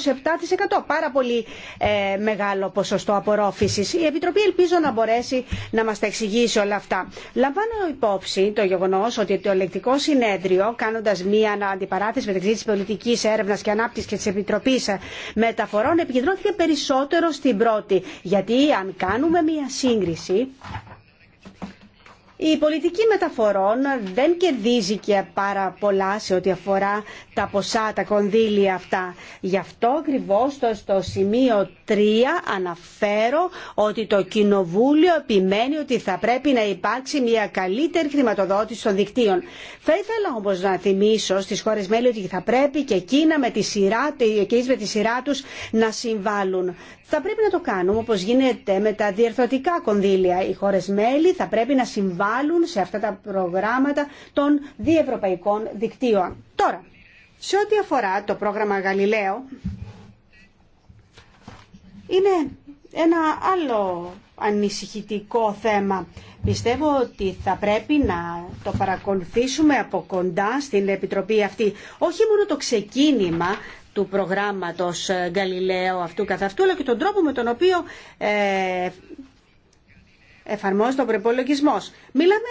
27%. Πάρα πολύ ε, μεγάλο ποσοστό απορρόφησης. Η Επιτροπή ελπίζω να μπορέσει να μας τα εξηγήσει όλα αυτά. Λαμβάνω υπόψη το γεγονός ότι το ελεκτικό συνέδριο κάνοντας μία αντιπαράθεση μεταξύ της πολιτικής έρευνας και ανάπτυξης και της Επιτροπής Μεταφορών επικεντρώθηκε περισσότερο στην πρώτη. Γιατί αν κάνουμε μία σύγκριση, η πολιτική μεταφορών δεν κερδίζει και πάρα πολλά σε ό,τι αφορά τα ποσά, τα κονδύλια αυτά. Γι' αυτό ακριβώ στο σημείο 3 αναφέρω ότι το Κοινοβούλιο επιμένει ότι θα πρέπει να υπάρξει μια καλύτερη χρηματοδότηση των δικτύων. Θα ήθελα όμως να θυμίσω στις χώρες μέλη ότι θα πρέπει και εκείνα με τη σειρά, εκείνες με τη σειρά τους να συμβάλλουν. Θα πρέπει να το κάνουμε όπως γίνεται με τα διερθωτικά κονδύλια. Οι χώρες μέλη θα πρέπει να συμβάλλουν σε αυτά τα προγράμματα των διευρωπαϊκών δικτύων. Τώρα, σε ό,τι αφορά το πρόγραμμα Γαλιλαίο, είναι ένα άλλο ανησυχητικό θέμα. Πιστεύω ότι θα πρέπει να το παρακολουθήσουμε από κοντά στην Επιτροπή αυτή. Όχι μόνο το ξεκίνημα, του προγράμματος ε, Γκαλιλαίου αυτού καθ' αυτού, αλλά και τον τρόπο με τον οποίο ε, εφαρμόζεται ο προπολογισμό. Μιλάμε,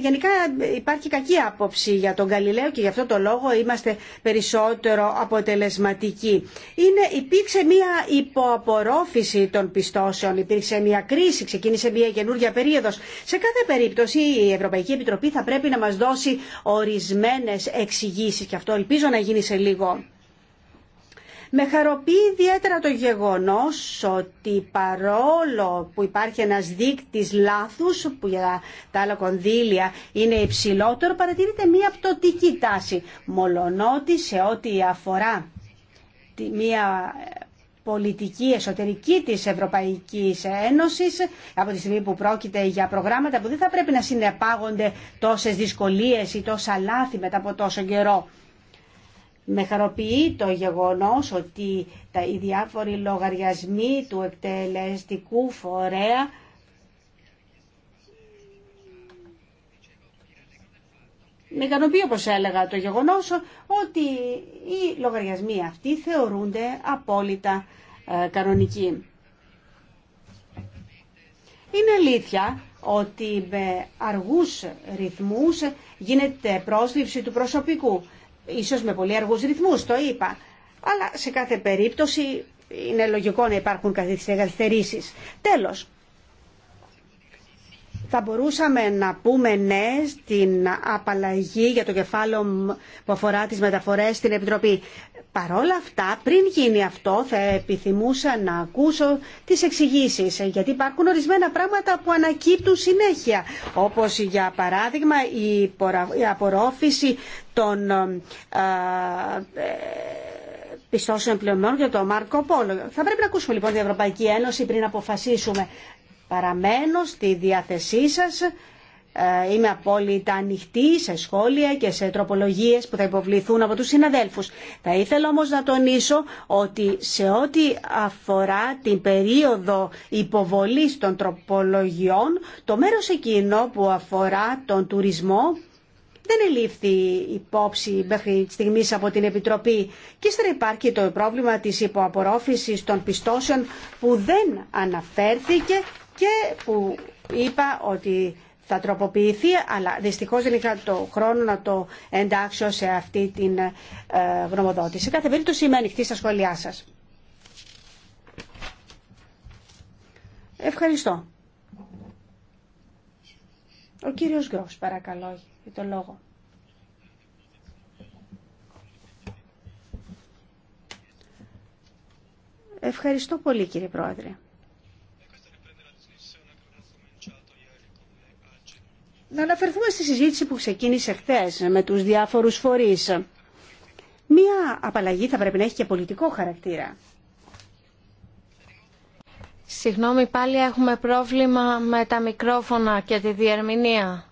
γενικά υπάρχει κακή άποψη για τον Γαλιλαίο και γι' αυτό το λόγο είμαστε περισσότερο αποτελεσματικοί. Είναι, υπήρξε μια υποαπορρόφηση των πιστώσεων, υπήρξε μια κρίση, ξεκίνησε μια καινούργια περίοδο. Σε κάθε περίπτωση η Ευρωπαϊκή Επιτροπή θα πρέπει να μα δώσει ορισμένε εξηγήσει και αυτό ελπίζω να γίνει σε λίγο. Με χαροποιεί ιδιαίτερα το γεγονός ότι παρόλο που υπάρχει ένας δείκτης λάθους που για τα άλλα κονδύλια είναι υψηλότερο παρατηρείται μία πτωτική τάση μολονότι σε ό,τι αφορά μία πολιτική εσωτερική της Ευρωπαϊκής Ένωσης από τη στιγμή που πρόκειται για προγράμματα που δεν θα πρέπει να συνεπάγονται τόσες δυσκολίες ή τόσα λάθη μετά από τόσο καιρό. Με χαροποιεί το γεγονός ότι τα, οι διάφοροι λογαριασμοί του εκτελεστικού φορέα με ικανοποιεί όπως έλεγα το γεγονός ότι οι λογαριασμοί αυτοί θεωρούνται απόλυτα ε, κανονικοί. Είναι αλήθεια ότι με αργούς ρυθμούς γίνεται πρόσληψη του προσωπικού ίσως με πολύ αργούς ρυθμούς, το είπα. Αλλά σε κάθε περίπτωση είναι λογικό να υπάρχουν καθυστερήσει. Τέλος, θα μπορούσαμε να πούμε ναι στην απαλλαγή για το κεφάλαιο που αφορά τις μεταφορές στην Επιτροπή. Παρόλα αυτά, πριν γίνει αυτό, θα επιθυμούσα να ακούσω τις εξηγήσει, γιατί υπάρχουν ορισμένα πράγματα που ανακύπτουν συνέχεια, όπως για παράδειγμα η απορρόφηση των ε, ε, πιστώσεων πληρωμών για το Μάρκο Πόλο. Θα πρέπει να ακούσουμε λοιπόν την Ευρωπαϊκή Ένωση πριν αποφασίσουμε. Παραμένω στη διάθεσή σας ε, είμαι απόλυτα ανοιχτή σε σχόλια και σε τροπολογίες που θα υποβληθούν από τους συναδέλφους. Θα ήθελα όμως να τονίσω ότι σε ό,τι αφορά την περίοδο υποβολής των τροπολογιών, το μέρος εκείνο που αφορά τον τουρισμό δεν ελήφθη υπόψη μέχρι στιγμή από την Επιτροπή. Και ύστερα υπάρχει το πρόβλημα της υποαπορρόφησης των πιστώσεων που δεν αναφέρθηκε και που είπα ότι θα τροποποιηθεί, αλλά δυστυχώς δεν είχα το χρόνο να το εντάξω σε αυτή την ε, γνωμοδότηση. Σε κάθε περίπτωση είμαι ανοιχτή στα σχόλιά σας. Ευχαριστώ. Ο κύριος Γκρός, παρακαλώ, για το λόγο. Ευχαριστώ πολύ κύριε Πρόεδρε. να αναφερθούμε στη συζήτηση που ξεκίνησε χθε με τους διάφορους φορείς. Μία απαλλαγή θα πρέπει να έχει και πολιτικό χαρακτήρα. Συγγνώμη, πάλι έχουμε πρόβλημα με τα μικρόφωνα και τη διερμηνία.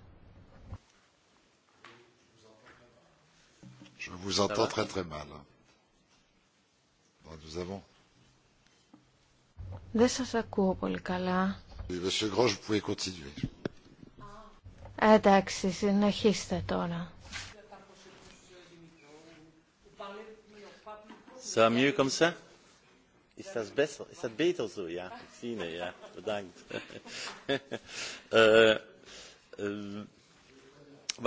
Δεν σας ακούω πολύ καλά. Monsieur vous pouvez continuer. Εντάξει, συνεχίστε τώρα. Ça mieux comme ça Ist das besser? Ist das besser so? Ja, Sine, ja, bedankt. äh, äh,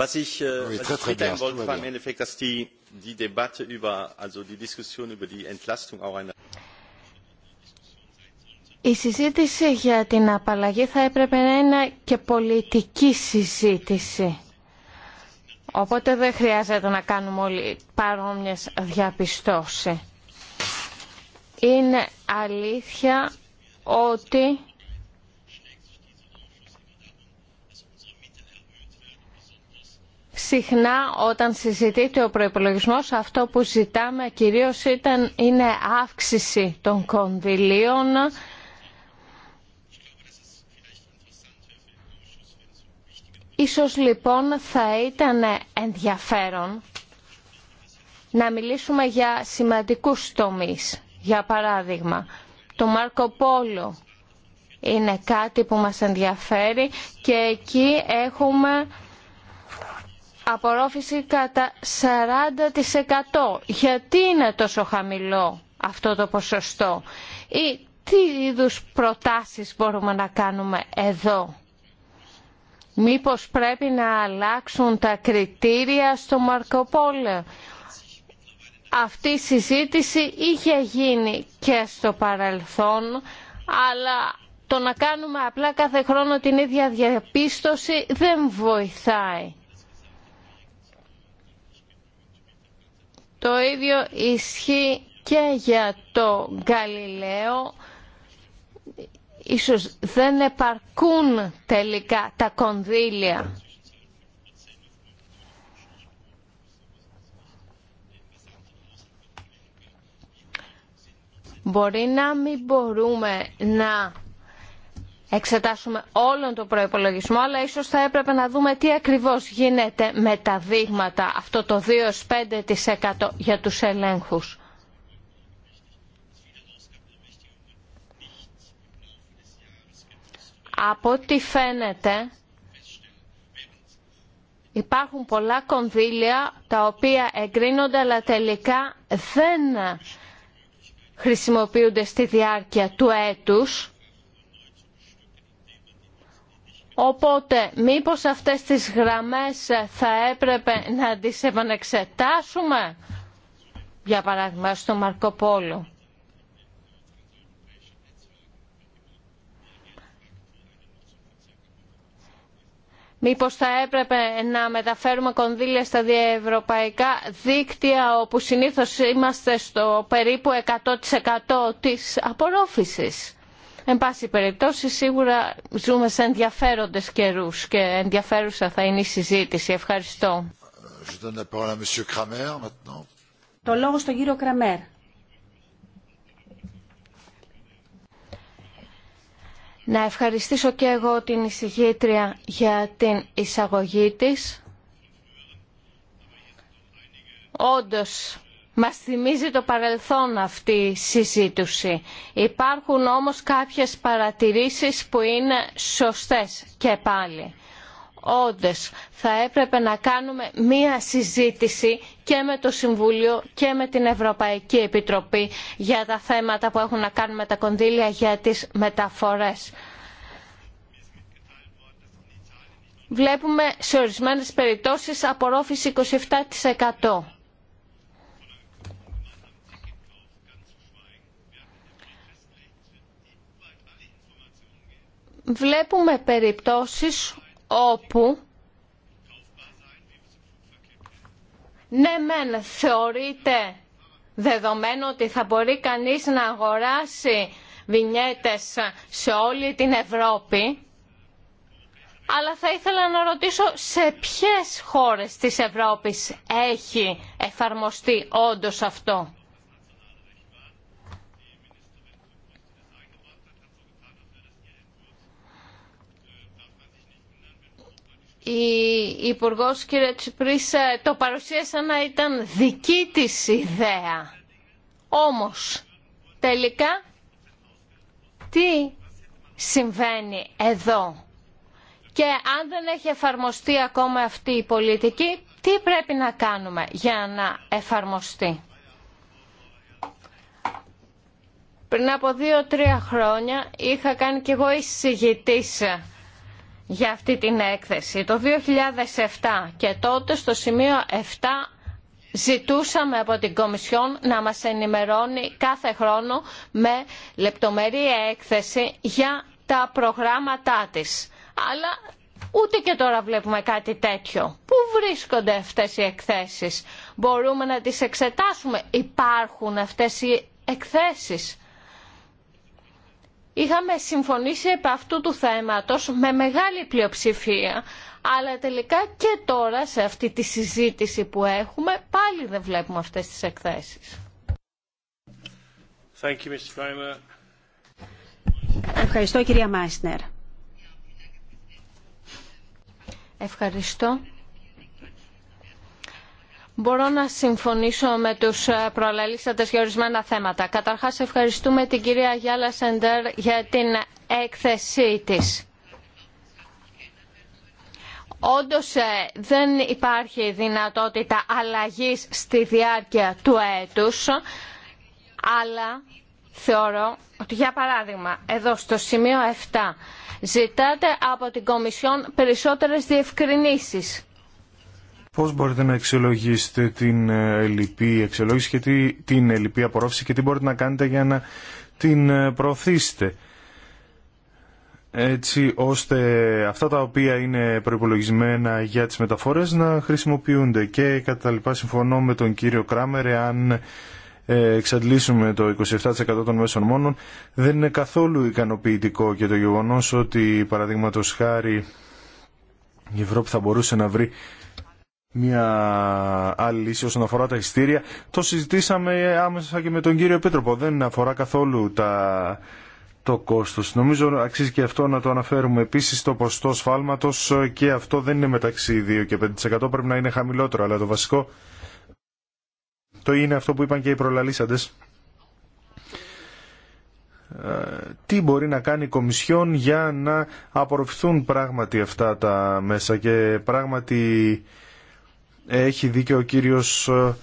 was ich, äh, was ich mitteilen wollte, war im Endeffekt, dass die, die Debatte über, also die Diskussion über die Entlastung auch eine η συζήτηση για την απαλλαγή θα έπρεπε να είναι και πολιτική συζήτηση. Οπότε δεν χρειάζεται να κάνουμε όλοι παρόμοιες διαπιστώσει. Είναι αλήθεια ότι συχνά όταν συζητείται ο προϋπολογισμός αυτό που ζητάμε κυρίως ήταν, είναι αύξηση των κονδυλίων Ίσως λοιπόν θα ήταν ενδιαφέρον να μιλήσουμε για σημαντικούς τομείς. Για παράδειγμα, το Μάρκο Πόλο είναι κάτι που μας ενδιαφέρει και εκεί έχουμε απορρόφηση κατά 40%. Γιατί είναι τόσο χαμηλό αυτό το ποσοστό ή τι είδους προτάσεις μπορούμε να κάνουμε εδώ. Μήπως πρέπει να αλλάξουν τα κριτήρια στο Μαρκοπόλε. Αυτή η συζήτηση είχε γίνει και στο παρελθόν, αλλά το να κάνουμε απλά κάθε χρόνο την ίδια διαπίστωση δεν βοηθάει. Το ίδιο ισχύει και για το Γαλιλαίο ίσως δεν επαρκούν τελικά τα κονδύλια. Μπορεί να μην μπορούμε να εξετάσουμε όλον τον προϋπολογισμό, αλλά ίσως θα έπρεπε να δούμε τι ακριβώς γίνεται με τα δείγματα, αυτό το 2-5% για τους ελέγχους. Από ό,τι φαίνεται υπάρχουν πολλά κονδύλια τα οποία εγκρίνονται αλλά τελικά δεν χρησιμοποιούνται στη διάρκεια του έτους. Οπότε μήπως αυτές τις γραμμές θα έπρεπε να τις επανεξετάσουμε, για παράδειγμα στο Μαρκοπόλο. Μήπως θα έπρεπε να μεταφέρουμε κονδύλια στα διευρωπαϊκά δίκτυα όπου συνήθως είμαστε στο περίπου 100% της απορρόφησης. Εν πάση περιπτώσει σίγουρα ζούμε σε ενδιαφέροντες καιρούς και ενδιαφέρουσα θα είναι η συζήτηση. Ευχαριστώ. Το λόγο στον κύριο Κραμέρ. Να ευχαριστήσω και εγώ την εισηγήτρια για την εισαγωγή της. Όντως, μας θυμίζει το παρελθόν αυτή η συζήτηση. Υπάρχουν όμως κάποιες παρατηρήσεις που είναι σωστές και πάλι όντες θα έπρεπε να κάνουμε μία συζήτηση και με το Συμβούλιο και με την Ευρωπαϊκή Επιτροπή για τα θέματα που έχουν να κάνουν με τα κονδύλια για τις μεταφορές. Βλέπουμε σε ορισμένες περιπτώσεις απορρόφηση 27%. Βλέπουμε περιπτώσεις όπου ναι μεν θεωρείται δεδομένο ότι θα μπορεί κανείς να αγοράσει βινιέτες σε όλη την Ευρώπη αλλά θα ήθελα να ρωτήσω σε ποιες χώρες της Ευρώπης έχει εφαρμοστεί όντως αυτό. η Υπουργό κ. Τσιπρίσα ε, το παρουσίασε να ήταν δική της ιδέα. Όμως, τελικά, τι συμβαίνει εδώ. Και αν δεν έχει εφαρμοστεί ακόμα αυτή η πολιτική, τι πρέπει να κάνουμε για να εφαρμοστεί. Πριν από δύο-τρία χρόνια είχα κάνει κι εγώ εισηγητής για αυτή την έκθεση το 2007 και τότε στο σημείο 7 ζητούσαμε από την Κομισιόν να μας ενημερώνει κάθε χρόνο με λεπτομερή έκθεση για τα προγράμματά της. Αλλά ούτε και τώρα βλέπουμε κάτι τέτοιο. Πού βρίσκονται αυτές οι εκθέσεις. Μπορούμε να τις εξετάσουμε. Υπάρχουν αυτές οι εκθέσεις. Είχαμε συμφωνήσει επ' αυτού του θέματος με μεγάλη πλειοψηφία, αλλά τελικά και τώρα σε αυτή τη συζήτηση που έχουμε πάλι δεν βλέπουμε αυτές τις εκθέσεις. Ευχαριστώ κυρία Μάισνερ. Ευχαριστώ. Μπορώ να συμφωνήσω με τους ε, προλαλήσατες για ορισμένα θέματα. Καταρχάς ευχαριστούμε την κυρία Γιάλα Σεντερ για την έκθεσή της. Όντως ε, δεν υπάρχει δυνατότητα αλλαγής στη διάρκεια του έτους, αλλά θεωρώ ότι για παράδειγμα εδώ στο σημείο 7 ζητάτε από την Κομισιόν περισσότερες διευκρινήσεις Πώς μπορείτε να εξελογήσετε την ελληπή εξελόγηση και τι, την ελληπή απορρόφηση και τι μπορείτε να κάνετε για να την ε, προωθήσετε έτσι ώστε αυτά τα οποία είναι προϋπολογισμένα για τις μεταφορές να χρησιμοποιούνται και κατά τα λοιπά συμφωνώ με τον κύριο Κράμερ αν ε, εξαντλήσουμε το 27% των μέσων μόνων δεν είναι καθόλου ικανοποιητικό και το γεγονός ότι παραδείγματο χάρη η Ευρώπη θα μπορούσε να βρει μια άλλη λύση όσον αφορά τα ειστήρια. Το συζητήσαμε άμεσα και με τον κύριο Επίτροπο. Δεν αφορά καθόλου τα... το κόστος. Νομίζω αξίζει και αυτό να το αναφέρουμε. Επίσης το ποστό σφάλματος και αυτό δεν είναι μεταξύ 2 και 5%. Πρέπει να είναι χαμηλότερο. Αλλά το βασικό το είναι αυτό που είπαν και οι προλαλήσαντες. Ε, τι μπορεί να κάνει η Κομισιόν για να απορροφηθούν πράγματι αυτά τα μέσα και πράγματι έχει δίκιο ο κύριος ε,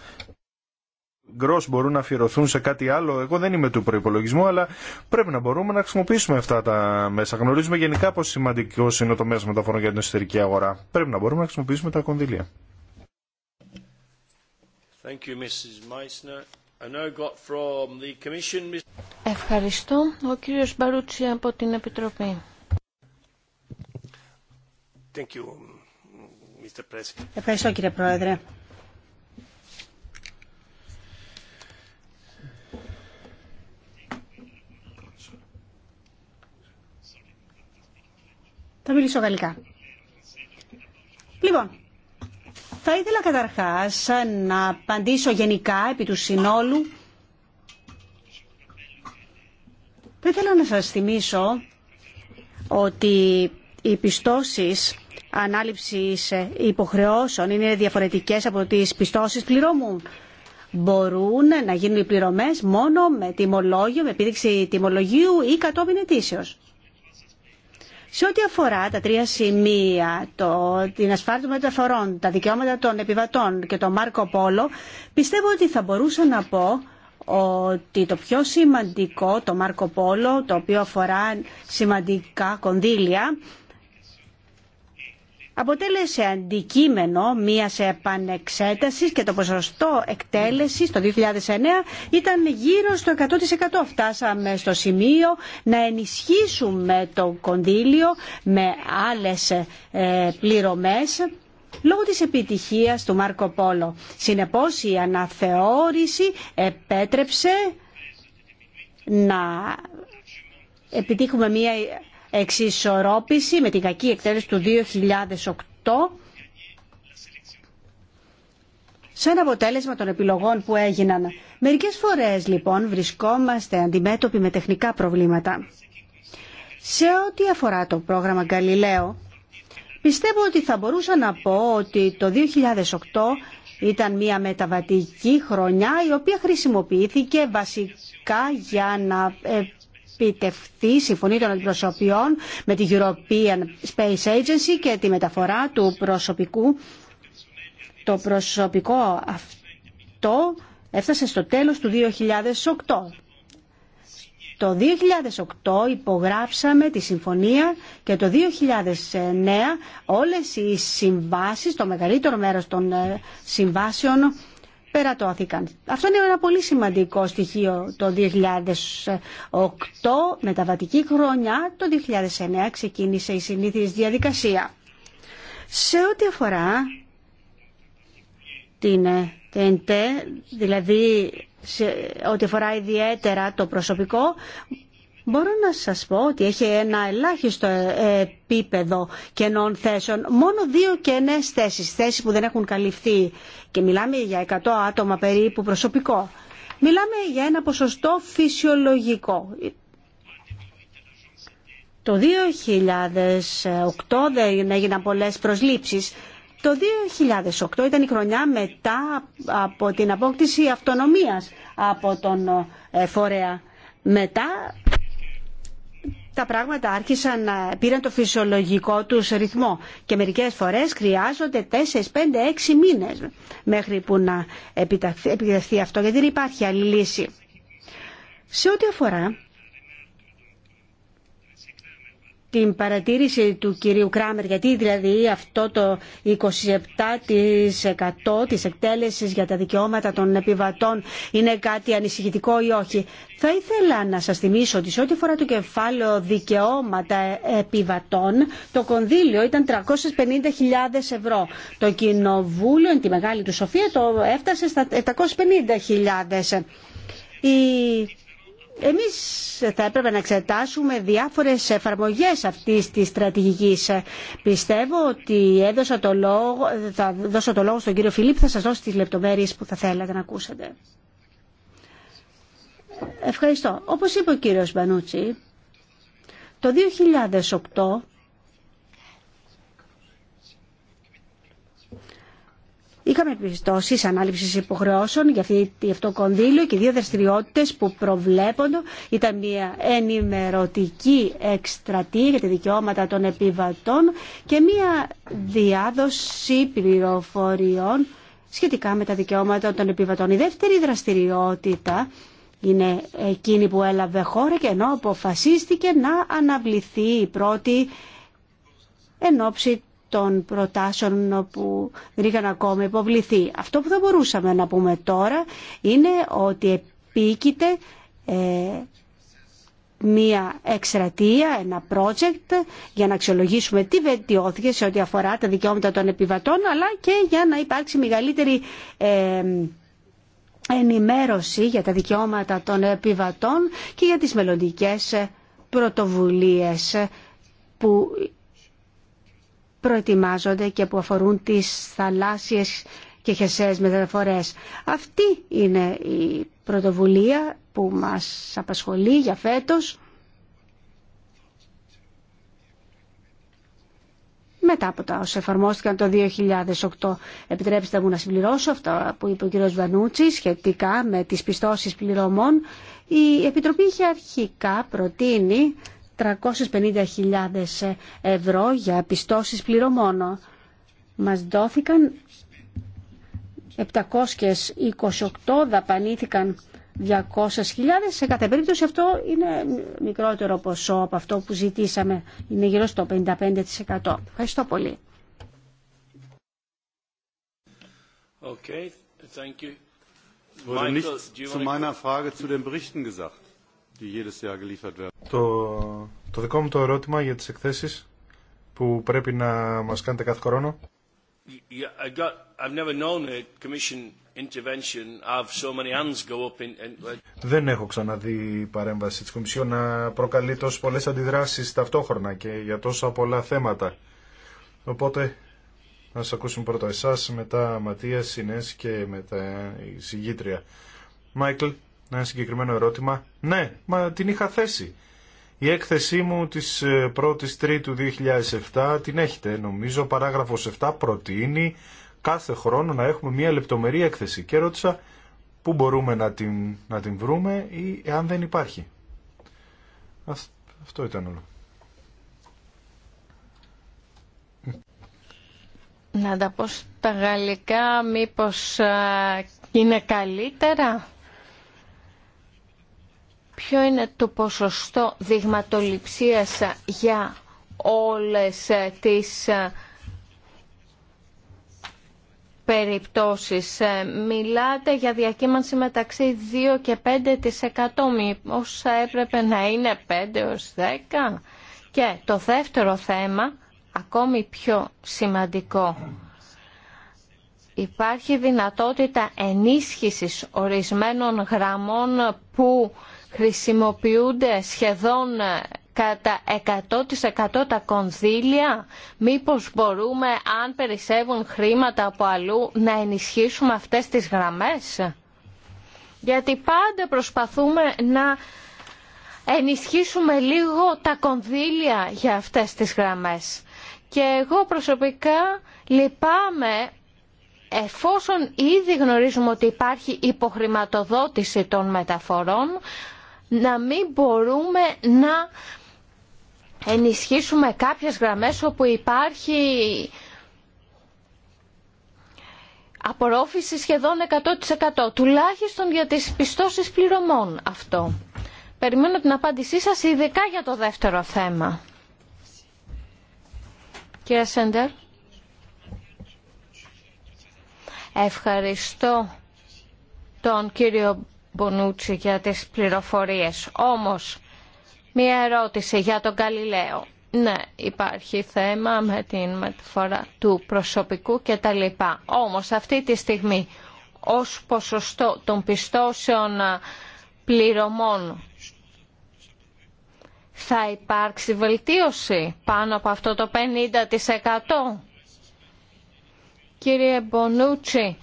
γκρος μπορούν να αφιερωθούν σε κάτι άλλο. Εγώ δεν είμαι του προπολογισμού, αλλά πρέπει να μπορούμε να χρησιμοποιήσουμε αυτά τα μέσα. Γνωρίζουμε γενικά πόσο σημαντικό είναι το μέσο μεταφορών για την εσωτερική αγορά. Πρέπει να μπορούμε να χρησιμοποιήσουμε τα κονδύλια. Ευχαριστώ. Ο κύριος Μπαρούτσι από την Επιτροπή. Ευχαριστώ κύριε Πρόεδρε. Θα μιλήσω γαλλικά. Λοιπόν, θα ήθελα καταρχάς να απαντήσω γενικά επί του συνόλου. Θα ήθελα να σας θυμίσω ότι οι πιστώσεις ανάληψη ε, υποχρεώσεων είναι διαφορετικές από τις πιστώσεις πληρώμου. Μπορούν να γίνουν οι πληρωμές μόνο με τιμολόγιο, με επίδειξη τιμολογίου ή κατόπιν ετήσεω. Σε ό,τι αφορά τα τρία σημεία, το, την ασφάλεια των μεταφορών, τα δικαιώματα των επιβατών και το Μάρκο Πόλο, πιστεύω ότι θα μπορούσα να πω ότι το πιο σημαντικό, το Μάρκο Πόλο, το οποίο αφορά σημαντικά κονδύλια, αποτέλεσε αντικείμενο μίας επανεξέτασης και το ποσοστό εκτέλεσης το 2009 ήταν γύρω στο 100%. Φτάσαμε στο σημείο να ενισχύσουμε το κονδύλιο με άλλες ε, πληρωμές λόγω της επιτυχίας του Μάρκο Πόλο. Συνεπώς η αναθεώρηση επέτρεψε να επιτύχουμε μια εξισορρόπηση με την κακή εκτέλεση του 2008 σαν αποτέλεσμα των επιλογών που έγιναν. Μερικές φορές λοιπόν βρισκόμαστε αντιμέτωποι με τεχνικά προβλήματα. Σε ό,τι αφορά το πρόγραμμα Γκαλιλαίο, πιστεύω ότι θα μπορούσα να πω ότι το 2008 ήταν μια μεταβατική χρονιά η οποία χρησιμοποιήθηκε βασικά για να ε, επιτευχθεί συμφωνία των αντιπροσωπιών με την European Space Agency και τη μεταφορά του προσωπικού. Το προσωπικό αυτό έφτασε στο τέλος του 2008. Το 2008 υπογράψαμε τη συμφωνία και το 2009 όλες οι συμβάσεις, το μεγαλύτερο μέρος των ε, συμβάσεων αυτό είναι ένα πολύ σημαντικό στοιχείο το 2008, μεταβατική χρονιά, το 2009 ξεκίνησε η συνήθιες διαδικασία. Σε ό,τι αφορά την ε, ΤΕΝΤΕ, δηλαδή σε ό,τι αφορά ιδιαίτερα το προσωπικό, Μπορώ να σας πω ότι έχει ένα ελάχιστο επίπεδο κενών θέσεων. Μόνο δύο κενές θέσεις, θέσεις που δεν έχουν καλυφθεί. Και μιλάμε για 100 άτομα περίπου προσωπικό. Μιλάμε για ένα ποσοστό φυσιολογικό. Το 2008 δεν έγιναν πολλές προσλήψεις. Το 2008 ήταν η χρονιά μετά από την απόκτηση αυτονομίας από τον ε, φορέα. Μετά τα πράγματα άρχισαν να πήραν το φυσιολογικό του ρυθμό και μερικές φορές χρειάζονται 4, 5, 6 μήνες μέχρι που να επιτευχθεί αυτό γιατί δεν υπάρχει άλλη λύση. Σε ό,τι αφορά την παρατήρηση του κυρίου Κράμερ, γιατί δηλαδή αυτό το 27% της εκτέλεσης για τα δικαιώματα των επιβατών είναι κάτι ανησυχητικό ή όχι. Θα ήθελα να σας θυμίσω ότι σε ό,τι φορά το κεφάλαιο δικαιώματα επιβατών, το κονδύλιο ήταν 350.000 ευρώ. Το κοινοβούλιο, τη μεγάλη του σοφία, το έφτασε στα 750.000. Εμείς θα έπρεπε να εξετάσουμε διάφορες εφαρμογές αυτής της στρατηγικής. Πιστεύω ότι έδωσα το λόγο, θα δώσω το λόγο στον κύριο Φιλίπ, θα σας δώσει τις λεπτομέρειες που θα θέλατε να ακούσετε. Ευχαριστώ. Όπως είπε ο κύριος Μπανούτσι, το 2008 Είχαμε επιπτώσει ανάληψη υποχρεώσεων για αυτό το κονδύλιο και δύο δραστηριότητε που προβλέπονται. Ήταν μια ενημερωτική εκστρατεία για τα δικαιώματα των επιβατών και μια διάδοση πληροφοριών σχετικά με τα δικαιώματα των επιβατών. Η δεύτερη δραστηριότητα είναι εκείνη που έλαβε χώρα και ενώ αποφασίστηκε να αναβληθεί η πρώτη εν των προτάσεων που δεν είχαν ακόμα υποβληθεί. Αυτό που θα μπορούσαμε να πούμε τώρα είναι ότι επίκειται ε, μία εκστρατεία, ένα project για να αξιολογήσουμε τι βελτιώθηκε σε ό,τι αφορά τα δικαιώματα των επιβατών αλλά και για να υπάρξει μεγαλύτερη ε, ενημέρωση για τα δικαιώματα των επιβατών και για τις μελλοντικές πρωτοβουλίες που προετοιμάζονται και που αφορούν τις θαλάσσιες και χεσές μεταφορές. Αυτή είναι η πρωτοβουλία που μας απασχολεί για φέτος. μετά από τα όσα εφαρμόστηκαν το 2008. Επιτρέψτε μου να συμπληρώσω αυτά που είπε ο κ. Βανούτσι σχετικά με τις πιστώσεις πληρωμών. Η Επιτροπή είχε αρχικά προτείνει 350.000 ευρώ για πιστώσεις πληρωμών. Μας δόθηκαν 728 δαπανήθηκαν 200.000. Σε κάθε περίπτωση αυτό είναι μικρότερο ποσό από αυτό που ζητήσαμε. Είναι γύρω στο 55%. Ευχαριστώ πολύ. Okay, thank you. Michael, το, δικό μου το ερώτημα για τις εκθέσεις που πρέπει να μας κάνετε κάθε χρόνο. Δεν έχω ξαναδεί η παρέμβαση της Κομισιόν να προκαλεί τόσο πολλές αντιδράσεις ταυτόχρονα και για τόσα πολλά θέματα. Οπότε να σας ακούσουμε πρώτα εσάς, μετά Ματίας, Σινές και μετά η συγγήτρια. Μάικλ, ένα συγκεκριμένο ερώτημα. Ναι, μα την είχα θέσει. Η έκθεσή μου της 1ης ε, Τρίτου 2007 την έχετε νομίζω. Παράγραφος 7 προτείνει κάθε χρόνο να έχουμε μια λεπτομερή έκθεση. Και ρώτησα πού μπορούμε να την, να την βρούμε ή εάν δεν υπάρχει. Αυτό ήταν όλο. Να τα πω στα γαλλικά μήπως ε, είναι καλύτερα ποιο είναι το ποσοστό δειγματοληψίας για όλες ε, τις ε, περιπτώσεις. Ε, μιλάτε για διακύμανση μεταξύ 2 και 5% μήπως έπρεπε να είναι 5 ως 10%. Και το δεύτερο θέμα, ακόμη πιο σημαντικό, υπάρχει δυνατότητα ενίσχυσης ορισμένων γραμμών που χρησιμοποιούνται σχεδόν κατά 100% τα κονδύλια. Μήπως μπορούμε, αν περισσεύουν χρήματα από αλλού, να ενισχύσουμε αυτές τις γραμμές. Γιατί πάντα προσπαθούμε να ενισχύσουμε λίγο τα κονδύλια για αυτές τις γραμμές. Και εγώ προσωπικά λυπάμαι εφόσον ήδη γνωρίζουμε ότι υπάρχει υποχρηματοδότηση των μεταφορών, να μην μπορούμε να ενισχύσουμε κάποιες γραμμές όπου υπάρχει απορρόφηση σχεδόν 100% τουλάχιστον για τις πιστώσεις πληρωμών αυτό. Περιμένω την απάντησή σας ειδικά για το δεύτερο θέμα. Κύριε Σέντερ. Ευχαριστώ τον κύριο Μπονούτσι για τις πληροφορίες. Όμως, μία ερώτηση για τον Καλλιλέο. Ναι, υπάρχει θέμα με τη μεταφορά του προσωπικού κτλ. Όμως αυτή τη στιγμή ως ποσοστό των πιστώσεων ε, πληρωμών θα υπάρξει βελτίωση πάνω από αυτό το 50%. Κύριε Μπονούτσι,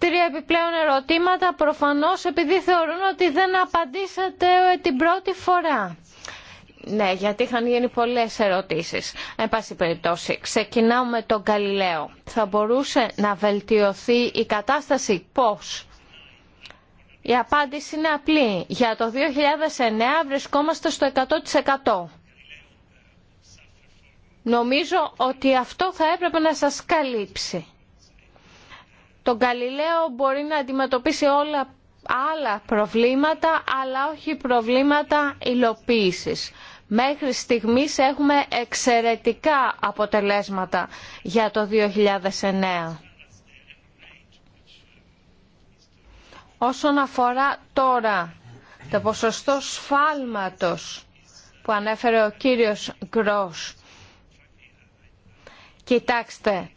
τρία επιπλέον ερωτήματα προφανώς επειδή θεωρούν ότι δεν απαντήσατε την πρώτη φορά. Ναι, γιατί είχαν γίνει πολλές ερωτήσεις. Εν πάση περιπτώσει, ξεκινάω με τον Γαλιλαίο. Θα μπορούσε να βελτιωθεί η κατάσταση πώς. Η απάντηση είναι απλή. Για το 2009 βρισκόμαστε στο 100%. Νομίζω ότι αυτό θα έπρεπε να σας καλύψει τον Γαλιλαίο μπορεί να αντιμετωπίσει όλα άλλα προβλήματα, αλλά όχι προβλήματα υλοποίησης. Μέχρι στιγμής έχουμε εξαιρετικά αποτελέσματα για το 2009. Όσον αφορά τώρα το ποσοστό σφάλματος που ανέφερε ο κύριος Γκρός, κοιτάξτε,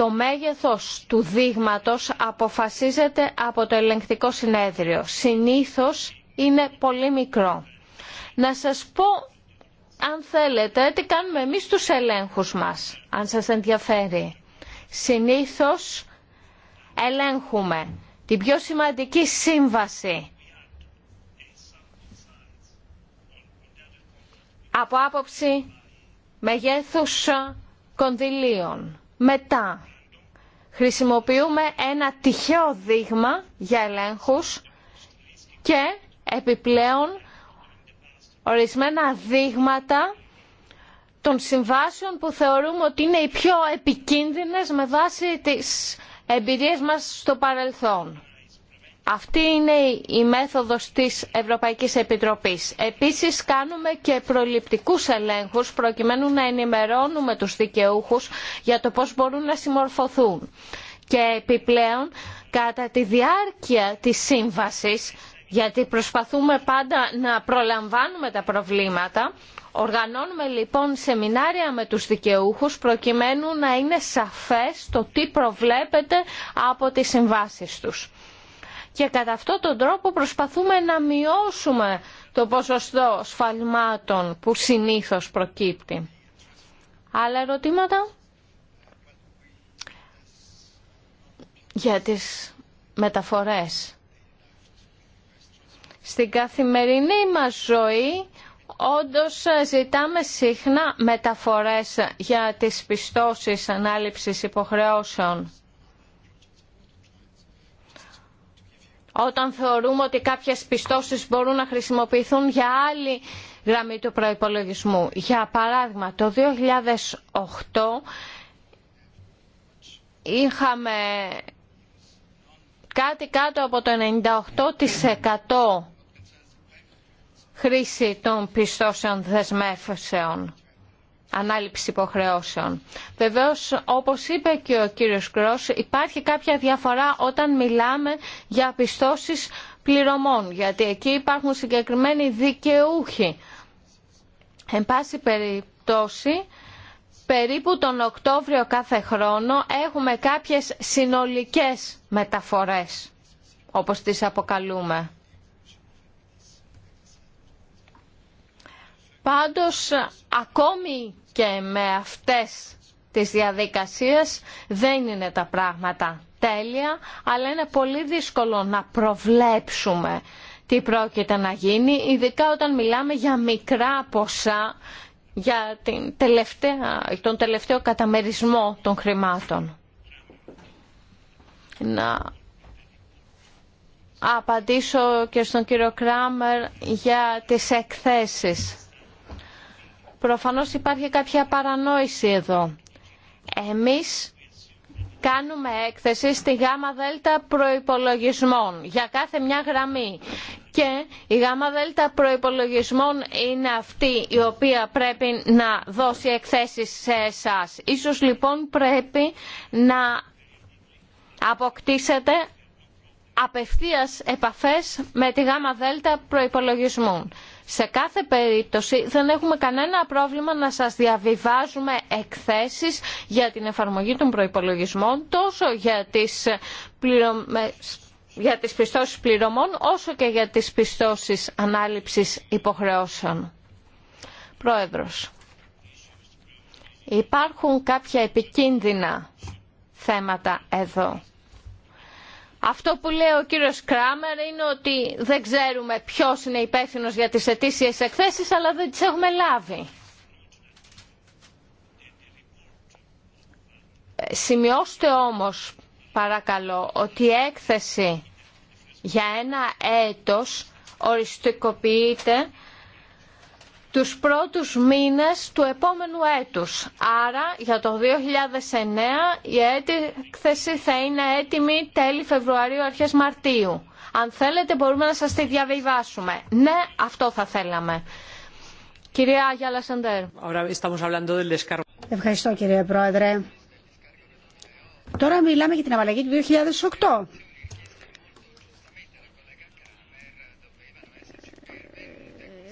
το μέγεθος του δείγματος αποφασίζεται από το ελεγκτικό συνέδριο. Συνήθως είναι πολύ μικρό. Να σας πω, αν θέλετε, τι κάνουμε εμείς τους ελέγχους μας, αν σας ενδιαφέρει. Συνήθως ελέγχουμε την πιο σημαντική σύμβαση από άποψη μεγέθους κονδυλίων. Μετά Χρησιμοποιούμε ένα τυχαίο δείγμα για ελέγχους και επιπλέον ορισμένα δείγματα των συμβάσεων που θεωρούμε ότι είναι οι πιο επικίνδυνες με βάση τις εμπειρίες μας στο παρελθόν. Αυτή είναι η μέθοδος της Ευρωπαϊκής Επιτροπής. Επίσης κάνουμε και προληπτικούς ελέγχους προκειμένου να ενημερώνουμε τους δικαιούχους για το πώς μπορούν να συμμορφωθούν. Και επιπλέον κατά τη διάρκεια της σύμβασης, γιατί προσπαθούμε πάντα να προλαμβάνουμε τα προβλήματα, Οργανώνουμε λοιπόν σεμινάρια με τους δικαιούχους προκειμένου να είναι σαφές το τι προβλέπεται από τις συμβάσεις τους και κατά αυτόν τον τρόπο προσπαθούμε να μειώσουμε το ποσοστό σφαλμάτων που συνήθως προκύπτει. Άλλα ερωτήματα? Για τις μεταφορές. Στην καθημερινή μας ζωή όντως ζητάμε συχνά μεταφορές για τις πιστώσεις ανάληψης υποχρεώσεων. όταν θεωρούμε ότι κάποιες πιστώσεις μπορούν να χρησιμοποιηθούν για άλλη γραμμή του προϋπολογισμού. Για παράδειγμα, το 2008 είχαμε κάτι κάτω από το 98% χρήση των πιστώσεων δεσμεύσεων ανάληψη υποχρεώσεων. Βεβαίως, όπως είπε και ο κύριος Κρόσ, υπάρχει κάποια διαφορά όταν μιλάμε για πιστώσει πληρωμών, γιατί εκεί υπάρχουν συγκεκριμένοι δικαιούχοι. Εν πάση περιπτώσει, περίπου τον Οκτώβριο κάθε χρόνο έχουμε κάποιες συνολικές μεταφορές, όπως τις αποκαλούμε. Πάντως, ακόμη και με αυτές τις διαδικασίες δεν είναι τα πράγματα τέλεια, αλλά είναι πολύ δύσκολο να προβλέψουμε τι πρόκειται να γίνει, ειδικά όταν μιλάμε για μικρά ποσά για την τον τελευταίο καταμερισμό των χρημάτων. Να απαντήσω και στον κύριο Κράμερ για τις εκθέσεις. Προφανώς υπάρχει κάποια παρανόηση εδώ. Εμείς κάνουμε έκθεση στη γάμα δέλτα προϋπολογισμών για κάθε μια γραμμή και η γάμα δέλτα προϋπολογισμών είναι αυτή η οποία πρέπει να δώσει εκθέσεις σε εσάς. Ίσως λοιπόν πρέπει να αποκτήσετε απευθείας επαφές με τη γάμα δέλτα προϋπολογισμών. Σε κάθε περίπτωση δεν έχουμε κανένα πρόβλημα να σας διαβιβάζουμε εκθέσεις για την εφαρμογή των προϋπολογισμών τόσο για τις, πληρωμές, για τις πιστώσεις πληρωμών όσο και για τις πιστώσεις ανάληψης υποχρεώσεων. Πρόεδρος, υπάρχουν κάποια επικίνδυνα θέματα εδώ. Αυτό που λέει ο κύριος Κράμερ είναι ότι δεν ξέρουμε ποιος είναι υπεύθυνος για τις ετήσιες εκθέσεις, αλλά δεν τις έχουμε λάβει. Σημειώστε όμως, παρακαλώ, ότι η έκθεση για ένα έτος οριστικοποιείται τους πρώτους μήνες του επόμενου έτους. Άρα για το 2009 η έκθεση θα είναι έτοιμη τέλη Φεβρουαρίου αρχές Μαρτίου. Αν θέλετε μπορούμε να σας τη διαβιβάσουμε. Ναι, αυτό θα θέλαμε. Κυρία Αγιά Λασαντέρ. Ευχαριστώ κύριε Πρόεδρε. Τώρα μιλάμε για την απαλλαγή του 2008.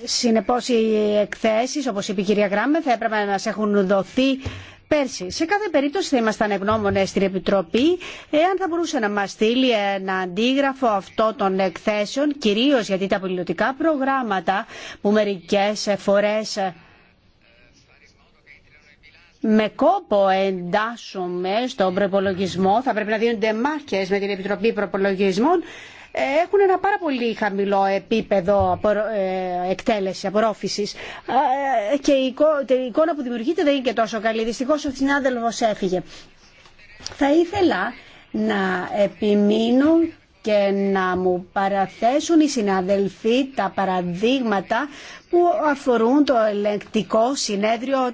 Συνεπώς οι εκθέσεις, όπως είπε η κυρία Γράμμε, θα έπρεπε να μας έχουν δοθεί πέρσι. Σε κάθε περίπτωση θα ήμασταν ευγνώμονε στην Επιτροπή εάν θα μπορούσε να μα στείλει ένα αντίγραφο αυτών των εκθέσεων, κυρίω γιατί τα πολιτικά προγράμματα που μερικέ φορέ με κόπο εντάσσουμε στον προπολογισμό, θα πρέπει να δίνονται μάχες με την Επιτροπή Προπολογισμών έχουν ένα πάρα πολύ χαμηλό επίπεδο ε, εκτέλεση, απορρόφησης ε, και η εικόνα που δημιουργείται δεν είναι και τόσο καλή. Δυστυχώ ο συνάδελφο έφυγε. Θα ήθελα να επιμείνω και να μου παραθέσουν οι συναδελφοί τα παραδείγματα που αφορούν το ελεγκτικό συνέδριο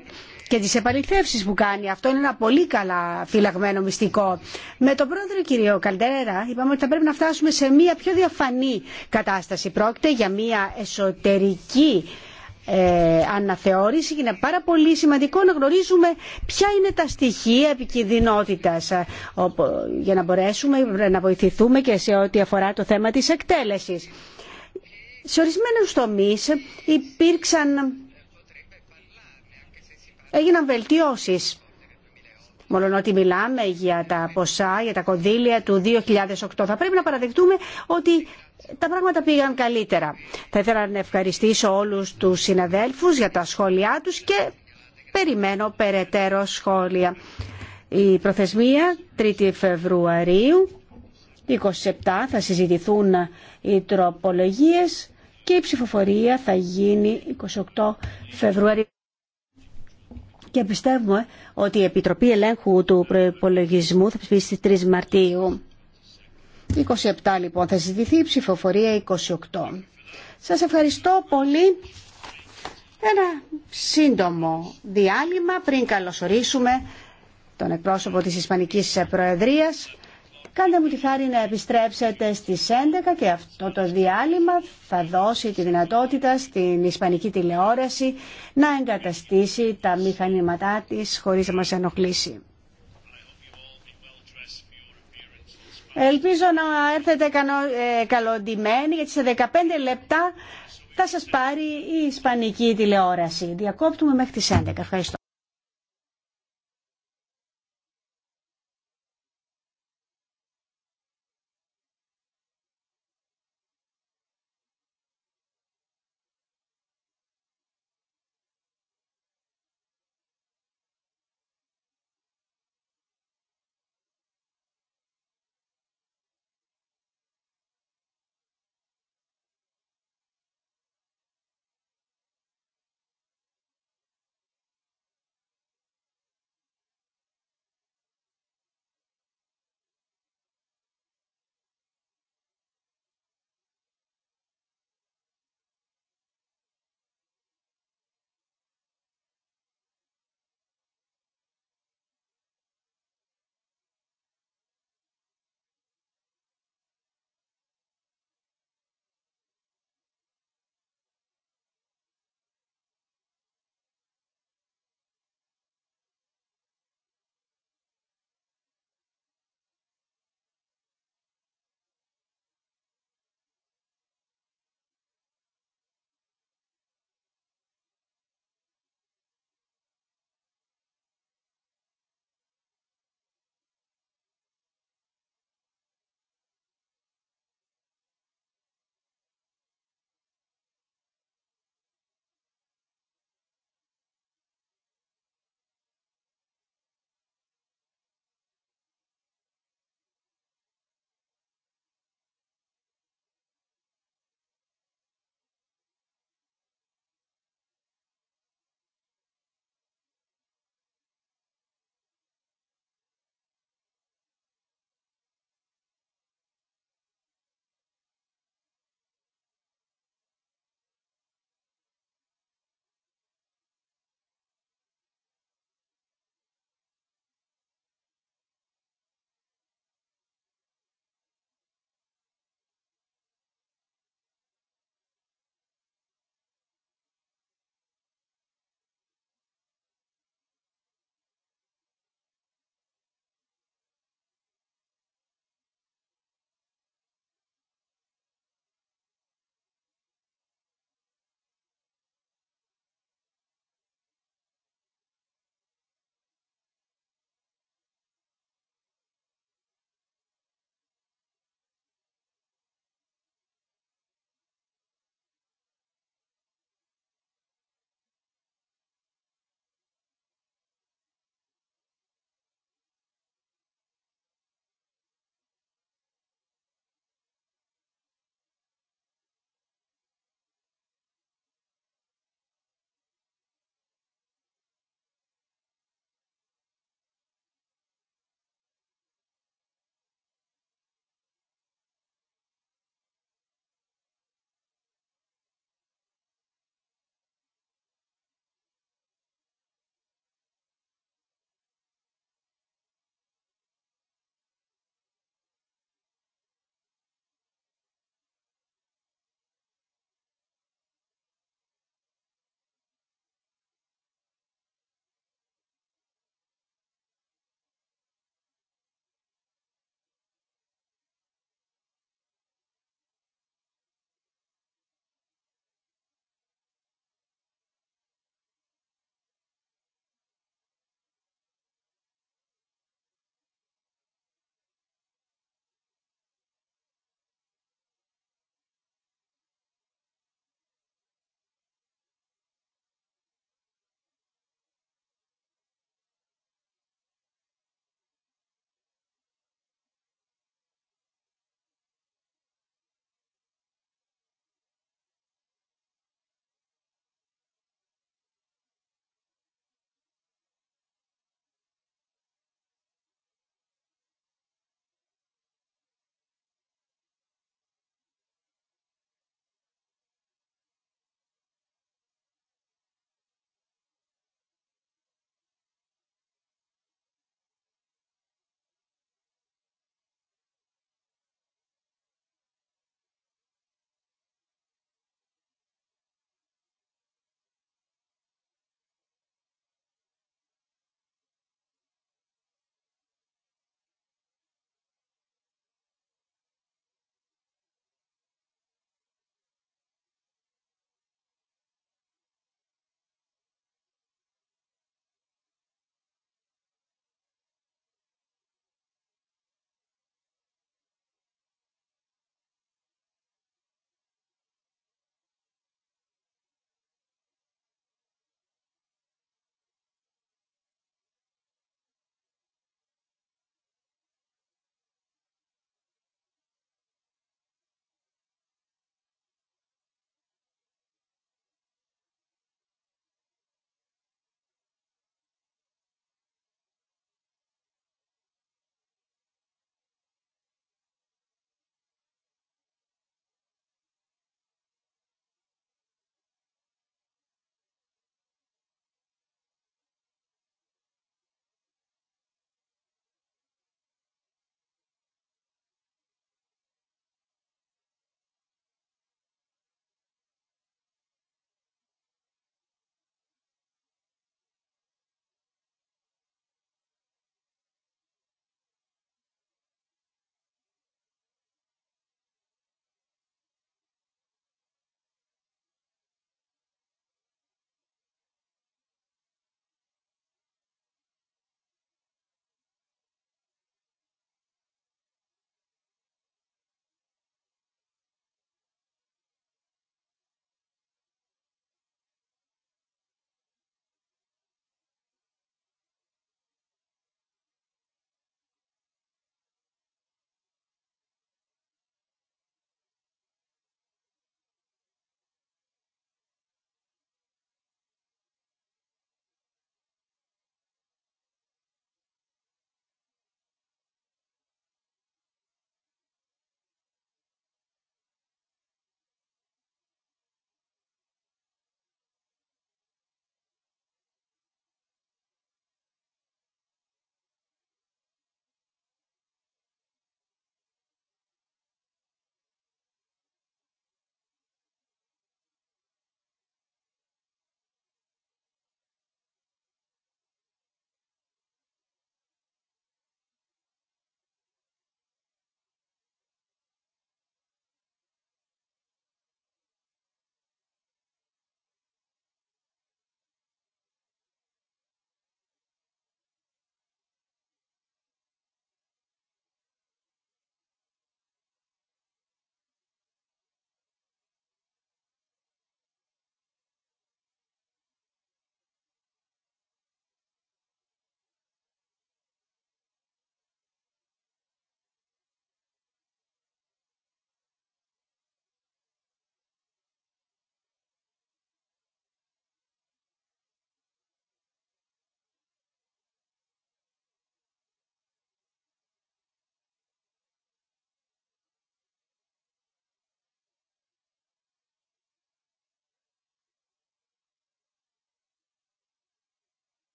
και τις επαληθεύσεις που κάνει. Αυτό είναι ένα πολύ καλά φυλαγμένο μυστικό. Με τον πρόεδρο κύριο Καλτέρα είπαμε ότι θα πρέπει να φτάσουμε σε μια πιο διαφανή κατάσταση. Πρόκειται για μια εσωτερική ε, αναθεώρηση και είναι πάρα πολύ σημαντικό να γνωρίζουμε ποια είναι τα στοιχεία επικινδυνότητας ε, για να μπορέσουμε να βοηθηθούμε και σε ό,τι αφορά το θέμα της εκτέλεσης. Σε ορισμένους τομείς υπήρξαν έγιναν βελτιώσει, Μόνο ότι μιλάμε για τα ποσά, για τα κονδύλια του 2008. Θα πρέπει να παραδεχτούμε ότι τα πράγματα πήγαν καλύτερα. Θα ήθελα να ευχαριστήσω όλους τους συναδέλφους για τα σχόλιά τους και περιμένω περαιτέρω σχόλια. Η προθεσμία 3η Φεβρουαρίου, 27 θα συζητηθούν οι τροπολογίες και η ψηφοφορία θα γίνει 28 Φεβρουαρίου και πιστεύουμε ότι η Επιτροπή Ελέγχου του Προπολογισμού θα ψηφίσει στις 3 Μαρτίου. 27 λοιπόν θα συζητηθεί η ψηφοφορία 28. Σας ευχαριστώ πολύ. Ένα σύντομο διάλειμμα πριν καλωσορίσουμε τον εκπρόσωπο της Ισπανικής Προεδρίας Κάντε μου τη χάρη να επιστρέψετε στις 11 και αυτό το διάλειμμα θα δώσει τη δυνατότητα στην Ισπανική τηλεόραση να εγκαταστήσει τα μηχανήματά της χωρίς να μας ενοχλήσει. Ελπίζω να έρθετε ε, καλοντημένοι γιατί σε 15 λεπτά θα σας πάρει η Ισπανική τηλεόραση. Διακόπτουμε μέχρι τις 11. Ευχαριστώ.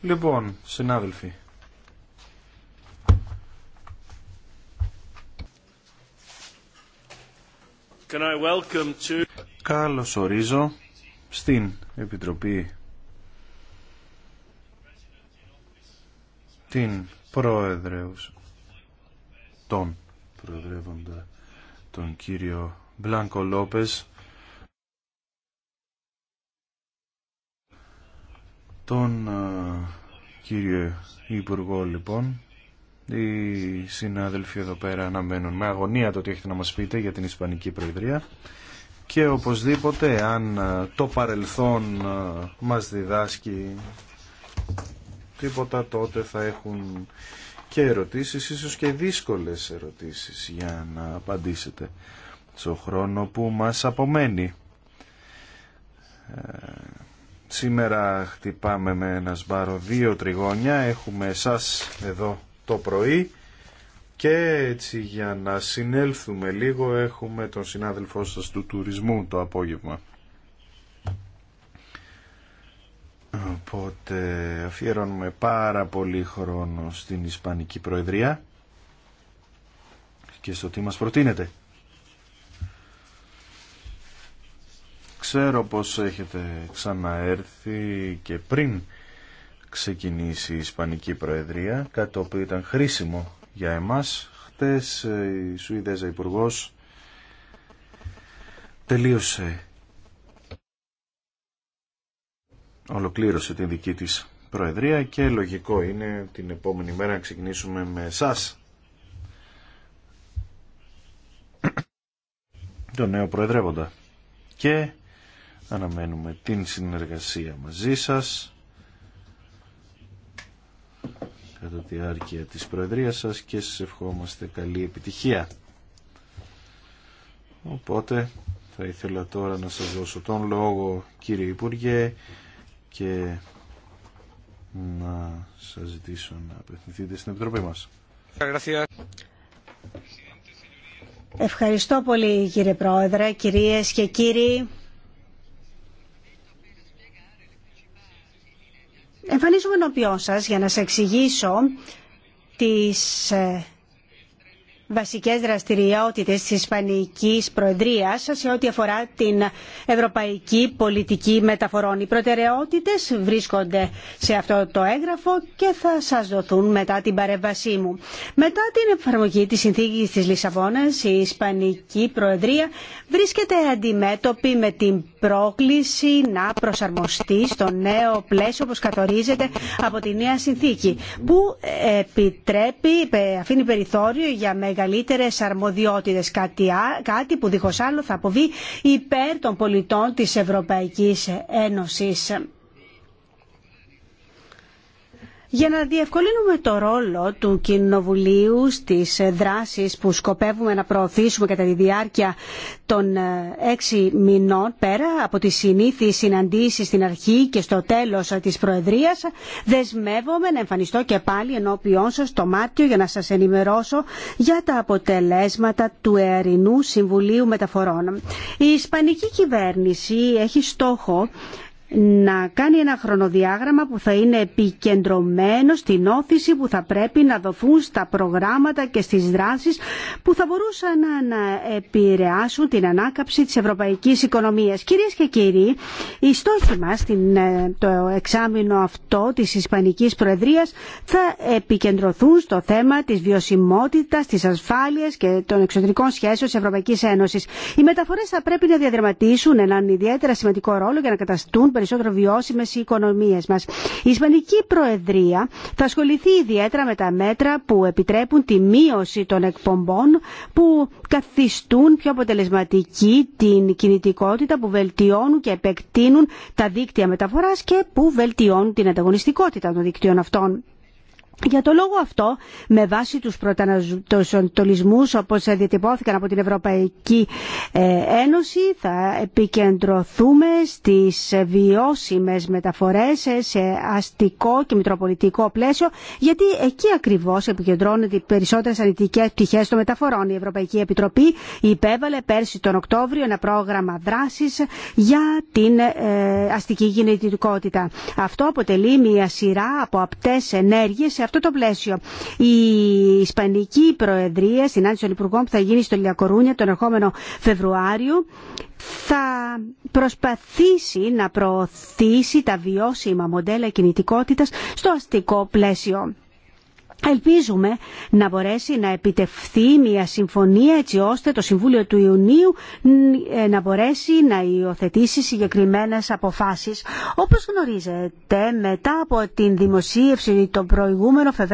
Λοιπόν, συνάδελφοι. Can I welcome to... Καλώς ορίζω στην Επιτροπή την Πρόεδρεους τον Προεδρεύοντα τον κύριο Μπλάνκο Λόπες τον κύριο Υπουργό λοιπόν. Οι συνάδελφοι εδώ πέρα αναμένουν με αγωνία το τι έχετε να μας πείτε για την Ισπανική Προεδρία και οπωσδήποτε αν το παρελθόν μας διδάσκει τίποτα τότε θα έχουν και ερωτήσεις, ίσως και δύσκολες ερωτήσεις για να απαντήσετε στο χρόνο που μας απομένει. Ε, Σήμερα χτυπάμε με ένα σμπάρο δύο τριγώνια. Έχουμε εσάς εδώ το πρωί και έτσι για να συνέλθουμε λίγο έχουμε τον συνάδελφό σας του τουρισμού το απόγευμα. Οπότε αφιερώνουμε πάρα πολύ χρόνο στην Ισπανική Προεδρία και στο τι μας προτείνεται. Ξέρω πως έχετε ξαναέρθει και πριν ξεκινήσει η Ισπανική Προεδρία, κάτι το οποίο ήταν χρήσιμο για εμάς. Χτες ε, η Σουηδέζα υπουργό τελείωσε, ολοκλήρωσε την δική της Προεδρία και λογικό είναι την επόμενη μέρα να ξεκινήσουμε με εσάς. τον νέο Προεδρεύοντα. Και Αναμένουμε την συνεργασία μαζί σας κατά τη διάρκεια της Προεδρίας σας και σας ευχόμαστε καλή επιτυχία. Οπότε θα ήθελα τώρα να σας δώσω τον λόγο κύριε Υπουργέ και να σας ζητήσω να απευθυνθείτε στην Επιτροπή μας. Ευχαριστώ πολύ κύριε Πρόεδρε, κυρίες και κύριοι. εμφανίζομαι ενώπιόν σας για να σας εξηγήσω τις ε, Βασικέ δραστηριότητε τη Ισπανική Προεδρία σε ό,τι αφορά την ευρωπαϊκή πολιτική μεταφορών. Οι προτεραιότητε βρίσκονται σε αυτό το έγγραφο και θα σα δοθούν μετά την παρέμβασή μου. Μετά την εφαρμογή τη συνθήκη τη Λισαβόνα, η Ισπανική Προεδρία βρίσκεται αντιμέτωπη με την πρόκληση να προσαρμοστεί στο νέο πλαίσιο όπω καθορίζεται από τη νέα συνθήκη που επιτρέπει, αφήνει περιθώριο για μεγαλύτερη μεγαλύτερε αρμοδιότητες. Κάτι που δίχω άλλο θα αποβεί υπέρ των πολιτών της Ευρωπαϊκής Ένωσης. Για να διευκολύνουμε το ρόλο του Κοινοβουλίου στις δράσεις που σκοπεύουμε να προωθήσουμε κατά τη διάρκεια των ε, έξι μηνών, πέρα από τις συνήθεις συναντήσεις στην αρχή και στο τέλος της Προεδρίας, δεσμεύομαι να εμφανιστώ και πάλι ενώπιόν σας το Μάρτιο για να σας ενημερώσω για τα αποτελέσματα του Εαρινού Συμβουλίου Μεταφορών. Η Ισπανική κυβέρνηση έχει στόχο να κάνει ένα χρονοδιάγραμμα που θα είναι επικεντρωμένο στην όθηση που θα πρέπει να δοθούν στα προγράμματα και στις δράσεις που θα μπορούσαν να επηρεάσουν την ανάκαψη της ευρωπαϊκής οικονομίας. Κυρίες και κύριοι, οι στόχοι μας στην, ε, το εξάμεινο αυτό της Ισπανικής Προεδρίας θα επικεντρωθούν στο θέμα της βιωσιμότητας, της ασφάλειας και των εξωτερικών σχέσεων της Ευρωπαϊκής Ένωσης. Οι μεταφορές θα πρέπει να διαδραματίσουν έναν ιδιαίτερα σημαντικό ρόλο για να καταστούν περισσότερο βιώσιμε οι οικονομίε μα. Η Ισπανική Προεδρία θα ασχοληθεί ιδιαίτερα με τα μέτρα που επιτρέπουν τη μείωση των εκπομπών που καθιστούν πιο αποτελεσματική την κινητικότητα, που βελτιώνουν και επεκτείνουν τα δίκτυα μεταφορά και που βελτιώνουν την ανταγωνιστικότητα των δικτύων αυτών. Για το λόγο αυτό, με βάση τους προτανατολισμούς όπως διατυπώθηκαν από την Ευρωπαϊκή ε, Ένωση, θα επικεντρωθούμε στις βιώσιμες μεταφορές σε αστικό και μητροπολιτικό πλαίσιο, γιατί εκεί ακριβώς επικεντρώνεται οι περισσότερες αρνητικές πτυχές των μεταφορών. Η Ευρωπαϊκή Επιτροπή υπέβαλε πέρσι τον Οκτώβριο ένα πρόγραμμα δράσης για την ε, αστική γεννητικότητα. Αυτό αποτελεί μια σειρά από απτές ενέργειες αυτό το πλαίσιο. Η Ισπανική Προεδρία, συνάντηση των Υπουργών που θα γίνει στο Λιακορούνια τον ερχόμενο Φεβρουάριο, θα προσπαθήσει να προωθήσει τα βιώσιμα μοντέλα κινητικότητας στο αστικό πλαίσιο. Ελπίζουμε να μπορέσει να επιτευχθεί μια συμφωνία έτσι ώστε το Συμβούλιο του Ιουνίου ε, να μπορέσει να υιοθετήσει συγκεκριμένες αποφάσεις. Όπως γνωρίζετε, μετά από την δημοσίευση το προηγούμενο ε,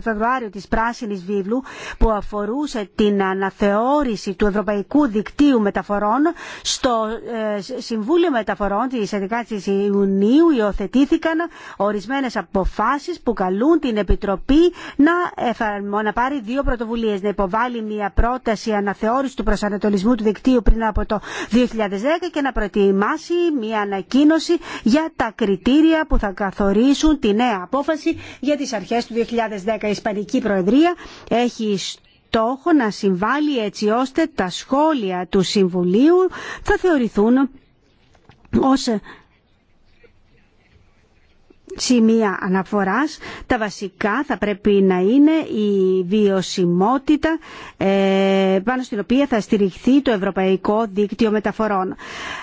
Φεβρουάριο της Πράσινης Βίβλου που αφορούσε την αναθεώρηση του Ευρωπαϊκού Δικτύου Μεταφορών στο ε, Συμβούλιο Μεταφορών της 11ης Ιουνίου υιοθετήθηκαν ορισμένες αποφάσεις που καλούν την Επιτροπή να, εφαρμο, πάρει δύο πρωτοβουλίε. Να υποβάλει μια πρόταση αναθεώρηση του προσανατολισμού του δικτύου πριν από το 2010 και να προετοιμάσει μια ανακοίνωση για τα κριτήρια που θα καθορίσουν τη νέα απόφαση για τι αρχέ του 2010. Η Ισπανική Προεδρία έχει στόχο να συμβάλλει έτσι ώστε τα σχόλια του Συμβουλίου θα θεωρηθούν ως σημεία αναφοράς. Τα βασικά θα πρέπει να είναι η βιωσιμότητα ε, πάνω στην οποία θα στηριχθεί το Ευρωπαϊκό Δίκτυο Μεταφορών.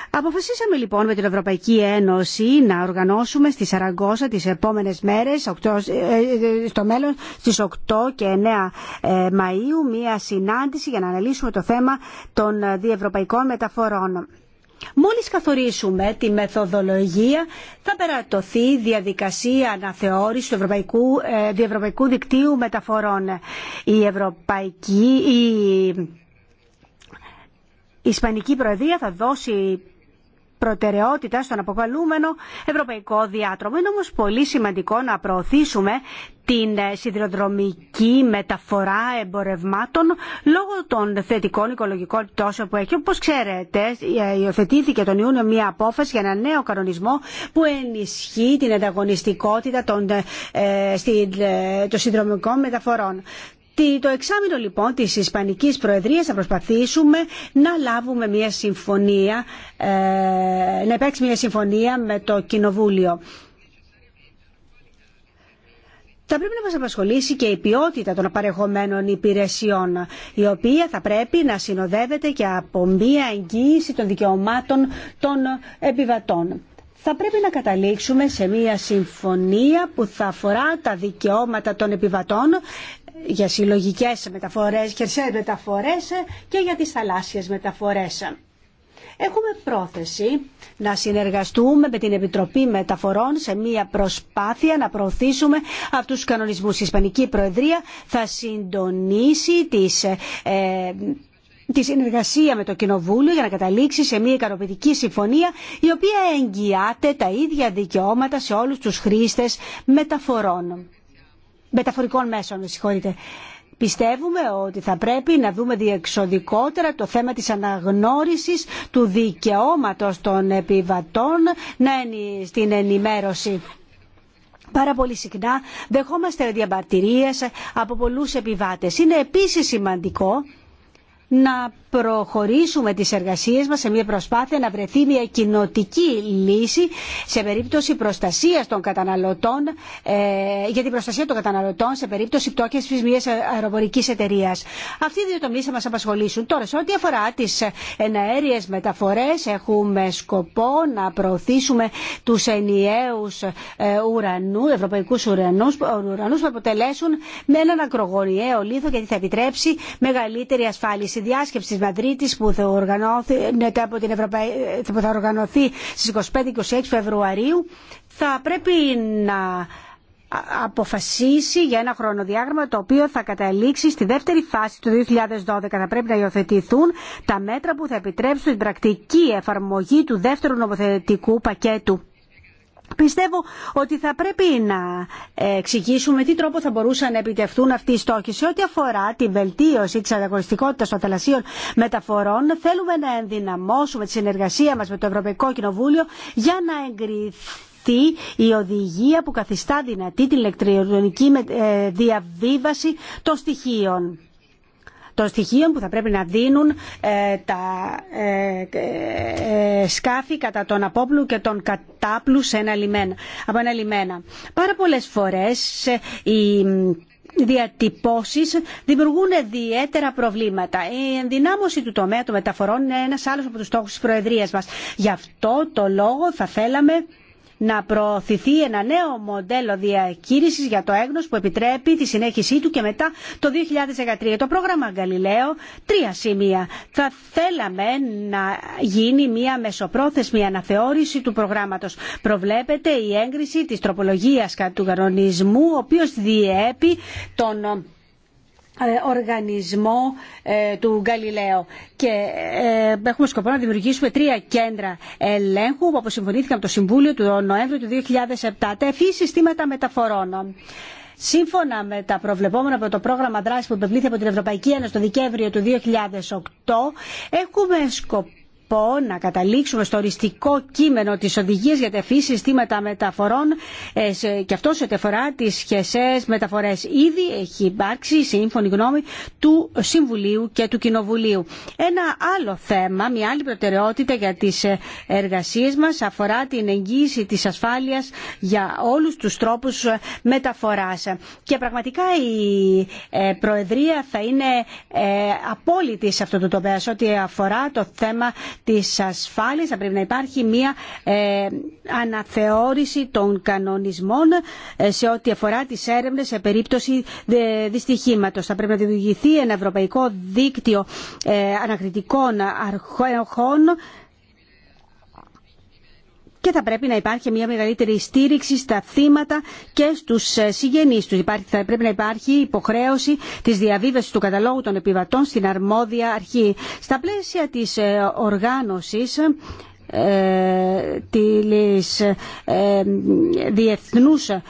Αποφασίσαμε λοιπόν με την Ευρωπαϊκή Ένωση να οργανώσουμε στη Σαραγκώσα τις επόμενες μέρες, ε, ε, στο μέλλον στις 8 και 9 Μαΐου, μία συνάντηση για να αναλύσουμε το θέμα των διευρωπαϊκών μεταφορών. Μόλις καθορίσουμε τη μεθοδολογία θα περατωθεί η διαδικασία αναθεώρησης του Ευρωπαϊκού, ε, Διευρωπαϊκού Δικτύου Μεταφορών. Η Ευρωπαϊκή, η... Η Ισπανική Προεδρία θα δώσει προτεραιότητα στον αποκαλούμενο ευρωπαϊκό διάτρομο. Είναι όμως πολύ σημαντικό να προωθήσουμε την ε, σιδηροδρομική μεταφορά εμπορευμάτων λόγω των θετικών οικολογικών τόσο που έχει. Όπως ξέρετε, ε, υιοθετήθηκε τον Ιούνιο μία απόφαση για ένα νέο κανονισμό που ενισχύει την ανταγωνιστικότητα των, ε, ε των συνδρομικών μεταφορών. Το εξάμεινο λοιπόν της Ισπανικής Προεδρίας θα προσπαθήσουμε να λάβουμε μια συμφωνία, ε, να υπάρξει μια συμφωνία με το Κοινοβούλιο. Θα πρέπει να μας απασχολήσει και η ποιότητα των απαρεχόμενων υπηρεσιών, η οποία θα πρέπει να συνοδεύεται και από μία εγγύηση των δικαιωμάτων των επιβατών. Θα πρέπει να καταλήξουμε σε μία συμφωνία που θα αφορά τα δικαιώματα των επιβατών για συλλογικές μεταφορές, χερσαίες μεταφορές και για τις θαλάσσιες μεταφορές. Έχουμε πρόθεση να συνεργαστούμε με την Επιτροπή Μεταφορών σε μια προσπάθεια να προωθήσουμε αυτούς τους κανονισμούς. Η Ισπανική Προεδρία θα συντονίσει τις, ε, τη συνεργασία με το Κοινοβούλιο για να καταλήξει σε μια ικανοποιητική συμφωνία η οποία εγγυάται τα ίδια δικαιώματα σε όλους τους χρήστες μεταφορών μεταφορικών μέσων, συγχωρείτε. Πιστεύουμε ότι θα πρέπει να δούμε διεξοδικότερα το θέμα της αναγνώρισης του δικαιώματος των επιβατών στην ενημέρωση. Πάρα πολύ συχνά δεχόμαστε διαμαρτυρίες από πολλούς επιβάτες. Είναι επίσης σημαντικό να προχωρήσουμε τις εργασίες μας σε μια προσπάθεια να βρεθεί μια κοινοτική λύση σε περίπτωση προστασίας των καταναλωτών, ε, για την προστασία των καταναλωτών σε περίπτωση πτώχειας της μιας αεροπορικής εταιρείας. Αυτοί οι δύο τομείς θα μας απασχολήσουν. Τώρα, σε ό,τι αφορά τις εναέριες μεταφορές, έχουμε σκοπό να προωθήσουμε τους ενιαίους ε, ουρανού, ευρωπαϊκούς ουρανούς, ουρανούς που αποτελέσουν με έναν ακρογωνιαίο λίθο γιατί θα επιτρέψει μεγαλύτερη ασφάλιση διάσκεψη της Μαδρίτης που θα, ναι, από την που θα οργανωθεί στις 25-26 Φεβρουαρίου θα πρέπει να αποφασίσει για ένα χρονοδιάγραμμα το οποίο θα καταλήξει στη δεύτερη φάση του 2012. Θα πρέπει να υιοθετηθούν τα μέτρα που θα επιτρέψουν την πρακτική εφαρμογή του δεύτερου νομοθετικού πακέτου. Πιστεύω ότι θα πρέπει να εξηγήσουμε τι τρόπο θα μπορούσαν να επιτευχθούν αυτοί οι στόχοι. Σε ό,τι αφορά την βελτίωση τη ανταγωνιστικότητα των θαλασσίων μεταφορών, θέλουμε να ενδυναμώσουμε τη συνεργασία μα με το Ευρωπαϊκό Κοινοβούλιο για να εγκριθεί η οδηγία που καθιστά δυνατή την ηλεκτρονική ε, διαβίβαση των στοιχείων των στοιχείων που θα πρέπει να δίνουν ε, τα ε, ε, σκάφη κατά τον απόπλου και τον κατάπλου σε ένα λιμένα, από ένα λιμένα. Πάρα πολλές φορές οι διατυπώσεις δημιουργούν ιδιαίτερα προβλήματα. Η ενδυνάμωση του τομέα των μεταφορών είναι ένας άλλος από τους στόχους της Προεδρίας μας. Γι' αυτό το λόγο θα θέλαμε να προωθηθεί ένα νέο μοντέλο διακήρυξης για το έγνο που επιτρέπει τη συνέχισή του και μετά το 2013. Το πρόγραμμα Γαλιλαίο, τρία σημεία. Θα θέλαμε να γίνει μια μεσοπρόθεσμη αναθεώρηση του προγράμματος. Προβλέπεται η έγκριση της τροπολογίας του κανονισμού, ο οποίος διέπει τον ε, οργανισμό ε, του Γκαλιλαίου και ε, έχουμε σκοπό να δημιουργήσουμε τρία κέντρα ελέγχου που αποσυμφωνήθηκαν από το Συμβούλιο του Νοέμβριο του 2007 τα συστήματα μεταφορών. Σύμφωνα με τα προβλεπόμενα από το πρόγραμμα δράση που υπευλήθη από την Ευρωπαϊκή Ένωση το Δεκέμβριο του 2008, έχουμε σκοπό Λοιπόν να καταλήξουμε στο οριστικό κείμενο τη οδηγία για τα φύση συστήματα μεταφορών ε, και αυτό σε ό,τι αφορά τις σχέσε μεταφορές. Ήδη έχει υπάρξει σύμφωνη γνώμη του Συμβουλίου και του Κοινοβουλίου. Ένα άλλο θέμα, μια άλλη προτεραιότητα για τις ε, εργασίες μα αφορά την εγγύηση της ασφάλεια για όλους τους τρόπους ε, μεταφορά. Και πραγματικά η Προεδρία θα είναι απόλυτη σε αυτό το τομέα σε ό,τι αφορά το θέμα της ασφάλειας θα πρέπει να υπάρχει μια ε, αναθεώρηση των κανονισμών ε, σε ό,τι αφορά τις έρευνες σε περίπτωση ε, δυστυχήματος. Θα πρέπει να δημιουργηθεί ένα ευρωπαϊκό δίκτυο ανακριτικών αρχών και θα πρέπει να υπάρχει μια μεγαλύτερη στήριξη στα θύματα και στους ε, συγγενεί του. θα πρέπει να υπάρχει υποχρέωση της διαβίβασης του καταλόγου των επιβατών στην αρμόδια αρχή. Στα πλαίσια τη ε, οργάνωσης ε, της ε, διεθνούς ε,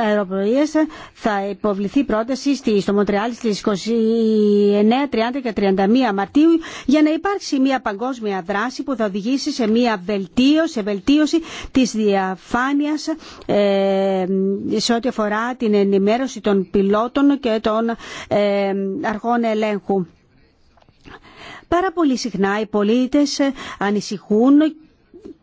αεροπορίας θα υποβληθεί πρόταση στο Μοντρεάλ στις 29, 30 και 31 Μαρτίου για να υπάρξει μια παγκόσμια δράση που θα οδηγήσει σε μια βελτίωση, σε βελτίωση της διαφάνειας σε ό,τι αφορά την ενημέρωση των πιλότων και των αρχών ελέγχου. Πάρα πολύ συχνά οι πολίτες ε, ανησυχούν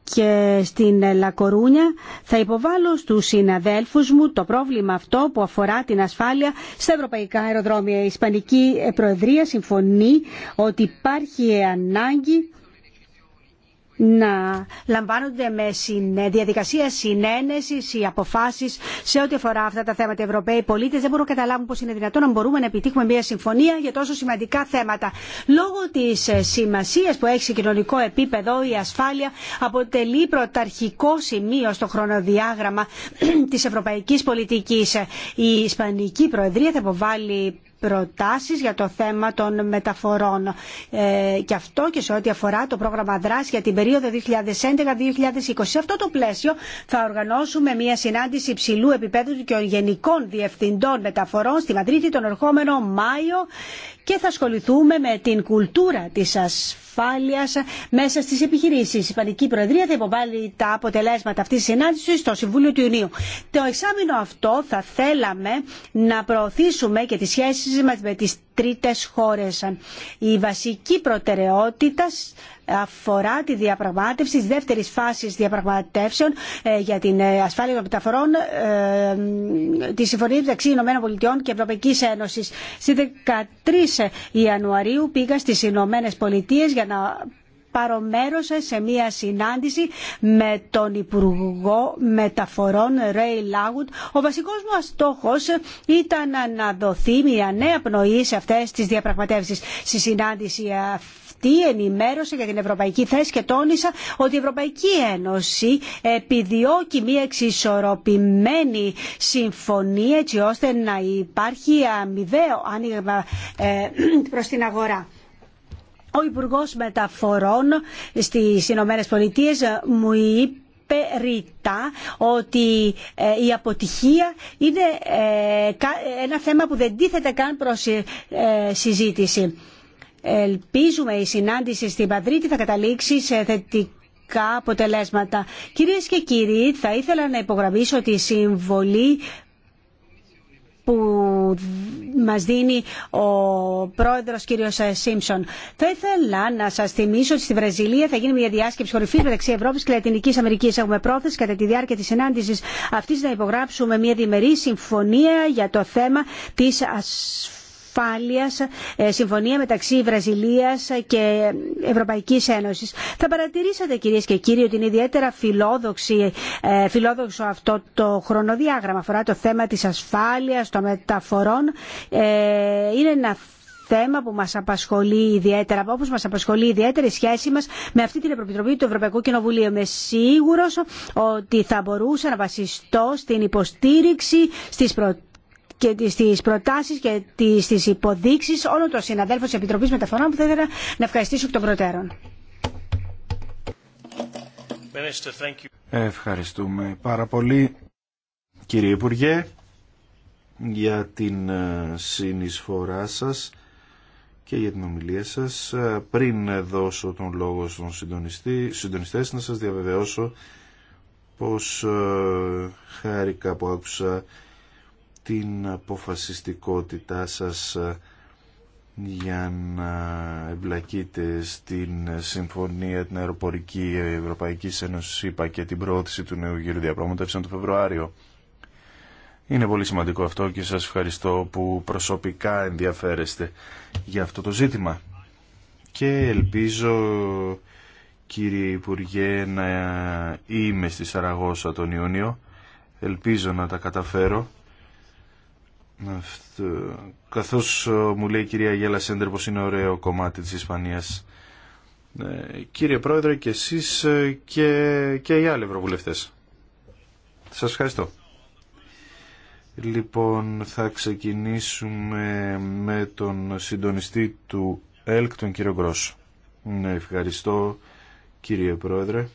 και στην Λακορούνια θα υποβάλω στους συναδέλφους μου το πρόβλημα αυτό που αφορά την ασφάλεια στα ευρωπαϊκά αεροδρόμια. Η Ισπανική Προεδρία συμφωνεί ότι υπάρχει ανάγκη να λαμβάνονται με διαδικασία δυνατόν να μπορούμε να επιτύχουμε μια συμφωνία για τόσο σημαντικά θέματα. Λόγω τη σημασία που έχει κοινωνικό επίπεδο, οι αποφάσεις σε ό,τι αφορά αυτά τα θέματα. Οι Ευρωπαίοι πολιτε δεν μπορούν να καταλάβουν πώς είναι δυνατόν να μπορούμε να επιτύχουμε μια συμφωνία για τόσο σημαντικά θέματα. Λόγω τη ε, σημασια που έχει σε κοινωνικό επίπεδο η ασφάλεια αποτελεί πρωταρχικό σημείο στο χρονοδιάγραμμα τη ευρωπαικη πολιτικη Η Ισπανική Προεδρία θα υποβάλει προτάσεις για το θέμα των μεταφορών. Ε, και αυτό και σε ό,τι αφορά το πρόγραμμα δράση για την περίοδο 2011-2020. Σε αυτό το πλαίσιο θα οργανώσουμε μια συνάντηση υψηλού επίπεδου και γενικών διευθυντών μεταφορών στη Μαδρίτη τον ερχόμενο Μάιο και θα ασχοληθούμε με την κουλτούρα της ασφάλειας μέσα στις επιχειρήσεις. Η Ισπανική Προεδρία θα υποβάλει τα αποτελέσματα αυτής της συνάντησης στο Συμβούλιο του Ιουνίου. Το εξάμεινο αυτό θα θέλαμε να προωθήσουμε και τις σχέσεις μα με τις τρίτες χώρες. Η βασική προτεραιότητα αφορά τη διαπραγμάτευση της δεύτερης φάσης διαπραγματεύσεων ε, για την ε, ασφάλεια των μεταφορών ε, τη συμφωνία μεταξύ Ηνωμένων Πολιτειών και Ευρωπαϊκής Ένωσης. Στις 13 Ιανουαρίου πήγα στις Ηνωμένε Πολιτείες για να πάρω σε μια συνάντηση με τον Υπουργό Μεταφορών Ρέι Λάγουτ. Ο βασικός μου στόχος ήταν να δοθεί μια νέα πνοή σε αυτές τις διαπραγματεύσεις. Στη συνάντηση αυτή ενημέρωσε για την ευρωπαϊκή θέση και τόνισα ότι η Ευρωπαϊκή Ένωση επιδιώκει μια εξισορροπημένη συμφωνία έτσι ώστε να υπάρχει αμοιβαίο άνοιγμα ε, προς την αγορά. Ο Υπουργό Μεταφορών στι Ηνωμένε Πολιτείε μου είπε ρητά ότι ε, η αποτυχία είναι ε, ένα θέμα που δεν τίθεται καν προς ε, συζήτηση. Ελπίζουμε η συνάντηση στην Παδρίτη θα καταλήξει σε θετικά αποτελέσματα. Κυρίες και κύριοι, θα ήθελα να υπογραμμίσω τη συμβολή που μας δίνει ο πρόεδρος κύριος ε, Σίμψον. Θα ήθελα να σας θυμίσω ότι στη Βραζιλία θα γίνει μια διάσκεψη κορυφής μεταξύ Ευρώπης και Λατινικής Αμερικής. Έχουμε πρόθεση κατά τη διάρκεια της συνάντησης αυτής να υπογράψουμε μια διμερή συμφωνία για το θέμα της ασφάλειας ασφάλειας, ε, συμφωνία μεταξύ Βραζιλίας και Ευρωπαϊκής Ένωσης. Θα παρατηρήσατε κυρίες και κύριοι ότι είναι ιδιαίτερα φιλόδοξη, ε, φιλόδοξο αυτό το χρονοδιάγραμμα. Αφορά το θέμα της ασφάλειας, των μεταφορών. Ε, είναι ένα θέμα που μας απασχολεί ιδιαίτερα, όπως μας απασχολεί ιδιαίτερη σχέση μας με αυτή την Επιτροπή του Ευρωπαϊκού Κοινοβουλίου. Είμαι σίγουρο ότι θα μπορούσα να βασιστώ στην υποστήριξη στις προτάσεις και στις προτάσεις και στις υποδείξει όλων των συναδέλφων τη Επιτροπής Μεταφορών που θα ήθελα να ευχαριστήσω εκ των προτέρων. Ευχαριστούμε πάρα πολύ κύριε Υπουργέ για την ε, συνεισφορά σας και για την ομιλία σας. Ε, πριν δώσω τον λόγο στον συντονιστή, συντονιστές να σας διαβεβαιώσω πως ε, χάρηκα που άκουσα την αποφασιστικότητά σας ε, για να εμπλακείτε στην συμφωνία την αεροπορική Ευρωπαϊκή Ένωση και την πρόθεση του νέου γύρου διαπραγματεύσεων το Φεβρουάριο. Είναι πολύ σημαντικό αυτό και σας ευχαριστώ που προσωπικά ενδιαφέρεστε για αυτό το ζήτημα. Και ελπίζω κύριε Υπουργέ να είμαι στη Σαραγώσα τον Ιούνιο. Ελπίζω να τα καταφέρω Καθώ Καθώς ε, μου λέει η κυρία Γέλα Σέντερ είναι ωραίο κομμάτι της Ισπανίας. Ε, κύριε Πρόεδρε και εσείς ε, και, και οι άλλοι ευρωβουλευτές. Σας ευχαριστώ. Λοιπόν, θα ξεκινήσουμε με τον συντονιστή του ΕΛΚ, τον κύριο Γκρός. Ναι, ευχαριστώ κύριε Πρόεδρε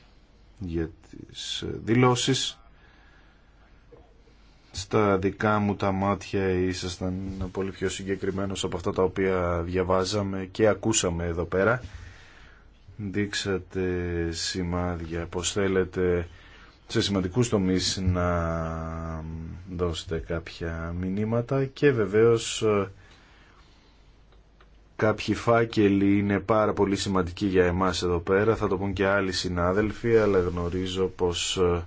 για τις δηλώσεις στα δικά μου τα μάτια ήσασταν πολύ πιο συγκεκριμένο από αυτά τα οποία διαβάζαμε και ακούσαμε εδώ πέρα. Δείξατε σημάδια πως θέλετε σε σημαντικούς τομείς να δώσετε κάποια μηνύματα και βεβαίως ε, κάποιοι φάκελοι είναι πάρα πολύ σημαντικοί για εμάς εδώ πέρα, θα το πούν και άλλοι συνάδελφοι, αλλά γνωρίζω πως ε,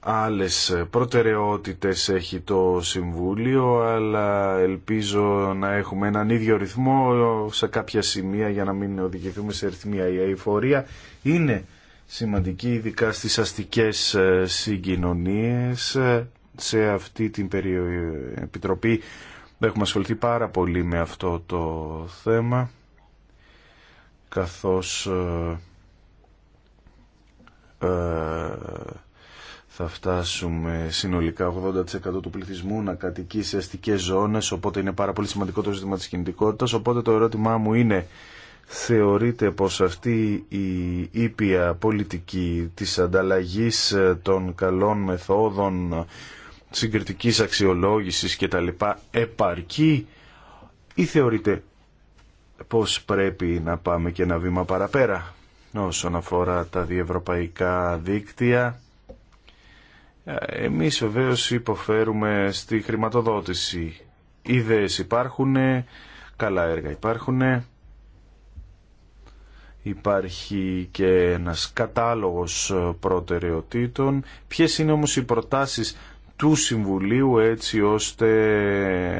άλλες προτεραιότητες έχει το Συμβούλιο αλλά ελπίζω να έχουμε έναν ίδιο ρυθμό σε κάποια σημεία για να μην οδηγηθούμε σε ρυθμία. Η αηφορία είναι σημαντική ειδικά στις αστικές ε, συγκοινωνίες ε, σε αυτή την επιτροπή έχουμε ασχοληθεί πάρα πολύ με αυτό το θέμα καθώς ε, θα φτάσουμε συνολικά 80% του πληθυσμού να κατοικεί σε αστικές ζώνες, οπότε είναι πάρα πολύ σημαντικό το ζήτημα της κινητικότητας, οπότε το ερώτημά μου είναι θεωρείτε πως αυτή η ήπια πολιτική της ανταλλαγής των καλών μεθόδων συγκριτικής αξιολόγησης και τα λοιπά επαρκεί ή θεωρείτε πως πρέπει να πάμε και ένα βήμα παραπέρα όσον αφορά τα διευρωπαϊκά δίκτυα εμείς βεβαίω υποφέρουμε στη χρηματοδότηση. Ιδέες υπάρχουν, καλά έργα υπάρχουν, υπάρχει και ένας κατάλογος προτεραιοτήτων. Ποιες είναι όμως οι προτάσεις του Συμβουλίου έτσι ώστε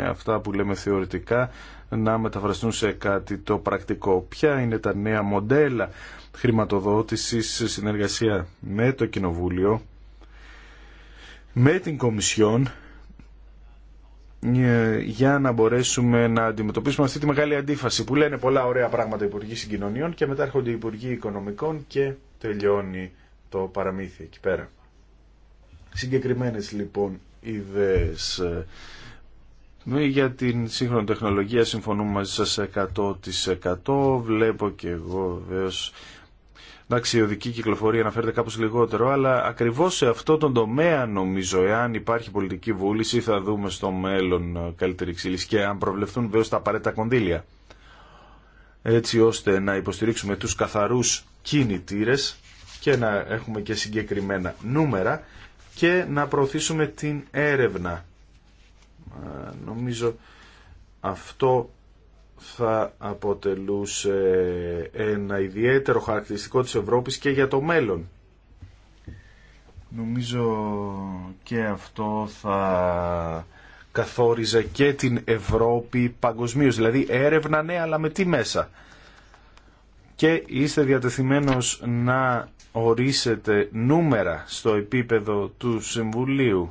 αυτά που λέμε θεωρητικά να μεταφραστούν σε κάτι το πρακτικό. Ποια είναι τα νέα μοντέλα χρηματοδότησης σε συνεργασία με το Κοινοβούλιο με την Κομισιόν ε, για να μπορέσουμε να αντιμετωπίσουμε αυτή τη μεγάλη αντίφαση που λένε πολλά ωραία πράγματα οι Υπουργοί Συγκοινωνιών και μετά έρχονται οι Υπουργοί Οικονομικών και τελειώνει το παραμύθι εκεί πέρα. Συγκεκριμένες λοιπόν ιδέες ε, ε, για την σύγχρονη τεχνολογία συμφωνούμε μαζί σας 100% βλέπω και εγώ βεβαίω Εντάξει, η οδική κυκλοφορία αναφέρεται κάπως λιγότερο, αλλά ακριβώς σε αυτό τον τομέα νομίζω, εάν υπάρχει πολιτική βούληση, θα δούμε στο μέλλον ε, καλύτερη ξύλιση και αν προβλεφθούν βέβαια στα απαραίτητα κονδύλια. Έτσι ώστε να υποστηρίξουμε τους καθαρούς κινητήρες και να έχουμε και συγκεκριμένα νούμερα και να προωθήσουμε την έρευνα. Ε, νομίζω αυτό θα αποτελούσε ένα ιδιαίτερο χαρακτηριστικό της Ευρώπης και για το μέλλον. Νομίζω και αυτό θα καθόριζε και την Ευρώπη παγκοσμίως, δηλαδή έρευνα ναι αλλά με τι μέσα. Και είστε διατεθειμένος να ορίσετε νούμερα στο επίπεδο του Συμβουλίου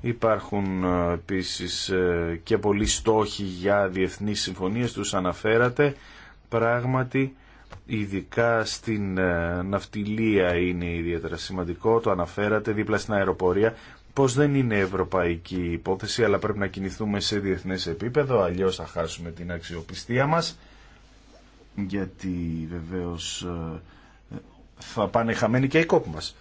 Υπάρχουν ε, επίσης ε, και πολλοί στόχοι για διεθνείς συμφωνίες, τους αναφέρατε. Πράγματι, ειδικά στην ε, ναυτιλία είναι ιδιαίτερα σημαντικό, το αναφέρατε δίπλα στην αεροπορία, πως δεν είναι ευρωπαϊκή υπόθεση, αλλά πρέπει να κινηθούμε σε διεθνές επίπεδο, αλλιώς θα χάσουμε την αξιοπιστία μας, γιατί βεβαίως θα πάνε χαμένοι και οι κόποι μας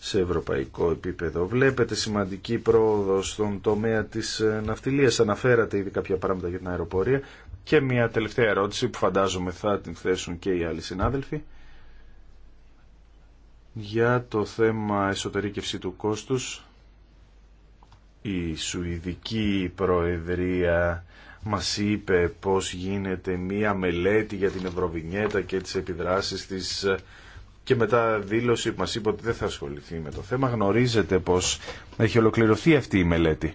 σε ευρωπαϊκό επίπεδο. Βλέπετε σημαντική πρόοδο στον τομέα της ε, ναυτιλίας. Αναφέρατε ήδη κάποια πράγματα για την αεροπορία. Και μια τελευταία ερώτηση που φαντάζομαι θα την θέσουν και οι άλλοι συνάδελφοι. Για το θέμα εσωτερήκευση του κόστους, η Σουηδική Προεδρία μας είπε πώς γίνεται μία μελέτη για την Ευρωβινιέτα και τις επιδράσεις της ε, και μετά δήλωση που μας είπε ότι δεν θα ασχοληθεί με το θέμα. Γνωρίζετε πως έχει ολοκληρωθεί αυτή η μελέτη.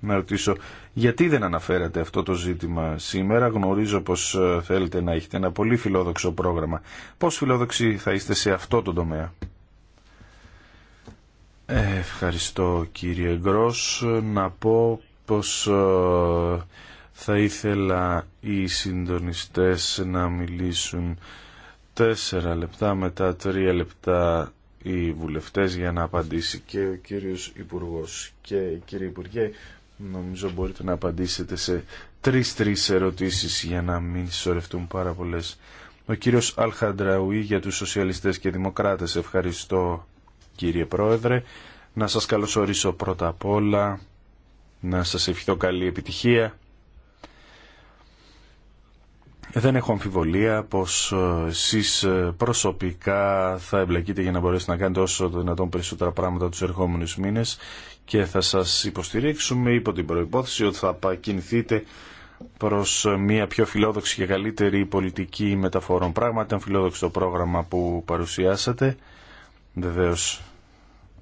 Να ρωτήσω γιατί δεν αναφέρατε αυτό το ζήτημα σήμερα. Γνωρίζω πως ε, θέλετε να έχετε ένα πολύ φιλόδοξο πρόγραμμα. Πώς φιλόδοξοι θα είστε σε αυτό το τομέα. Ε, ευχαριστώ κύριε Γκρός. Να πω πως ε, θα ήθελα οι συντονιστές να μιλήσουν τέσσερα λεπτά, μετά τρία λεπτά οι βουλευτές για να απαντήσει και ο κύριος Υπουργός. Και κύριε Υπουργέ, νομίζω μπορείτε να απαντήσετε σε τρεις-τρεις ερωτήσεις για να μην συσσωρευτούν πάρα πολλέ. Ο κύριος Αλχαντραουή για τους σοσιαλιστές και δημοκράτες. Ευχαριστώ κύριε Πρόεδρε. Να σας καλωσορίσω πρώτα απ' όλα, να σας ευχηθώ καλή επιτυχία δεν έχω αμφιβολία πως ε, εσείς ε, προσωπικά θα εμπλακείτε για να μπορέσετε να κάνετε όσο το δυνατόν περισσότερα πράγματα τους ερχόμενους μήνες και θα σας υποστηρίξουμε υπό την προϋπόθεση ότι θα κινηθείτε προς ε, μια πιο φιλόδοξη και καλύτερη πολιτική μεταφορών πράγματα, φιλόδοξο το πρόγραμμα που παρουσιάσατε. Βεβαίω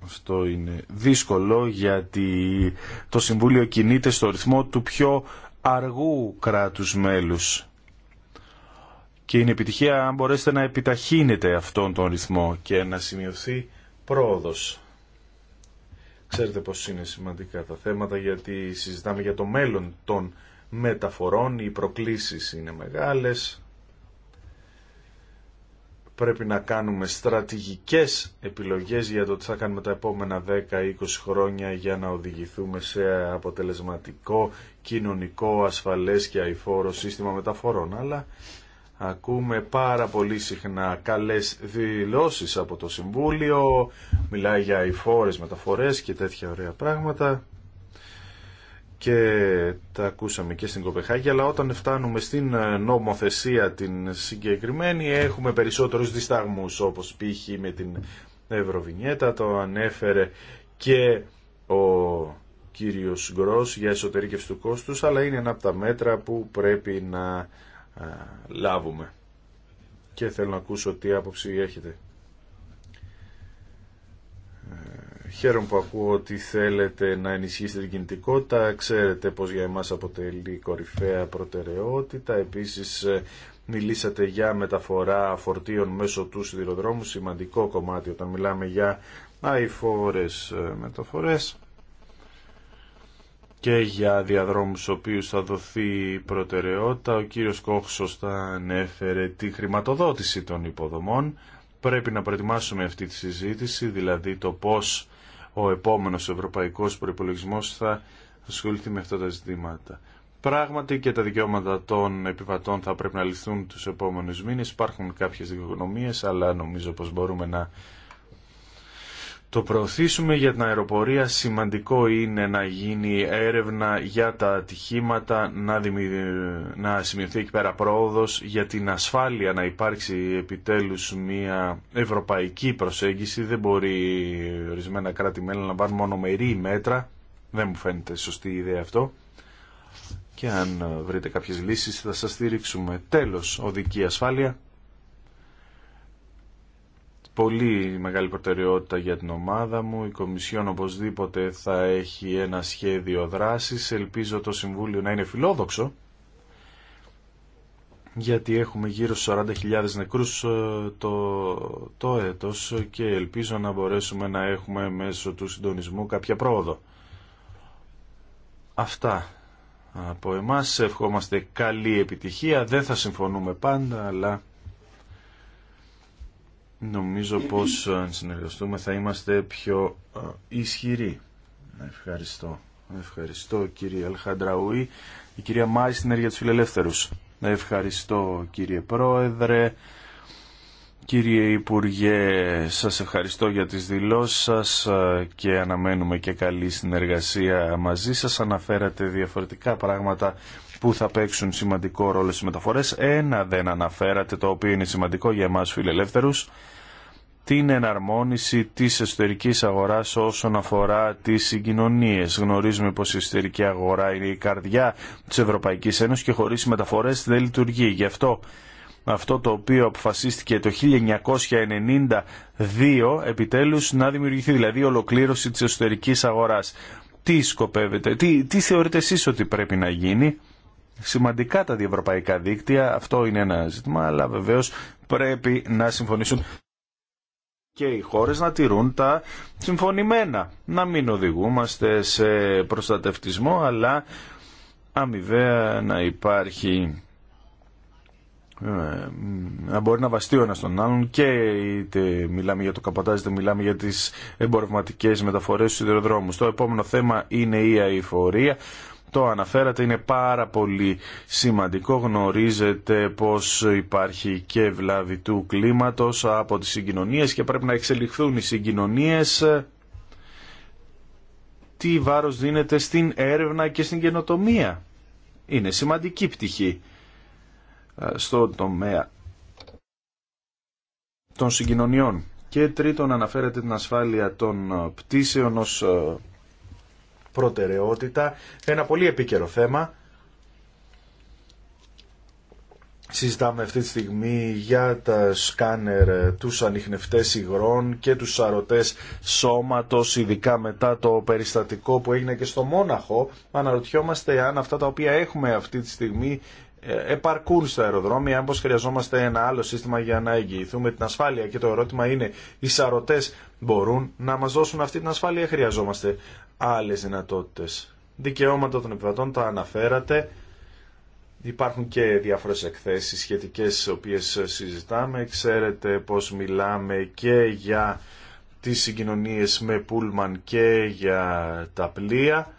αυτό είναι δύσκολο γιατί το Συμβούλιο κινείται στο ρυθμό του πιο αργού κράτους μέλους και είναι επιτυχία αν μπορέσετε να επιταχύνετε αυτόν τον ρυθμό και να σημειωθεί πρόοδος. Ξέρετε πως είναι σημαντικά τα θέματα γιατί συζητάμε για το μέλλον των μεταφορών, οι προκλήσεις είναι μεγάλες, πρέπει να κάνουμε στρατηγικές επιλογές για το τι θα κάνουμε τα επόμενα 10-20 χρόνια για να οδηγηθούμε σε αποτελεσματικό, κοινωνικό, ασφαλές και αηφόρο σύστημα μεταφορών. Αλλά Ακούμε πάρα πολύ συχνά καλές δηλώσεις από το Συμβούλιο, μιλάει για υφόρες, μεταφορές και τέτοια ωραία πράγματα και τα ακούσαμε και στην Κοπεχάγη, αλλά όταν φτάνουμε στην ε, νομοθεσία την συγκεκριμένη έχουμε περισσότερους δισταγμούς όπως π.χ. με την Ευρωβινιέτα, το ανέφερε και ο κύριος Γκρός για εσωτερικεύση του κόστους, αλλά είναι ένα από τα μέτρα που πρέπει να λάβουμε. Και θέλω να ακούσω τι άποψη έχετε. Ε, χαίρομαι που ακούω ότι θέλετε να ενισχύσετε την κινητικότητα. Ξέρετε πως για εμάς αποτελεί κορυφαία προτεραιότητα. Επίσης ε, μιλήσατε για μεταφορά φορτίων μέσω του σιδηροδρόμου. Σημαντικό κομμάτι όταν μιλάμε για αηφόρες ε, μεταφορές και για διαδρόμους οποίους θα δοθεί προτεραιότητα. Ο κύριος Κόχ θα ανέφερε τη χρηματοδότηση των υποδομών. Πρέπει να προετοιμάσουμε αυτή τη συζήτηση, δηλαδή το πώς ο επόμενος ευρωπαϊκός προϋπολογισμός θα ασχοληθεί με αυτά τα ζητήματα. Πράγματι και τα δικαιώματα των επιβατών θα πρέπει να λυθούν τους επόμενους μήνες. Υπάρχουν κάποιες δικογνωμίες, αλλά νομίζω πως μπορούμε να το προωθήσουμε για την αεροπορία σημαντικό είναι να γίνει έρευνα για τα ατυχήματα, να, να σημειωθεί εκεί πέρα πρόοδος για την ασφάλεια να υπάρξει επιτέλους μια ευρωπαϊκή προσέγγιση. Δεν μπορεί ορισμένα κράτη-μέλη να πάρουν μόνο μέτρα. Δεν μου φαίνεται σωστή η ιδέα αυτό. Και αν βρείτε κάποιες λύσεις θα σας στηρίξουμε. Τέλος, οδική ασφάλεια πολύ μεγάλη προτεραιότητα για την ομάδα μου. Η Κομισιόν οπωσδήποτε θα έχει ένα σχέδιο δράσης. Ελπίζω το Συμβούλιο να είναι φιλόδοξο γιατί έχουμε γύρω στους 40.000 νεκρούς ε, το, το έτος και ελπίζω να μπορέσουμε να έχουμε μέσω του συντονισμού κάποια πρόοδο. Αυτά από εμάς. Ευχόμαστε καλή επιτυχία. Δεν θα συμφωνούμε πάντα, αλλά Νομίζω πως αν συνεργαστούμε θα είμαστε πιο ε, ισχυροί. Ευχαριστώ. Ευχαριστώ κύριε Αλχαντραούη. Η κυρία Μάρη στην έργεια του Φιλελεύθερους. Ευχαριστώ κύριε Πρόεδρε. Κύριε Υπουργέ, σας ευχαριστώ για τις δηλώσεις σας ε, και αναμένουμε και καλή συνεργασία μαζί σας. Αναφέρατε διαφορετικά πράγματα που θα παίξουν σημαντικό ρόλο στις μεταφορές. Ένα δεν αναφέρατε, το οποίο είναι σημαντικό για εμάς φιλελεύθερους την εναρμόνιση της εσωτερικής αγοράς όσον αφορά τις συγκοινωνίες. Γνωρίζουμε πως η εσωτερική αγορά είναι η καρδιά της Ευρωπαϊκής Ένωσης και χωρίς μεταφορές δεν λειτουργεί. Γι' αυτό αυτό το οποίο αποφασίστηκε το 1992 επιτέλους να δημιουργηθεί, δηλαδή η ολοκλήρωση της εσωτερικής αγοράς. Τι σκοπεύετε, τι, θεωρείτε εσείς ότι πρέπει να γίνει. Σημαντικά τα διευρωπαϊκά δίκτυα, αυτό είναι ένα ζήτημα, αλλά βεβαίως πρέπει να συμφωνήσουν και οι χώρες να τηρούν τα συμφωνημένα. Να μην οδηγούμαστε σε προστατευτισμό, αλλά αμοιβαία να υπάρχει ε, να μπορεί να βαστεί ο ένας τον άλλον και είτε μιλάμε για το καπατάζ είτε μιλάμε για τις εμπορευματικές μεταφορές στους σιδηροδρόμους. Το επόμενο θέμα είναι η αηφορία το αναφέρατε είναι πάρα πολύ σημαντικό. Γνωρίζετε πως υπάρχει και βλάβη του κλίματος από τις συγκοινωνίες και πρέπει να εξελιχθούν οι συγκοινωνίες. Τι βάρος δίνεται στην έρευνα και στην καινοτομία. Είναι σημαντική πτυχή ε, στο τομέα των συγκοινωνιών. Και τρίτον αναφέρεται την ασφάλεια των ε, πτήσεων ως ε, προτεραιότητα. Ένα πολύ επίκαιρο θέμα. Συζητάμε αυτή τη στιγμή για τα σκάνερ, τους ανιχνευτές υγρών και τους σαρωτές σώματος, ειδικά μετά το περιστατικό που έγινε και στο Μόναχο. Αναρωτιόμαστε αν αυτά τα οποία έχουμε αυτή τη στιγμή ε, επαρκούν στα αεροδρόμια, αν πως χρειαζόμαστε ένα άλλο σύστημα για να εγγυηθούμε την ασφάλεια. Και το ερώτημα είναι, οι σαρωτές μπορούν να μας δώσουν αυτή την ασφάλεια, χρειαζόμαστε άλλες δυνατότητες. Δικαιώματα των επιβατών τα αναφέρατε. Υπάρχουν και διάφορες εκθέσεις σχετικές τις οποίες συζητάμε. Ξέρετε πως μιλάμε και για τις συγκοινωνίες με πούλμαν και για τα πλοία.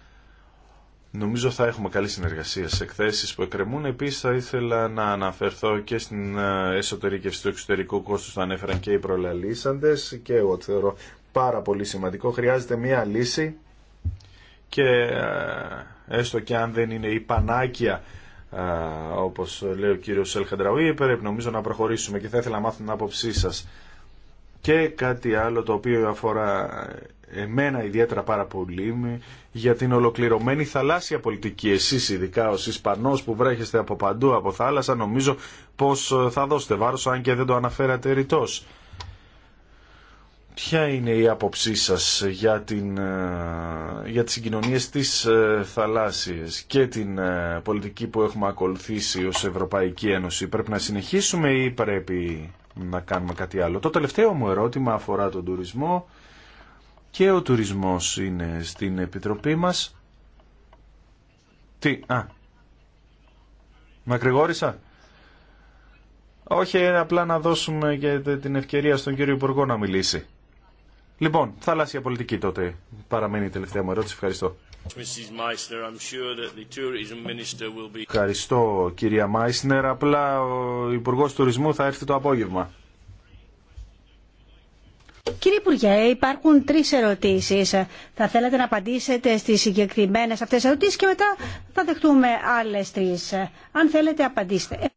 Νομίζω θα έχουμε καλή συνεργασία σε εκθέσεις που εκκρεμούν. Επίσης θα ήθελα να αναφερθώ και στην ε, εσωτερική του εξωτερικού κόστου που ανέφεραν και οι προλαλήσαντες και εγώ θεωρώ πάρα πολύ σημαντικό. Χρειάζεται μια λύση και ε, έστω και αν δεν είναι η πανάκια ε, όπως λέει ο κύριος Σελχαντραουή πρέπει νομίζω να προχωρήσουμε και θα ήθελα να μάθω την άποψή σας και κάτι άλλο το οποίο αφορά εμένα ιδιαίτερα πάρα πολύ για την ολοκληρωμένη θαλάσσια πολιτική. Εσείς ειδικά ως Ισπανός που βρέχεστε από παντού από θάλασσα νομίζω πως θα δώσετε βάρος αν και δεν το αναφέρατε ρητός. Ποια είναι η άποψή σας για, την, ε, για τις συγκοινωνίες της ε, θαλάσσιες και την ε, πολιτική που έχουμε ακολουθήσει ως Ευρωπαϊκή Ένωση. Πρέπει να συνεχίσουμε ή πρέπει να κάνουμε κάτι άλλο. Το τελευταίο μου ερώτημα αφορά τον τουρισμό και ο τουρισμός είναι στην Επιτροπή μας. Τι, α, μακρηγόρησα. Όχι, απλά να δώσουμε και την ευκαιρία στον κύριο Υπουργό να μιλήσει. Λοιπόν, θαλάσσια πολιτική τότε παραμένει η τελευταία μου ερώτηση. Ευχαριστώ. Ευχαριστώ κυρία Μάισνερ. Απλά ο Υπουργός Τουρισμού θα έρθει το απόγευμα. Κύριε Υπουργέ, υπάρχουν τρεις ερωτήσεις. Θα θέλατε να απαντήσετε στις συγκεκριμένες αυτές ερωτήσεις και μετά θα δεχτούμε άλλες τρεις. Αν θέλετε απαντήστε.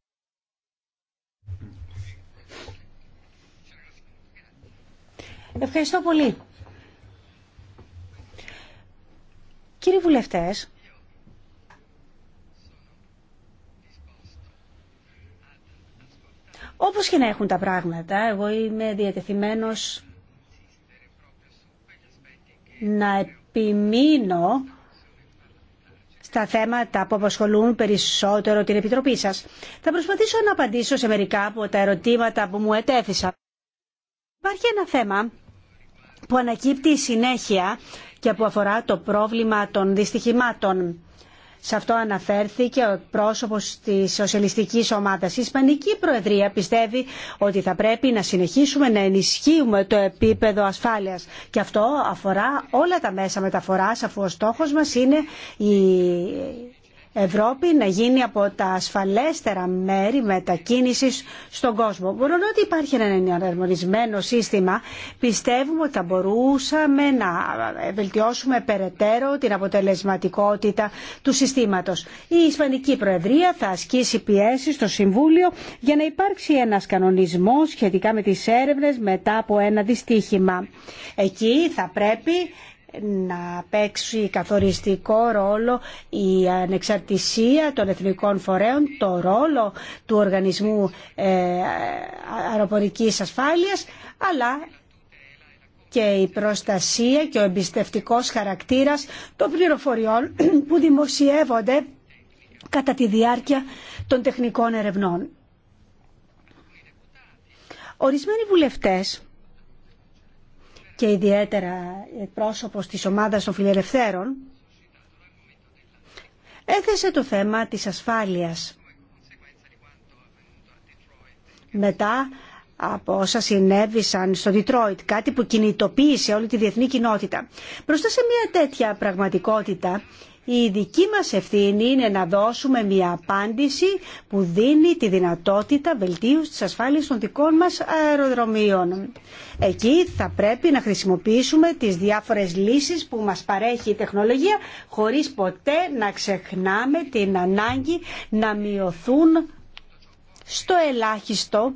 Ευχαριστώ πολύ. Κύριοι βουλευτές, όπως και να έχουν τα πράγματα, εγώ είμαι διατεθειμένος να επιμείνω στα θέματα που απασχολούν περισσότερο την Επιτροπή σας. Θα προσπαθήσω να απαντήσω σε μερικά από τα ερωτήματα που μου ετέθησαν. Υπάρχει ένα θέμα που ανακύπτει συνέχεια και που αφορά το πρόβλημα των δυστυχημάτων. Σε αυτό αναφέρθηκε ο πρόσωπος της σοσιαλιστικής ομάδας. Η Ισπανική Προεδρία πιστεύει ότι θα πρέπει να συνεχίσουμε να ενισχύουμε το επίπεδο ασφάλειας. Και αυτό αφορά όλα τα μέσα μεταφοράς, αφού ο στόχος μας είναι η Ευρώπη να γίνει από τα ασφαλέστερα μέρη μετακίνησης στον κόσμο. Μπορούν ότι υπάρχει ένα εναρμονισμένο σύστημα. Πιστεύουμε ότι θα μπορούσαμε να βελτιώσουμε περαιτέρω την αποτελεσματικότητα του συστήματος. Η Ισπανική Προεδρία θα ασκήσει πιέσει στο Συμβούλιο για να υπάρξει ένας κανονισμός σχετικά με τις έρευνες μετά από ένα δυστύχημα. Εκεί θα πρέπει να παίξει καθοριστικό ρόλο η ανεξαρτησία των εθνικών φορέων, το ρόλο του Οργανισμού ε, Αεροπορικής Ασφάλειας, αλλά και η προστασία και ο εμπιστευτικός χαρακτήρας των πληροφοριών που δημοσιεύονται κατά τη διάρκεια των τεχνικών ερευνών. Ορισμένοι βουλευτές και ιδιαίτερα πρόσωπος της ομάδας των φιλελευθέρων, έθεσε το θέμα της ασφάλειας. Μετά από όσα συνέβησαν στο Ντιτρόιτ, κάτι που κινητοποίησε όλη τη διεθνή κοινότητα. Μπροστά σε μια τέτοια πραγματικότητα, η δική μας ευθύνη είναι να δώσουμε μια απάντηση που δίνει τη δυνατότητα βελτίωσης της ασφάλειας των δικών μας αεροδρομίων. Εκεί θα πρέπει να χρησιμοποιήσουμε τις διάφορες λύσεις που μας παρέχει η τεχνολογία χωρίς ποτέ να ξεχνάμε την ανάγκη να μειωθούν στο ελάχιστο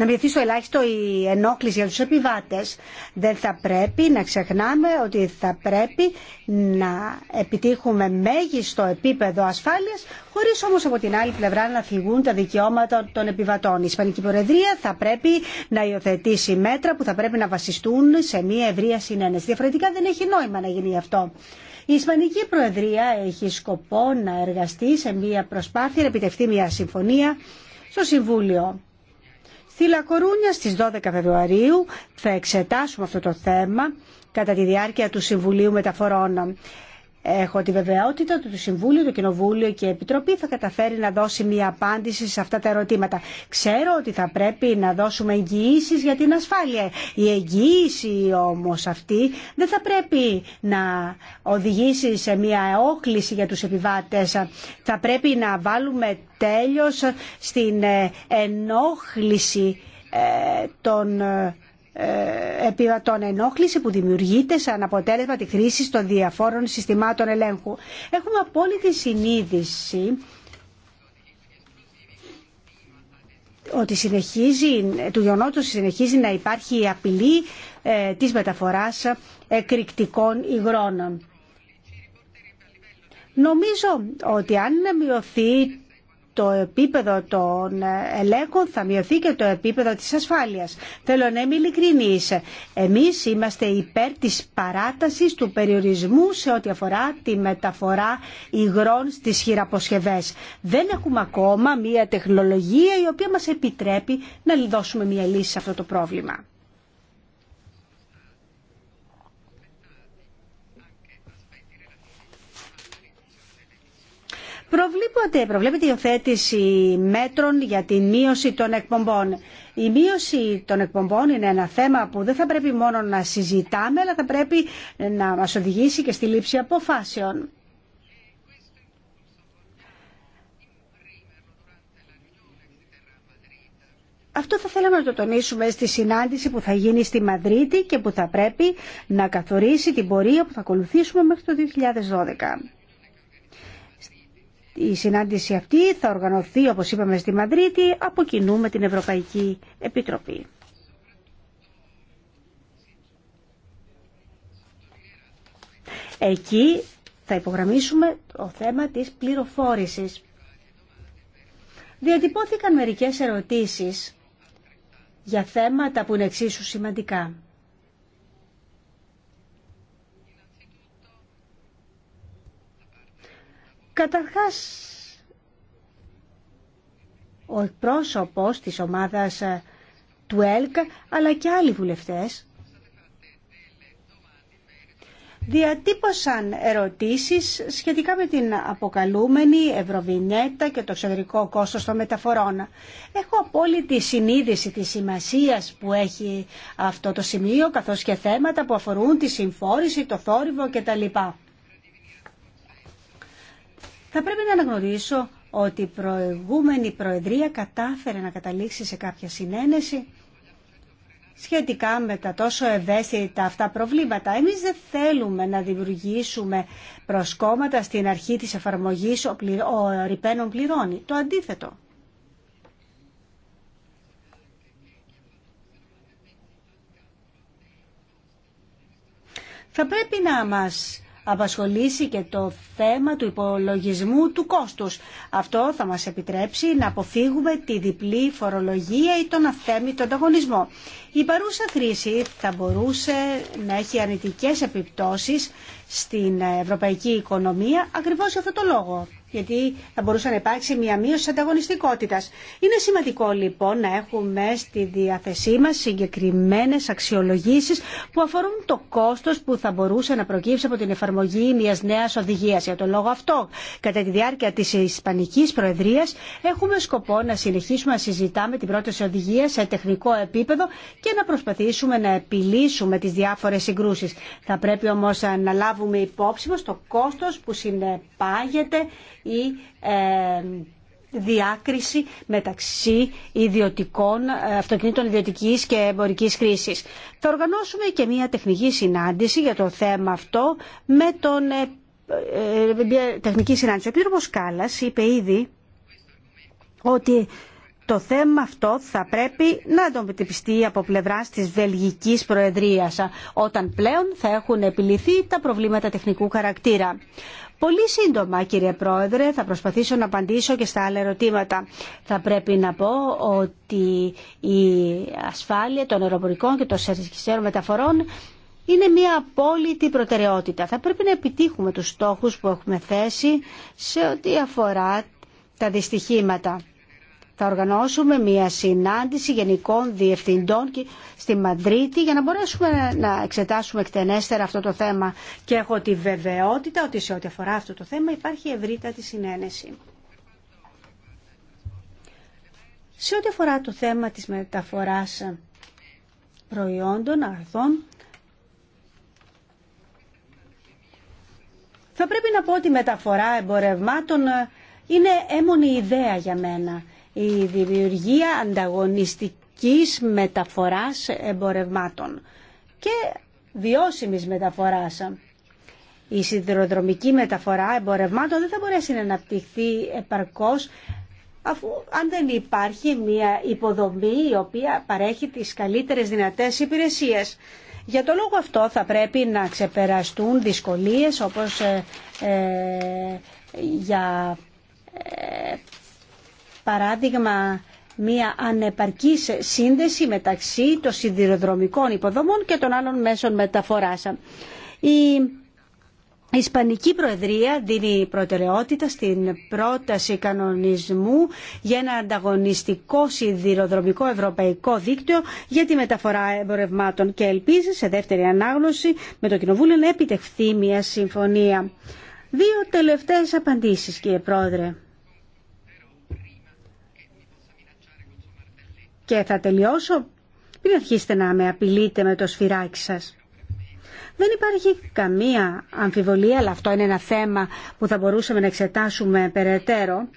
να μειωθεί στο ελάχιστο η ενόχληση για τους επιβάτες. Δεν θα πρέπει να ξεχνάμε ότι θα πρέπει να επιτύχουμε μέγιστο επίπεδο ασφάλειας, χωρίς όμως από την άλλη πλευρά να φυγούν τα δικαιώματα των επιβατών. Η Ισπανική Προεδρία θα πρέπει να υιοθετήσει μέτρα που θα πρέπει να βασιστούν σε μια ευρεία συνένεση. Διαφορετικά δεν έχει νόημα να γίνει αυτό. Η Ισπανική Προεδρία έχει σκοπό να εργαστεί σε μια προσπάθεια να επιτευχθεί μια συμφωνία στο Συμβούλιο. Στη Λακορούνια στις 12 Φεβρουαρίου θα εξετάσουμε αυτό το θέμα κατά τη διάρκεια του Συμβουλίου Μεταφορών. Έχω τη βεβαιότητα ότι το Συμβούλιο, το Κοινοβούλιο και η Επιτροπή θα καταφέρει να δώσει μια απάντηση σε αυτά τα ερωτήματα. Ξέρω ότι θα πρέπει να δώσουμε εγγυήσει για την ασφάλεια. Η εγγυήση όμω αυτή δεν θα πρέπει να οδηγήσει σε μια όκληση για του επιβάτε. Θα πρέπει να βάλουμε τέλο στην ε, ενόχληση ε, των ε, ε, επιβατών ενόχληση που δημιουργείται σαν αποτέλεσμα τη χρήση των διαφόρων συστημάτων ελέγχου. Έχουμε απόλυτη συνείδηση ότι συνεχίζει, του γεγονότος συνεχίζει να υπάρχει η απειλή ε, της μεταφοράς εκρηκτικών υγρών. Νομίζω ότι αν μειωθεί το επίπεδο των ελέγχων θα μειωθεί και το επίπεδο της ασφάλειας. Θέλω να είμαι ειλικρινής. Εμείς είμαστε υπέρ της παράτασης του περιορισμού σε ό,τι αφορά τη μεταφορά υγρών στις χειραποσχευές. Δεν έχουμε ακόμα μία τεχνολογία η οποία μας επιτρέπει να δώσουμε μία λύση σε αυτό το πρόβλημα. προβλέπεται η υιοθέτηση μέτρων για τη μείωση των εκπομπών. Η μείωση των εκπομπών είναι ένα θέμα που δεν θα πρέπει μόνο να συζητάμε, αλλά θα πρέπει να μας οδηγήσει και στη λήψη αποφάσεων. Αυτό θα θέλαμε να το τονίσουμε στη συνάντηση που θα γίνει στη Μαδρίτη και που θα πρέπει να καθορίσει την πορεία που θα ακολουθήσουμε μέχρι το 2012. Η συνάντηση αυτή θα οργανωθεί, όπως είπαμε, στη Μαδρίτη, από κοινού με την Ευρωπαϊκή Επιτροπή. Εκεί θα υπογραμμίσουμε το θέμα της πληροφόρησης. Διατυπώθηκαν μερικές ερωτήσεις για θέματα που είναι εξίσου σημαντικά. Καταρχάς, ο πρόσωπος της ομάδας ε, του ΕΛΚ, αλλά και άλλοι βουλευτές, διατύπωσαν ερωτήσεις σχετικά με την αποκαλούμενη ευρωβινέτα και το εξωτερικό κόστος των μεταφορών. Έχω απόλυτη συνείδηση της σημασίας που έχει αυτό το σημείο, καθώς και θέματα που αφορούν τη συμφόρηση, το θόρυβο κτλ. Θα πρέπει να αναγνωρίσω ότι η προηγούμενη Προεδρία κατάφερε να καταλήξει σε κάποια συνένεση σχετικά με τα τόσο ευαίσθητα αυτά προβλήματα. Εμείς δεν θέλουμε να δημιουργήσουμε προσκόμματα στην αρχή της εφαρμογής ο, Ριπένον ο πληρώνει. Το αντίθετο. Θα πρέπει να μας απασχολήσει και το θέμα του υπολογισμού του κόστους. Αυτό θα μας επιτρέψει να αποφύγουμε τη διπλή φορολογία ή τον αθέμητο ανταγωνισμό. Η παρούσα χρήση θα μπορούσε να έχει αρνητικές επιπτώσεις στην ευρωπαϊκή οικονομία ακριβώς για αυτό το λόγο γιατί θα μπορούσε να υπάρξει μια μείωση τη ανταγωνιστικότητα. Είναι σημαντικό λοιπόν να έχουμε στη διάθεσή μα συγκεκριμένε αξιολογήσει που αφορούν το κόστο που θα μπορούσε να προκύψει από την εφαρμογή μια νέα οδηγία. Για τον λόγο αυτό, κατά τη διάρκεια τη Ισπανική Προεδρία, έχουμε σκοπό να συνεχίσουμε να συζητάμε την πρόταση οδηγία σε τεχνικό επίπεδο και να προσπαθήσουμε να επιλύσουμε τι διάφορε συγκρούσει. Θα πρέπει όμω να λάβουμε υπόψη μα το κόστο που συνεπάγεται η διάκριση μεταξύ ιδιωτικών, ε, αυτοκινήτων ιδιωτικής και εμπορικής χρήσης. Θα οργανώσουμε και μια τεχνική συνάντηση για το θέμα αυτό με τον ε, ε, τεχνική συνάντηση. Ο Επίτροπος Κάλλας είπε ήδη ότι το θέμα αυτό θα πρέπει να τον από πλευρά της Βελγικής Προεδρίας όταν πλέον θα έχουν επιληθεί τα προβλήματα τεχνικού χαρακτήρα. Πολύ σύντομα κύριε Πρόεδρε θα προσπαθήσω να απαντήσω και στα άλλα ερωτήματα. Θα πρέπει να πω ότι η ασφάλεια των αεροπορικών και των σερκιστέρων μεταφορών είναι μια απόλυτη προτεραιότητα. Θα πρέπει να επιτύχουμε τους στόχους που έχουμε θέσει σε ό,τι αφορά τα δυστυχήματα θα οργανώσουμε μια συνάντηση γενικών διευθυντών στη Μαδρίτη για να μπορέσουμε να εξετάσουμε εκτενέστερα αυτό το θέμα και έχω τη βεβαιότητα ότι σε ό,τι αφορά αυτό το θέμα υπάρχει ευρύτατη συνένεση. Σε ό,τι αφορά το θέμα της μεταφοράς προϊόντων, αγαθών, θα πρέπει να πω ότι η μεταφορά εμπορευμάτων είναι έμονη ιδέα για μένα η δημιουργία ανταγωνιστικής μεταφοράς εμπορευμάτων και βιώσιμης μεταφοράς. Η σιδηροδρομική μεταφορά εμπορευμάτων δεν θα μπορέσει να αναπτυχθεί επαρκώς αφού, αν δεν υπάρχει μια υποδομή η οποία παρέχει τις καλύτερες δυνατές υπηρεσίες. Για το λόγο αυτό θα πρέπει να ξεπεραστούν δυσκολίες όπως ε, ε για ε, παράδειγμα μία ανεπαρκής σύνδεση μεταξύ των σιδηροδρομικών υποδομών και των άλλων μέσων μεταφοράς. Η Ισπανική Προεδρία δίνει προτεραιότητα στην πρόταση κανονισμού για ένα ανταγωνιστικό σιδηροδρομικό ευρωπαϊκό δίκτυο για τη μεταφορά εμπορευμάτων και ελπίζει σε δεύτερη ανάγνωση με το Κοινοβούλιο να επιτευχθεί μια συμφωνία. Δύο τελευταίες απαντήσεις κύριε Πρόεδρε. Και θα τελειώσω. Μην αρχίσετε να με απειλείτε με το σφυράκι σας. Δεν υπάρχει καμία αμφιβολία, αλλά αυτό είναι ένα θέμα που θα μπορούσαμε να εξετάσουμε περαιτέρω,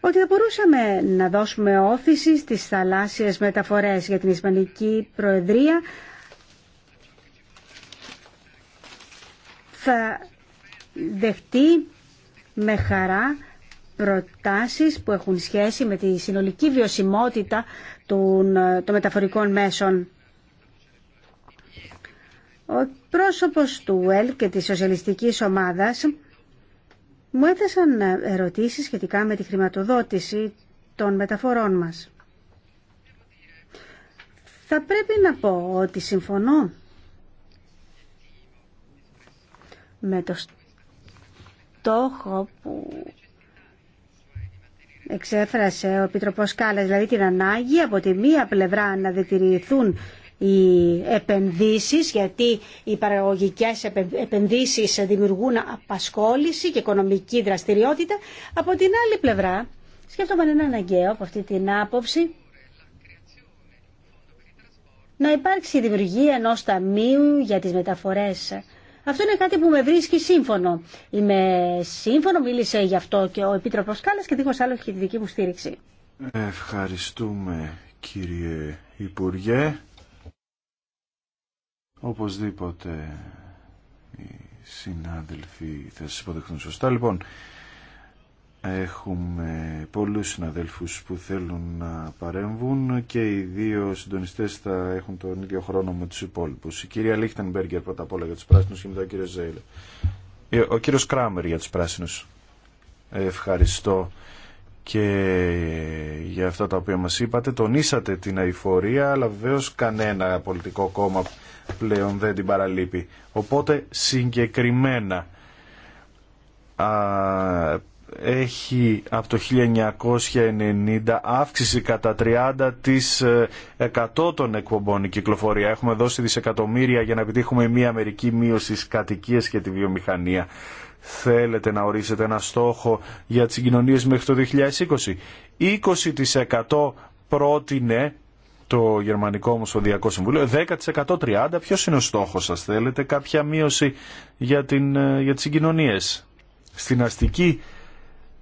ότι θα μπορούσαμε να δώσουμε όθηση στις θαλάσσιες μεταφορές για την Ισπανική Προεδρία. Θα δεχτεί με χαρά προτάσεις που έχουν σχέση με τη συνολική βιωσιμότητα των, ε, των μεταφορικών μέσων. Ο πρόσωπος του ΕΛ και της Σοσιαλιστικής Ομάδας μου έθεσαν ερωτήσεις σχετικά με τη χρηματοδότηση των μεταφορών μας. Θα πρέπει να πω ότι συμφωνώ με το στόχο που εξέφρασε ο Επιτροπός Κάλλας, δηλαδή την ανάγκη από τη μία πλευρά να διατηρηθούν οι επενδύσεις, γιατί οι παραγωγικές επενδύσεις δημιουργούν απασχόληση και οικονομική δραστηριότητα. Από την άλλη πλευρά, σκέφτομαι είναι αναγκαίο από αυτή την άποψη, να υπάρξει η δημιουργία ενός ταμείου για τις μεταφορές αυτό είναι κάτι που με βρίσκει σύμφωνο. Είμαι σύμφωνο, μίλησε γι' αυτό και ο Επίτροπος Κάλλα και δίχως άλλο έχει τη δική μου στήριξη. Ευχαριστούμε κύριε Υπουργέ. Οπωσδήποτε οι συνάδελφοι θα σα υποδεχθούν σωστά. Λοιπόν, Έχουμε πολλούς συναδέλφους που θέλουν να παρέμβουν και οι δύο συντονιστές θα έχουν τον ίδιο χρόνο με τους υπόλοιπους. Η κυρία Λίχτενμπέργκερ πρώτα απ' όλα για τους πράσινους και μετά ο κύριος Ζέιλε. Ε, ο κύριος Κράμερ για τους πράσινους. Ευχαριστώ και για αυτά τα οποία μας είπατε. Τονίσατε την αηφορία, αλλά βεβαίω κανένα πολιτικό κόμμα πλέον δεν την παραλείπει. Οπότε συγκεκριμένα έχει από το 1990 αύξηση κατά 30% των εκπομπών η κυκλοφορία. Έχουμε δώσει δισεκατομμύρια για να επιτύχουμε μια μερική μείωση στις κατοικίες και τη βιομηχανία. Θέλετε να ορίσετε ένα στόχο για τις συγκοινωνίες μέχρι το 2020. 20% πρότεινε το Γερμανικό Ομοσπονδιακό Συμβούλιο, 10% 30%. Ποιος είναι ο στόχος σας, θέλετε κάποια μείωση για, την, ε, για τις συγκοινωνίες. Στην αστική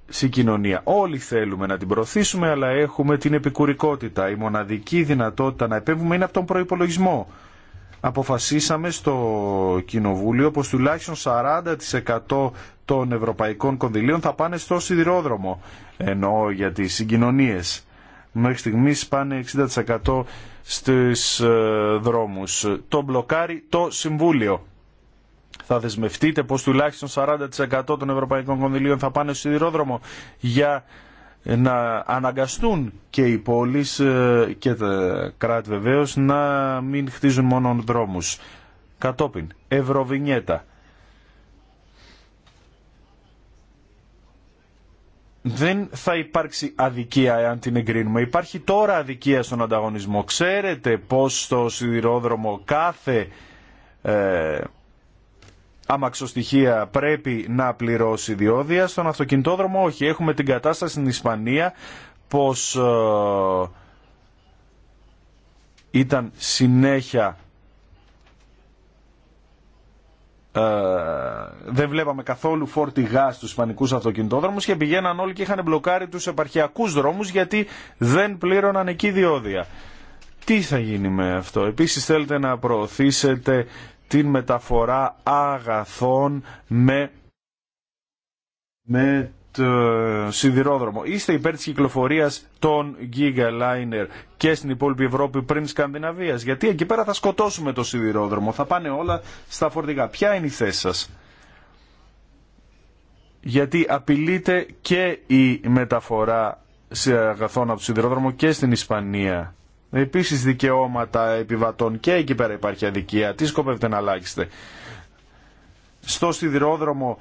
συγκοινωνία. Όλοι θέλουμε να την προωθήσουμε, αλλά έχουμε την επικουρικότητα. Η μοναδική δυνατότητα να επέμβουμε είναι από τον προϋπολογισμό. Αποφασίσαμε στο Κοινοβούλιο πως τουλάχιστον 40% των ευρωπαϊκών κονδυλίων θα πάνε στο σιδηρόδρομο, ενώ για τις συγκοινωνίες. Μέχρι στιγμής πάνε 60% στις ε, δρόμους. Το μπλοκάρει το Συμβούλιο θα δεσμευτείτε πως τουλάχιστον 40% των ευρωπαϊκών κονδυλίων θα πάνε στο σιδηρόδρομο για να αναγκαστούν και οι πόλεις ε, και τα κράτη βεβαίως να μην χτίζουν μόνο δρόμους. Κατόπιν, Ευρωβινιέτα. δεν θα υπάρξει αδικία εάν την εγκρίνουμε. Υπάρχει τώρα αδικία στον ανταγωνισμό. Ξέρετε πως στο σιδηρόδρομο κάθε ε, αμαξοστοιχεία πρέπει να πληρώσει διόδια. Στον αυτοκινητόδρομο όχι. Έχουμε την κατάσταση στην Ισπανία πως ε, ήταν συνέχεια ε, δεν βλέπαμε καθόλου φορτηγά στους ισπανικούς αυτοκινητόδρομους και πηγαίναν όλοι και είχαν μπλοκάρει τους επαρχιακούς δρόμους γιατί δεν πλήρωναν εκεί διόδια. Τι θα γίνει με αυτό. Επίσης θέλετε να προωθήσετε την μεταφορά αγαθών με, με το σιδηρόδρομο. Είστε υπέρ της κυκλοφορίας των Gigaliner και στην υπόλοιπη Ευρώπη πριν Σκανδιναβίας. Γιατί εκεί πέρα θα σκοτώσουμε το σιδηρόδρομο. Θα πάνε όλα στα φορτηγά. Ποια είναι η θέση σας. Γιατί απειλείται και η μεταφορά σε αγαθών από το σιδηρόδρομο και στην Ισπανία. Επίση δικαιώματα επιβατών και εκεί πέρα υπάρχει αδικία. Τι σκοπεύετε να αλλάξετε. Στο σιδηρόδρομο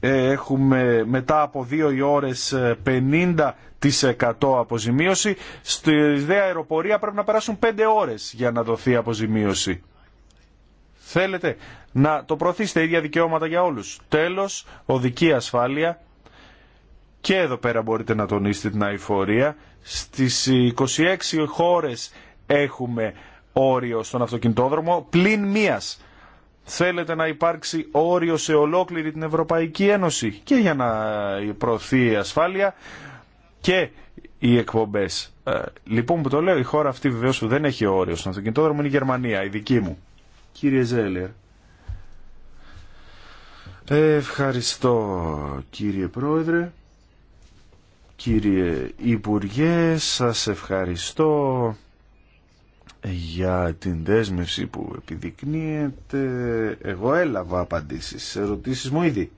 ε, έχουμε μετά από δύο ώρες 50% ε, αποζημίωση. Στη ιδέα αεροπορία πρέπει να περάσουν πέντε ώρες για να δοθεί αποζημίωση. Θέλετε να το προωθήσετε ίδια δικαιώματα για όλους. Τέλος, οδική ασφάλεια. Και εδώ πέρα μπορείτε να τονίσετε την αηφορία. Στις 26 χώρες έχουμε όριο στον αυτοκινητόδρομο πλην μίας. Θέλετε να υπάρξει όριο σε ολόκληρη την Ευρωπαϊκή Ένωση και για να προωθεί η ασφάλεια και οι εκπομπές. Ε, λοιπόν που το λέω, η χώρα αυτή βεβαίω που δεν έχει όριο στον αυτοκινητόδρομο είναι η Γερμανία, η δική μου. Κύριε Ζέλερ. Ευχαριστώ κύριε Πρόεδρε. Κύριε Υπουργέ, σας ευχαριστώ για την δέσμευση που επιδεικνύεται. Εγώ έλαβα απαντήσεις σε ερωτήσεις μου ήδη.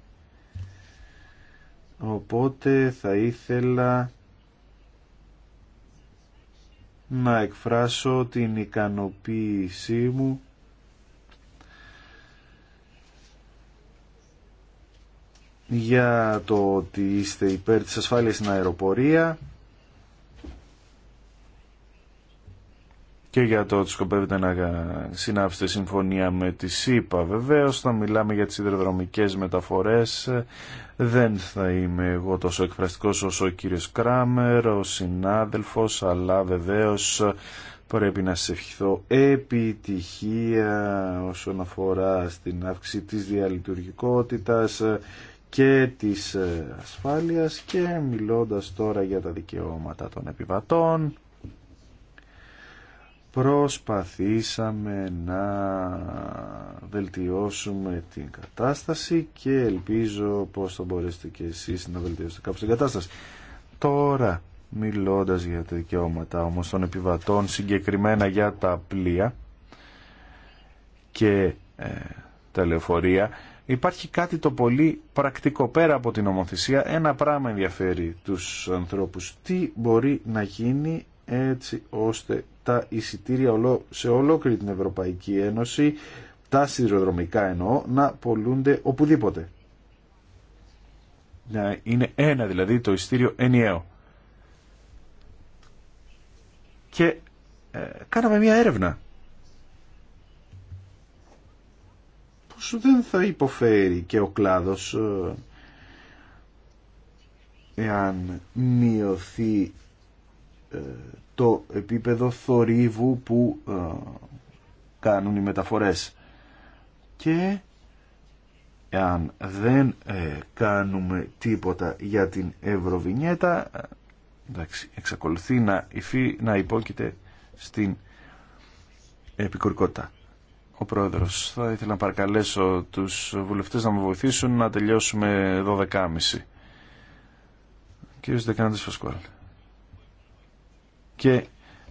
Οπότε θα ήθελα να εκφράσω την ικανοποίησή μου για το ότι είστε υπέρ της ασφάλειας στην αεροπορία και για το ότι σκοπεύετε να συνάψετε συμφωνία με τη ΣΥΠΑ. Βεβαίως θα μιλάμε για τις υδροδρομικές μεταφορές. Δεν θα είμαι εγώ τόσο εκφραστικός όσο ο κύριος Κράμερ, ο συνάδελφος, αλλά βεβαίως πρέπει να σε ευχηθώ επιτυχία όσον αφορά στην αύξηση της διαλειτουργικότητας, και της ε, ασφάλειας και μιλώντας τώρα για τα δικαιώματα των επιβατών προσπαθήσαμε να βελτιώσουμε την κατάσταση και ελπίζω πως θα μπορέσετε και εσείς να βελτιώσετε κάπως την κατάσταση. Τώρα μιλώντας για τα δικαιώματα όμως των επιβατών συγκεκριμένα για τα πλοία και ε, τα λεωφορεία Υπάρχει κάτι το πολύ πρακτικό πέρα από την νομοθεσία. Ένα πράγμα ενδιαφέρει τους ανθρώπους. Τι μπορεί να γίνει έτσι ώστε τα εισιτήρια σε ολόκληρη την Ευρωπαϊκή Ένωση, τα σιδηροδρομικά εννοώ, να πολλούνται οπουδήποτε. Να είναι ένα δηλαδή το εισιτήριο ενιαίο. Και ε, κάναμε μια έρευνα πως δεν θα υποφέρει και ο κλάδος ε, εάν μειωθεί ε, το επίπεδο θορύβου που ε, κάνουν οι μεταφορές. Και εάν δεν κάνουμε τίποτα για την Ευρωβινιέτα, εντάξει, εξακολουθεί να, να υπόκειται στην επικορικότητα ο Πρόεδρος. Θα ήθελα να παρακαλέσω τους βουλευτές να με βοηθήσουν να τελειώσουμε 12.30. Κύριος Δεκάνατης Φασκουάλ. Και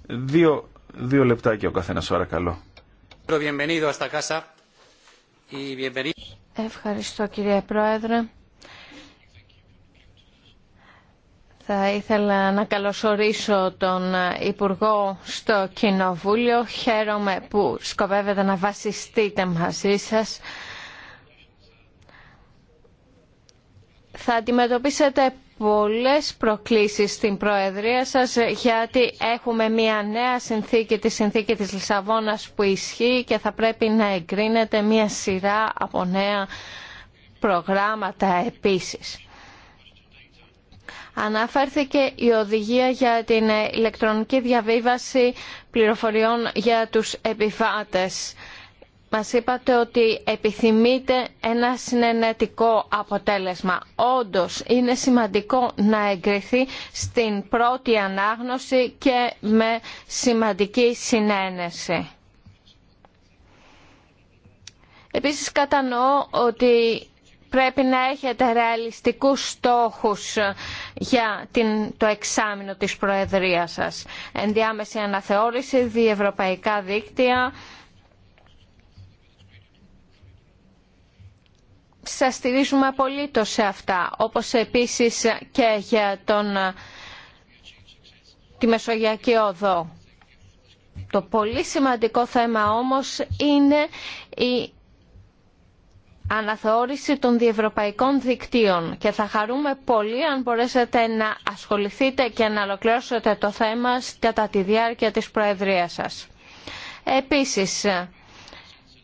δύο, δύο λεπτάκια ο καθένας, παρακαλώ. Ευχαριστώ κύριε Πρόεδρε. Θα ήθελα να καλωσορίσω τον Υπουργό στο Κοινοβούλιο. Χαίρομαι που σκοπεύετε να βασιστείτε μαζί σας. Θα αντιμετωπίσετε πολλές προκλήσεις στην Προεδρία σας γιατί έχουμε μια νέα συνθήκη, τη συνθήκη της Λισαβόνας που ισχύει και θα πρέπει να εγκρίνετε μια σειρά από νέα προγράμματα επίσης. Αναφέρθηκε η οδηγία για την ηλεκτρονική διαβίβαση πληροφοριών για τους επιβάτες. Μας είπατε ότι επιθυμείτε ένα συνενετικό αποτέλεσμα. Όντως, είναι σημαντικό να εγκριθεί στην πρώτη ανάγνωση και με σημαντική συνένεση. Επίσης, κατανοώ ότι πρέπει να έχετε ρεαλιστικούς στόχους για την, το εξάμεινο της Προεδρίας σας. Ενδιάμεση αναθεώρηση, διευρωπαϊκά δίκτυα. Σας στηρίζουμε απολύτως σε αυτά, όπως επίσης και για τον, τη Μεσογειακή Οδό. Το πολύ σημαντικό θέμα όμως είναι η αναθεώρηση των διευρωπαϊκών δικτύων και θα χαρούμε πολύ αν μπορέσετε να ασχοληθείτε και να ολοκληρώσετε το θέμα κατά τη διάρκεια της Προεδρίας σας. Επίσης,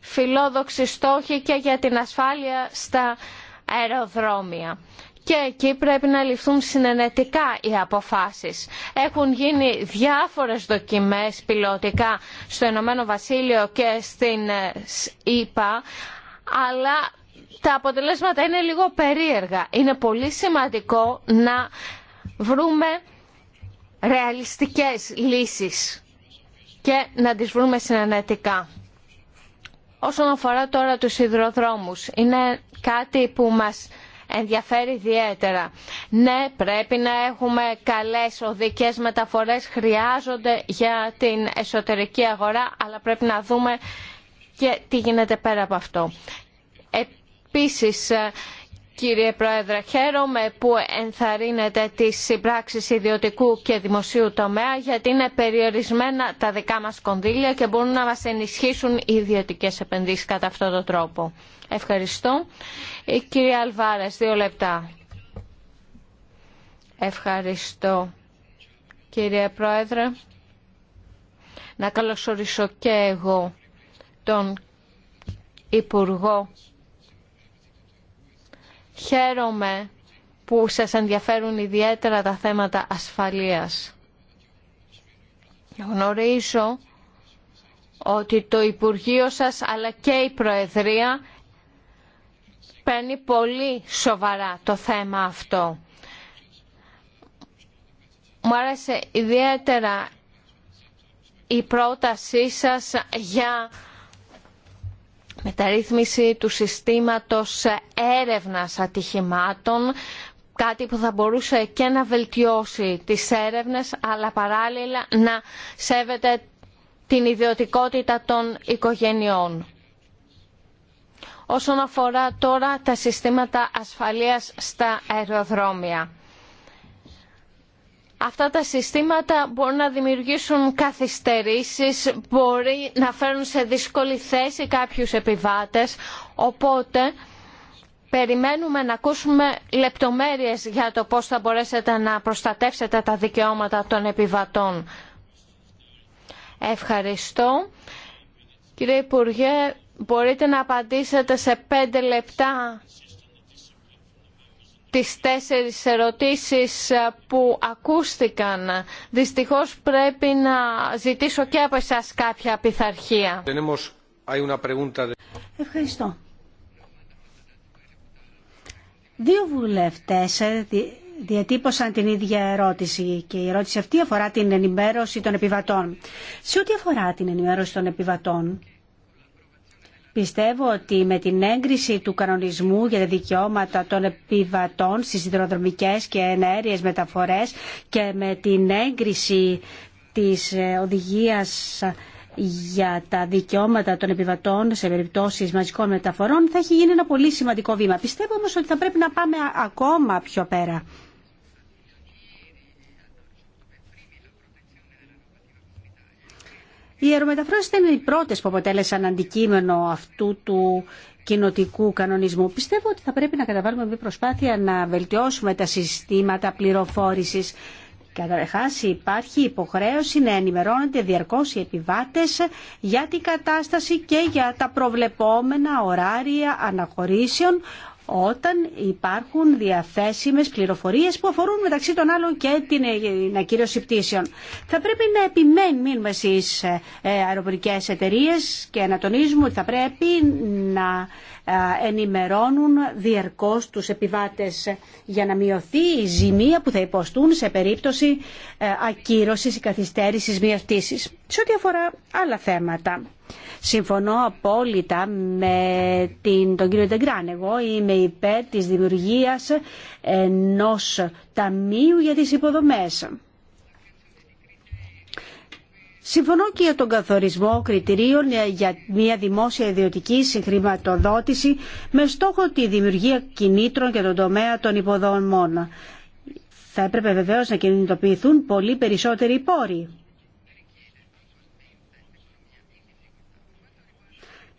φιλόδοξη στόχη και για την ασφάλεια στα αεροδρόμια. Και εκεί πρέπει να ληφθούν συνενετικά οι αποφάσεις. Έχουν γίνει διάφορες δοκιμές πιλωτικά στο Ηνωμένο Βασίλειο και στην ε, ΙΠΑ, αλλά τα αποτελέσματα είναι λίγο περίεργα. Είναι πολύ σημαντικό να βρούμε ρεαλιστικές λύσεις και να τις βρούμε συνανέτικα. Όσον αφορά τώρα τους υδροδρόμους, είναι κάτι που μας ενδιαφέρει ιδιαίτερα. Ναι, πρέπει να έχουμε καλές οδικές μεταφορές, χρειάζονται για την εσωτερική αγορά, αλλά πρέπει να δούμε και τι γίνεται πέρα από αυτό. Επίσης, Κύριε Πρόεδρε, χαίρομαι που ενθαρρύνετε τις συμπράξεις ιδιωτικού και δημοσίου τομέα γιατί είναι περιορισμένα τα δικά μας κονδύλια και μπορούν να μας ενισχύσουν οι ιδιωτικές επενδύσεις κατά αυτόν τον τρόπο. Ευχαριστώ. Ε, κύριε κυρία Αλβάρες, δύο λεπτά. Ευχαριστώ. Κύριε Πρόεδρε, να καλωσορίσω και εγώ τον Υπουργό. Χαίρομαι που σας ενδιαφέρουν ιδιαίτερα τα θέματα ασφαλείας. Γνωρίζω ότι το Υπουργείο σας αλλά και η Προεδρία παίρνει πολύ σοβαρά το θέμα αυτό. Μου άρεσε ιδιαίτερα η πρότασή σας για μεταρρύθμιση του συστήματος έρευνας ατυχημάτων, κάτι που θα μπορούσε και να βελτιώσει τις έρευνες, αλλά παράλληλα να σέβεται την ιδιωτικότητα των οικογενειών. Όσον αφορά τώρα τα συστήματα ασφαλείας στα αεροδρόμια αυτά τα συστήματα μπορούν να δημιουργήσουν καθυστερήσεις, μπορεί να φέρουν σε δύσκολη θέση κάποιους επιβάτες, οπότε περιμένουμε να ακούσουμε λεπτομέρειες για το πώς θα μπορέσετε να προστατεύσετε τα δικαιώματα των επιβατών. Ευχαριστώ. Κύριε Υπουργέ, μπορείτε να απαντήσετε σε πέντε λεπτά τις τέσσερις ερωτήσεις ε, που ακούστηκαν. Δυστυχώς πρέπει να ζητήσω και από εσάς κάποια πειθαρχία. Ευχαριστώ. Δύο βουλευτές ε, διατύπωσαν την ίδια ερώτηση και η ερώτηση αυτή αφορά την ενημέρωση των επιβατών. Σε ό,τι αφορά την ενημέρωση των επιβατών, Πιστεύω ότι με την έγκριση του κανονισμού για τα δικαιώματα των επιβατών στις υδροδρομικές και εναέριες μεταφορές και με την έγκριση της ε, οδηγίας για τα δικαιώματα των επιβατών σε περιπτώσεις μαζικών μεταφορών θα έχει γίνει ένα πολύ σημαντικό βήμα. Πιστεύω όμως ότι θα πρέπει να πάμε ακόμα πιο πέρα. Οι αερομεταφράσει ήταν οι πρώτε που αποτέλεσαν αντικείμενο αυτού του κοινοτικού κανονισμού. Πιστεύω ότι θα πρέπει να καταβάλουμε μια προσπάθεια να βελτιώσουμε τα συστήματα πληροφόρηση. Καταρχά, υπάρχει υποχρέωση να ενημερώνονται διαρκώ οι επιβάτε για την κατάσταση και για τα προβλεπόμενα ωράρια αναχωρήσεων, όταν υπάρχουν διαθέσιμες πληροφορίες που αφορούν μεταξύ των άλλων και την ε, ακύρωση πτήσεων. Θα πρέπει να επιμένουμε στις ε, αεροπορικές εταιρείες και να τονίζουμε ότι θα πρέπει να ε, ενημερώνουν διαρκώς τους επιβάτες για να μειωθεί η ζημία που θα υποστούν σε περίπτωση ακύρωσης ή καθυστέρησης μιας πτήσης. Σε ό,τι αφορά άλλα θέματα Συμφωνώ απόλυτα με τον κύριο Τεγκράν. Εγώ είμαι υπέρ της δημιουργίας ενός ταμείου για τις υποδομές. Συμφωνώ και για τον καθορισμό κριτηρίων για μια δημόσια ιδιωτική συγχρηματοδότηση με στόχο τη δημιουργία κινήτρων για τον τομέα των υποδομών. Θα έπρεπε βεβαίως να κινητοποιηθούν πολύ περισσότεροι πόροι.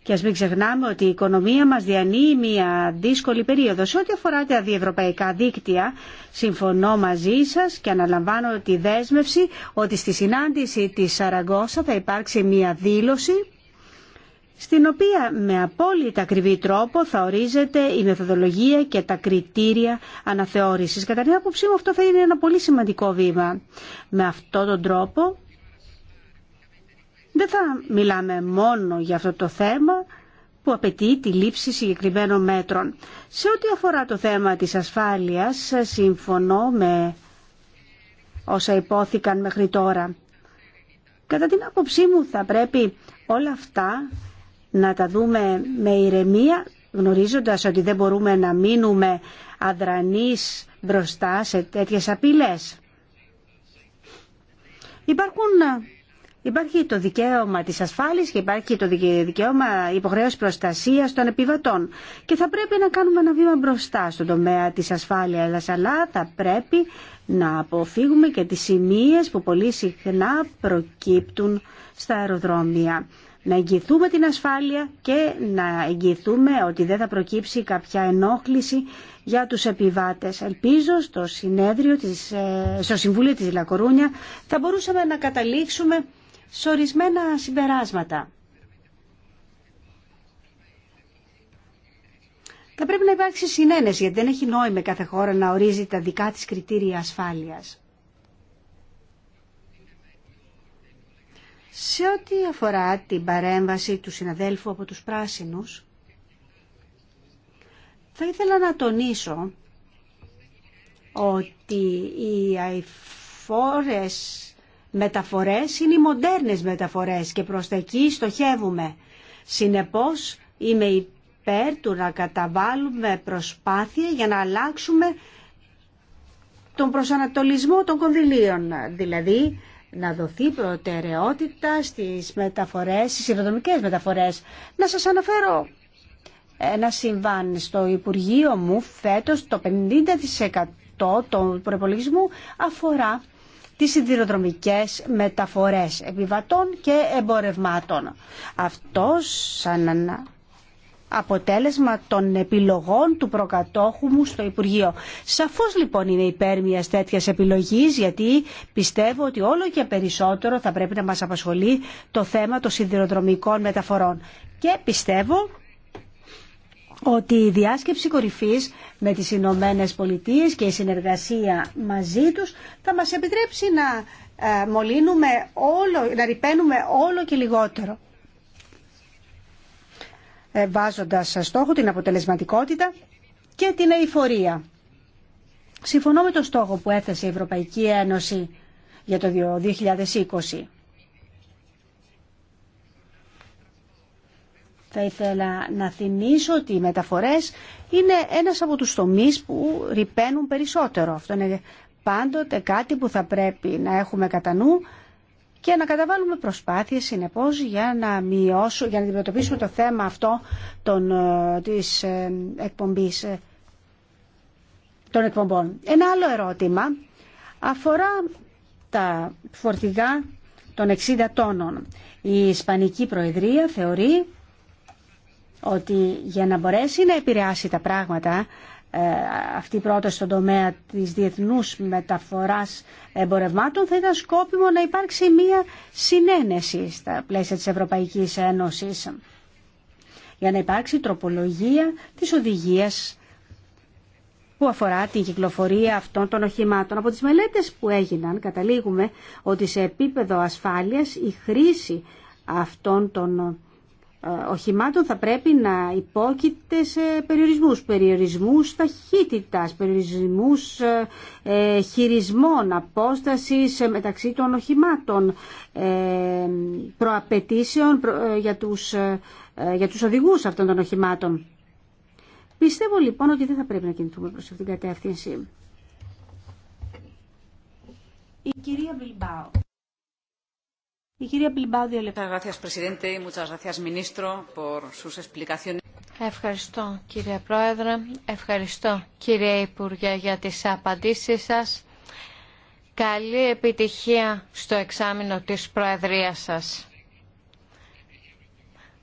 Και ας μην ξεχνάμε ότι η οικονομία μας διανύει μια δύσκολη περίοδο. Σε ό,τι αφορά τα διευρωπαϊκά δίκτυα, συμφωνώ μαζί σας και αναλαμβάνω τη δέσμευση ότι στη συνάντηση της Σαραγκώσα θα υπάρξει μια δήλωση στην οποία με απόλυτα ακριβή τρόπο θα ορίζεται η μεθοδολογία και τα κριτήρια αναθεώρησης. Κατά την άποψή μου αυτό θα είναι ένα πολύ σημαντικό βήμα. Με αυτόν τον τρόπο δεν θα μιλάμε μόνο για αυτό το θέμα που απαιτεί τη λήψη συγκεκριμένων μέτρων. Σε ό,τι αφορά το θέμα της ασφάλειας, συμφωνώ με όσα υπόθηκαν μέχρι τώρα. Κατά την άποψή μου θα πρέπει όλα αυτά να τα δούμε με ηρεμία, γνωρίζοντας ότι δεν μπορούμε να μείνουμε αδρανείς μπροστά σε τέτοιες απειλές. Υπάρχουν Υπάρχει το δικαίωμα της ασφάλειας και υπάρχει το δικαίωμα υποχρέωση προστασίας των επιβατών. Και θα πρέπει να κάνουμε ένα βήμα μπροστά στον τομέα της ασφάλειας, αλλά θα πρέπει να αποφύγουμε και τις σημείες που πολύ συχνά προκύπτουν στα αεροδρόμια. Να εγγυηθούμε την ασφάλεια και να εγγυηθούμε ότι δεν θα προκύψει κάποια ενόχληση για τους επιβάτες. Ελπίζω στο, συνέδριο της, ε, στο Συμβούλιο της Λακορούνια θα μπορούσαμε να καταλήξουμε σε ορισμένα συμπεράσματα. Θα πρέπει να υπάρξει συνένεση, γιατί δεν έχει νόημα κάθε χώρα να ορίζει τα δικά της κριτήρια ασφάλειας. Σε ό,τι αφορά την παρέμβαση του συναδέλφου από τους πράσινους, θα ήθελα να τονίσω ότι οι αηφόρες μεταφορές είναι οι μοντέρνες μεταφορές και προς τα εκεί στοχεύουμε. Συνεπώς είμαι υπέρ του να καταβάλουμε προσπάθεια για να αλλάξουμε τον προσανατολισμό των κονδυλίων, δηλαδή να δοθεί προτεραιότητα στις μεταφορές, στις ηροδομικές μεταφορές. Να σας αναφέρω ένα συμβάν στο Υπουργείο μου φέτος το 50% των προπολογισμού αφορά τις σιδηροδρομικές μεταφορές επιβατών και εμπορευμάτων. Αυτό σαν αποτέλεσμα των επιλογών του προκατόχου μου στο Υπουργείο. Σαφώς λοιπόν είναι υπέρ μια τέτοια επιλογής γιατί πιστεύω ότι όλο και περισσότερο θα πρέπει να μας απασχολεί το θέμα των σιδηροδρομικών μεταφορών. Και πιστεύω ότι η διάσκεψη κορυφής με τις Ηνωμένε Πολιτείες και η συνεργασία μαζί τους θα μας επιτρέψει να ε, μολύνουμε όλο, να ρηπαίνουμε όλο και λιγότερο. Ε, βάζοντας στόχο την αποτελεσματικότητα και την εφορία. Συμφωνώ με τον στόχο που έθεσε η Ευρωπαϊκή Ένωση για το 2020. Θα ήθελα να θυμίσω ότι οι μεταφορές είναι ένας από τους τομείς που ρηπαίνουν περισσότερο. Αυτό είναι πάντοτε κάτι που θα πρέπει να έχουμε κατά νου και να καταβάλουμε προσπάθειες συνεπώς για να μειώσουμε, για να αντιμετωπίσουμε το θέμα αυτό των, ε, της ε, εκπομπής ε, των εκπομπών. Ένα άλλο ερώτημα αφορά τα φορτηγά των 60 τόνων. Η Ισπανική Προεδρία θεωρεί ότι για να μπορέσει να επηρεάσει τα πράγματα ε, αυτή η στον τομέα της διεθνούς μεταφοράς εμπορευμάτων θα ήταν σκόπιμο να υπάρξει μία συνένεση στα πλαίσια της Ευρωπαϊκής Ένωσης για να υπάρξει τροπολογία της οδηγίας που αφορά την κυκλοφορία αυτών των οχημάτων. Από τις μελέτες που έγιναν καταλήγουμε ότι σε επίπεδο ασφάλειας η χρήση αυτών των ε, οχημάτων θα πρέπει να υπόκειται σε περιορισμούς, περιορισμούς ταχύτητας, περιορισμούς ε, χειρισμών, απόστασης ε, μεταξύ των οχημάτων, προαπαιτήσεων για τους, για τους οδηγούς αυτών των οχημάτων. Πιστεύω λοιπόν ότι δεν θα πρέπει να κινηθούμε προς αυτήν την κατεύθυνση. Η κυρία Βιλμπάου. Λοιπόν. Ευχαριστώ κύριε Πρόεδρε, ευχαριστώ κύριε Υπουργέ για τις απαντήσεις σας. Καλή επιτυχία στο εξάμεινο της Προεδρίας σας.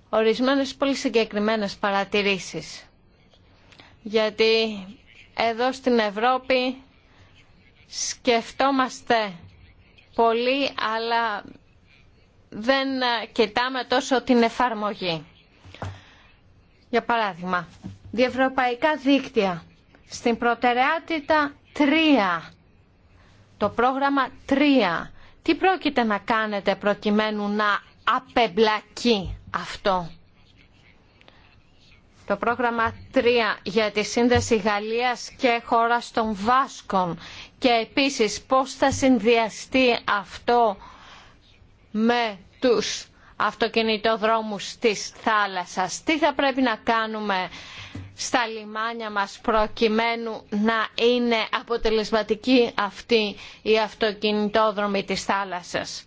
Ορισμένες πολύ συγκεκριμένες παρατηρήσεις. Γιατί εδώ στην Ευρώπη σκεφτόμαστε πολύ, αλλά δεν ε, κοιτάμε τόσο την εφαρμογή. Για παράδειγμα, διευρωπαϊκά δίκτυα. Στην προτεραιότητα 3. Το πρόγραμμα 3. Τι πρόκειται να κάνετε προκειμένου να απεμπλακεί αυτό. Το πρόγραμμα 3 για τη σύνδεση Γαλλίας και χώρας των Βάσκων. Και επίσης πώς θα συνδυαστεί αυτό με τους αυτοκινητοδρόμους της θάλασσας. Τι θα πρέπει να κάνουμε στα λιμάνια μας προκειμένου να είναι αποτελεσματική αυτή η αυτοκινητόδρομη της θάλασσας.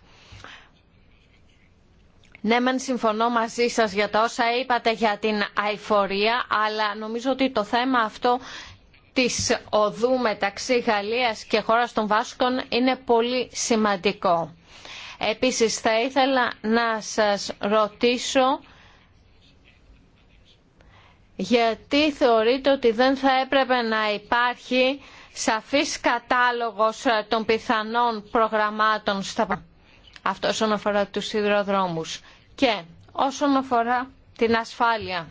Ναι, μεν συμφωνώ μαζί σας για τα όσα είπατε για την αηφορία, αλλά νομίζω ότι το θέμα αυτό της οδού μεταξύ Γαλλίας και χώρας των Βάσκων είναι πολύ σημαντικό. Επίσης θα ήθελα να σας ρωτήσω γιατί θεωρείτε ότι δεν θα έπρεπε να υπάρχει σαφής κατάλογος των πιθανών προγραμμάτων στα αυτό όσον αφορά τους σιδηροδρόμους και όσον αφορά την ασφάλεια.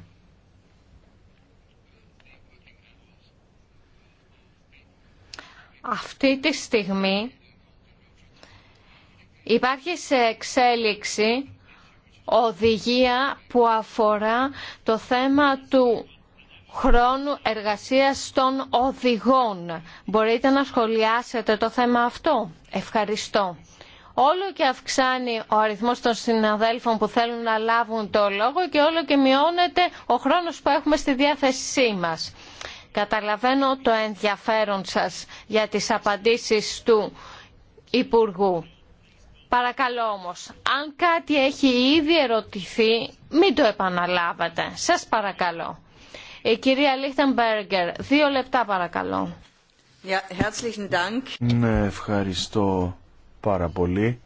Αυτή τη στιγμή Υπάρχει σε εξέλιξη οδηγία που αφορά το θέμα του χρόνου εργασίας των οδηγών. Μπορείτε να σχολιάσετε το θέμα αυτό. Ευχαριστώ. Όλο και αυξάνει ο αριθμός των συναδέλφων που θέλουν να λάβουν το λόγο και όλο και μειώνεται ο χρόνος που έχουμε στη διάθεσή μας. Καταλαβαίνω το ενδιαφέρον σας για τις απαντήσεις του Υπουργού. Παρακαλώ όμως, αν κάτι έχει ήδη ερωτηθεί, μην το επαναλάβατε. Σας παρακαλώ. Η ε, κυρία Λίχτεμπεργκερ, δύο λεπτά παρακαλώ. Ναι, ευχαριστώ πάρα πολύ.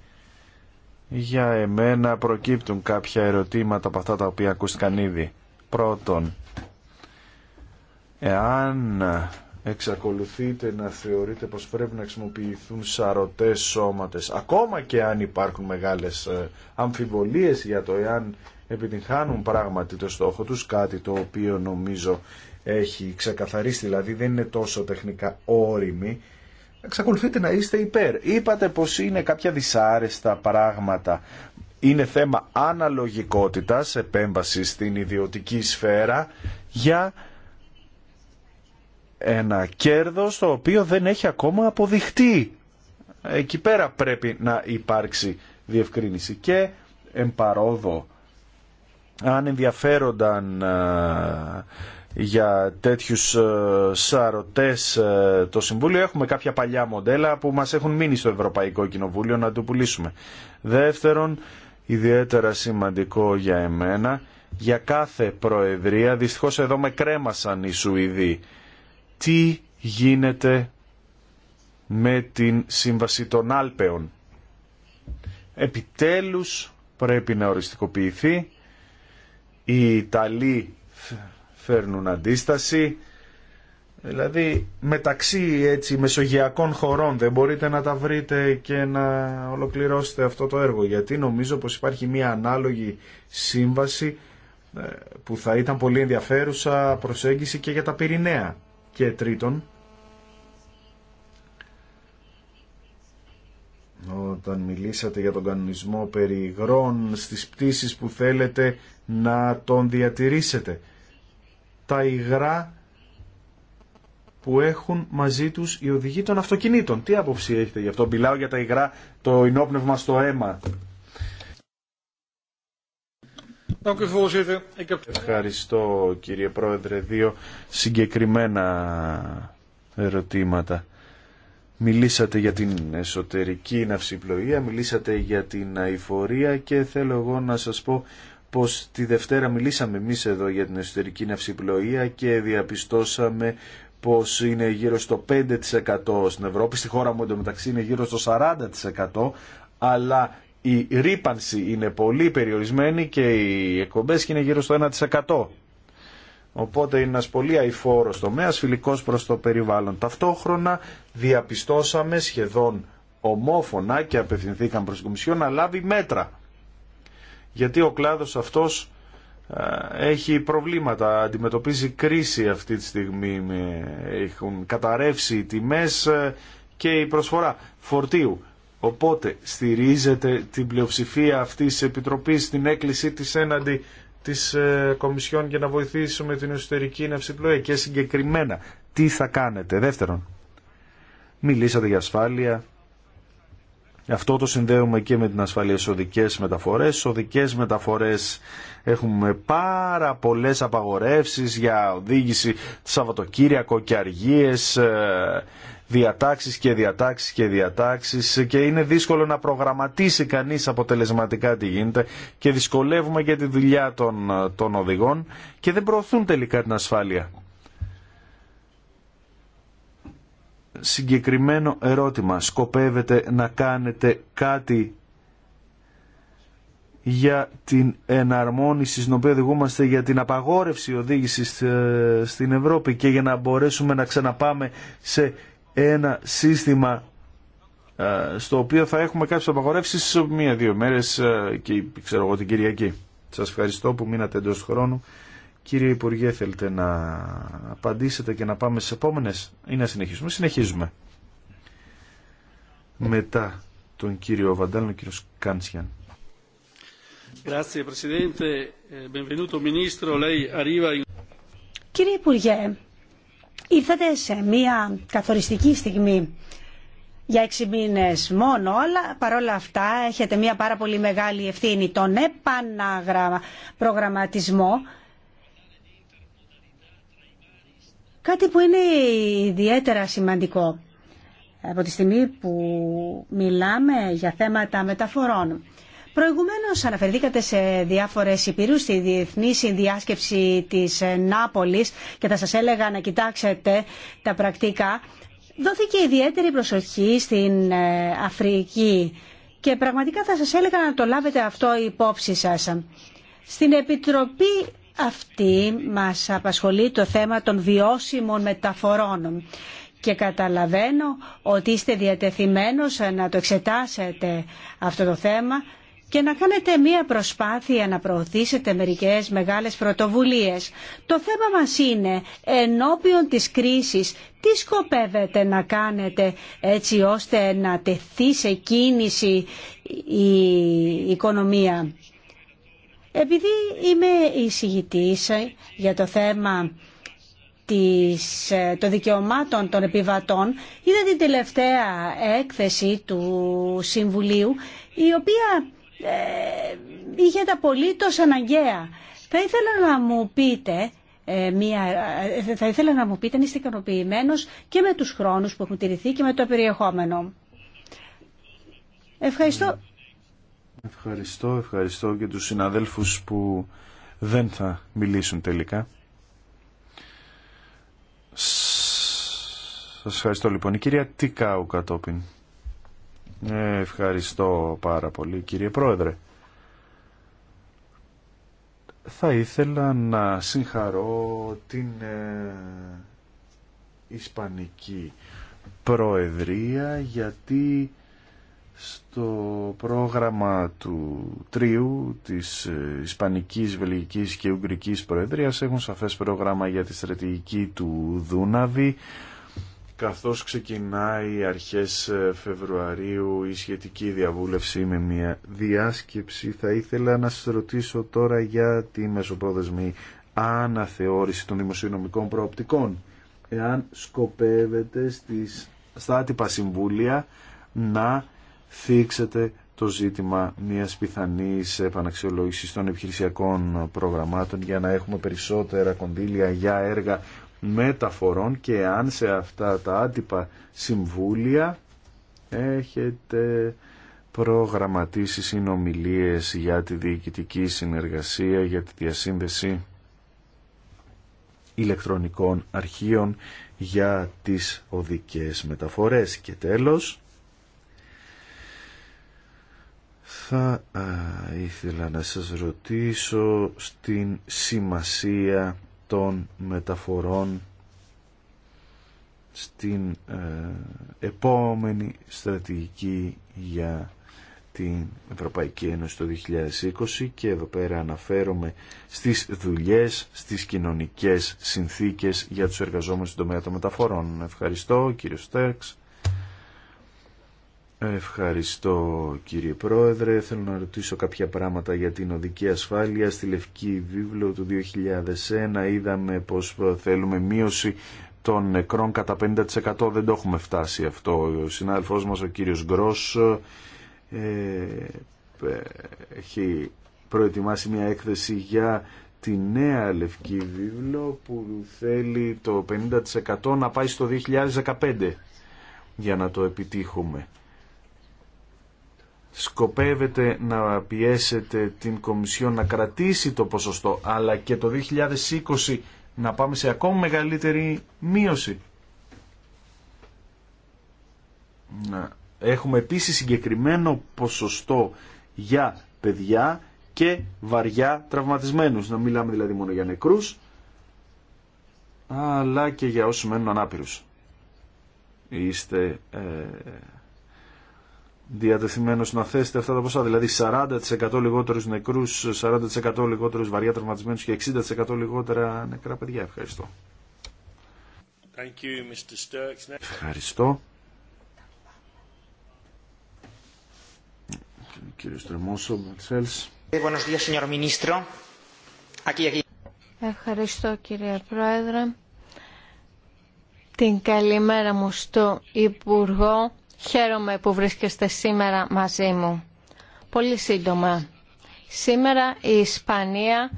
Για εμένα προκύπτουν κάποια ερωτήματα από αυτά τα οποία ακούστηκαν ήδη. Πρώτον, εάν εξακολουθείτε να θεωρείτε πως πρέπει να χρησιμοποιηθούν σαρωτές σώματες ακόμα και αν υπάρχουν μεγάλες ε, αμφιβολίες για το εάν επιτυγχάνουν πράγματι το στόχο τους κάτι το οποίο νομίζω έχει ξεκαθαρίσει δηλαδή δεν είναι τόσο τεχνικά όριμη εξακολουθείτε να είστε υπέρ είπατε πως είναι κάποια δυσάρεστα πράγματα είναι θέμα αναλογικότητας επέμβαση στην ιδιωτική σφαίρα για ένα κέρδος το οποίο δεν έχει ακόμα αποδειχτεί. Εκεί πέρα πρέπει να υπάρξει διευκρίνηση και εμπαρόδο αν ενδιαφέρονταν για τέτοιους σαρωτές το Συμβούλιο έχουμε κάποια παλιά μοντέλα που μας έχουν μείνει στο Ευρωπαϊκό Κοινοβούλιο να το πουλήσουμε. Δεύτερον, ιδιαίτερα σημαντικό για εμένα, για κάθε προεδρία, δυστυχώς εδώ με κρέμασαν οι Σουηδοί τι γίνεται με την Σύμβαση των Άλπαιων. Επιτέλους πρέπει να οριστικοποιηθεί. Οι Ιταλοί φέρνουν αντίσταση. Δηλαδή μεταξύ έτσι μεσογειακών χωρών δεν μπορείτε να τα βρείτε και να ολοκληρώσετε αυτό το έργο γιατί νομίζω πως υπάρχει μια ανάλογη σύμβαση ε, που θα ήταν πολύ ενδιαφέρουσα προσέγγιση και για τα Πυρηναία. Και τρίτον, όταν μιλήσατε για τον κανονισμό περί υγρών στις πτήσεις που θέλετε να τον διατηρήσετε. Τα υγρά που έχουν μαζί τους οι οδηγοί των αυτοκινήτων. Τι άποψη έχετε γι' αυτό. Μιλάω για τα υγρά, το ενόπνευμα στο αίμα Ευχαριστώ κύριε Πρόεδρε. Δύο συγκεκριμένα ερωτήματα. Μιλήσατε για την εσωτερική ναυσιπλοεία, μιλήσατε για την αηφορία και θέλω εγώ να σας πω πως τη Δευτέρα μιλήσαμε εμείς εδώ για την εσωτερική ναυσιπλοεία και διαπιστώσαμε πως είναι γύρω στο 5% στην Ευρώπη, στη χώρα μου εντωμεταξύ είναι γύρω στο 40% αλλά η ρήπανση είναι πολύ περιορισμένη και οι εκπομπέ είναι γύρω στο 1%. Οπότε είναι ένα πολύ αηφόρο τομέα, φιλικός προς το περιβάλλον. Ταυτόχρονα διαπιστώσαμε σχεδόν ομόφωνα και απευθυνθήκαν προ την Κομισιό να λάβει μέτρα. Γιατί ο κλάδος αυτός έχει προβλήματα, αντιμετωπίζει κρίση αυτή τη στιγμή, έχουν καταρρεύσει οι τιμές ε, και η προσφορά φορτίου. Οπότε στηρίζεται την πλειοψηφία αυτής τη Επιτροπής στην έκκλησή της έναντι της ε, Κομισιόν για να βοηθήσουμε την εσωτερική ναυσιπλοεία και συγκεκριμένα τι θα κάνετε. Δεύτερον, μιλήσατε για ασφάλεια. Αυτό το συνδέουμε και με την ασφάλεια στι οδικές μεταφορές. Στι οδικές μεταφορές έχουμε πάρα πολλές απαγορεύσεις για οδήγηση Σαββατοκύριακο και αργίες ε, διατάξεις και διατάξεις και διατάξεις και είναι δύσκολο να προγραμματίσει κανείς αποτελεσματικά τι γίνεται και δυσκολεύουμε για τη δουλειά των, των οδηγών και δεν προωθούν τελικά την ασφάλεια. Συγκεκριμένο ερώτημα. Σκοπεύετε να κάνετε κάτι για την εναρμόνιση στην οποία οδηγούμαστε για την απαγόρευση οδήγησης ε, στην Ευρώπη και για να μπορέσουμε να ξαναπάμε σε ένα σύστημα ε, στο οποίο θα έχουμε κάποιες απαγορεύσεις μία-δύο μέρες ε, και ξέρω εγώ την Κυριακή. Σας ευχαριστώ που μείνατε εντό χρόνου. Κύριε Υπουργέ, θέλετε να απαντήσετε και να πάμε στις επόμενες ή να συνεχίσουμε. Συνεχίζουμε. Μετά τον κύριο Βαντάλνο, κύριο Κάντσιαν. Eh, Κύριε Υπουργέ, Ήρθατε σε μια καθοριστική στιγμή για έξι μήνες μόνο, αλλά παρόλα αυτά έχετε μια πάρα πολύ μεγάλη ευθύνη τον επαναπρογραμματισμό κάτι που είναι ιδιαίτερα σημαντικό από τη στιγμή που μιλάμε για θέματα μεταφορών. Προηγουμένω αναφερθήκατε σε διάφορες υπηρου, στη Διεθνή Συνδιάσκεψη της Νάπολης και θα σα έλεγα να κοιτάξετε τα πρακτικά. Δόθηκε ιδιαίτερη προσοχή στην ε, Αφρική και πραγματικά θα σας έλεγα να το λάβετε αυτό η υπόψη σας. Στην Επιτροπή αυτή μας απασχολεί το θέμα των βιώσιμων μεταφορών και καταλαβαίνω ότι είστε διατεθειμένος να το εξετάσετε αυτό το θέμα και να κάνετε μία προσπάθεια να προωθήσετε μερικές μεγάλες πρωτοβουλίες. Το θέμα μας είναι ενώπιον της κρίσης τι σκοπεύετε να κάνετε έτσι ώστε να τεθεί σε κίνηση η οικονομία. Επειδή είμαι εισηγητής για το θέμα της, των δικαιωμάτων των επιβατών είδα την τελευταία έκθεση του Συμβουλίου η οποία ε, είχε τα απολύτως αναγκαία. Θα ήθελα να μου πείτε ε, μία, ε, θα ήθελα να μου πείτε αν είστε ικανοποιημένο και με τους χρόνους που έχουν τηρηθεί και με το περιεχόμενο. Ευχαριστώ. Ευχαριστώ, ευχαριστώ και τους συναδέλφους που δεν θα μιλήσουν τελικά. Σας ευχαριστώ λοιπόν. Η κυρία Τικάου κατόπιν. Ε, ευχαριστώ πάρα πολύ κύριε Πρόεδρε. Θα ήθελα να συγχαρώ την ε, Ισπανική Προεδρία γιατί στο πρόγραμμα του τρίου της ε, Ισπανικής, Βελγικής και Ουγγρικής Προεδρίας έχουν σαφές πρόγραμμα για τη στρατηγική του Δούναβη καθώς ξεκινάει αρχές ε, Φεβρουαρίου η σχετική διαβούλευση με μια διάσκεψη θα ήθελα να σας ρωτήσω τώρα για τη μεσοπρόθεσμη αναθεώρηση των δημοσιονομικών προοπτικών εάν σκοπεύετε στις, στα άτυπα συμβούλια να θίξετε το ζήτημα μιας πιθανής επαναξιολόγησης των επιχειρησιακών προγραμμάτων για να έχουμε περισσότερα κονδύλια για έργα μεταφορών και αν σε αυτά τα άτυπα συμβούλια έχετε προγραμματίσει συνομιλίες για τη διοικητική συνεργασία, για τη διασύνδεση ηλεκτρονικών αρχείων για τις οδικές μεταφορές. Και τέλος, θα ήθελα να σας ρωτήσω στην σημασία των μεταφορών στην ε, επόμενη στρατηγική για την Ευρωπαϊκή Ένωση το 2020 και εδώ πέρα αναφέρομαι στις δουλειές, στις κοινωνικές συνθήκες για τους εργαζόμενους στον τομέα των μεταφορών. Ευχαριστώ κύριο Στέρξ. Ευχαριστώ κύριε Πρόεδρε. Θέλω να ρωτήσω κάποια πράγματα για την οδική ασφάλεια. Στη Λευκή Βίβλο του 2001 είδαμε πως θέλουμε μείωση των νεκρών κατά 50%. Δεν το έχουμε φτάσει αυτό. Ο συνάδελφός μας ο κύριος Γκρός ε, έχει προετοιμάσει μια έκθεση για τη νέα Λευκή Βίβλο που θέλει το 50% να πάει στο 2015 για να το επιτύχουμε σκοπεύετε να πιέσετε την Κομισιόν να κρατήσει το ποσοστό αλλά και το 2020 να πάμε σε ακόμη μεγαλύτερη μείωση. Να. Έχουμε επίσης συγκεκριμένο ποσοστό για παιδιά και βαριά τραυματισμένους. Να μιλάμε δηλαδή μόνο για νεκρούς, αλλά και για όσους μένουν ανάπηρους. Είστε ε, διατεθειμένος να θέσετε αυτά τα ποσά, δηλαδή 40% λιγότερους νεκρούς, 40% λιγότερους βαριά τραυματισμένους και 60% λιγότερα νεκρά παιδιά. Ευχαριστώ. you, Ευχαριστώ. Κύριε Στρεμόσο, Ευχαριστώ κύριε Πρόεδρε. Την καλημέρα μου στο Υπουργό. Χαίρομαι που βρίσκεστε σήμερα μαζί μου. Πολύ σύντομα. Σήμερα η Ισπανία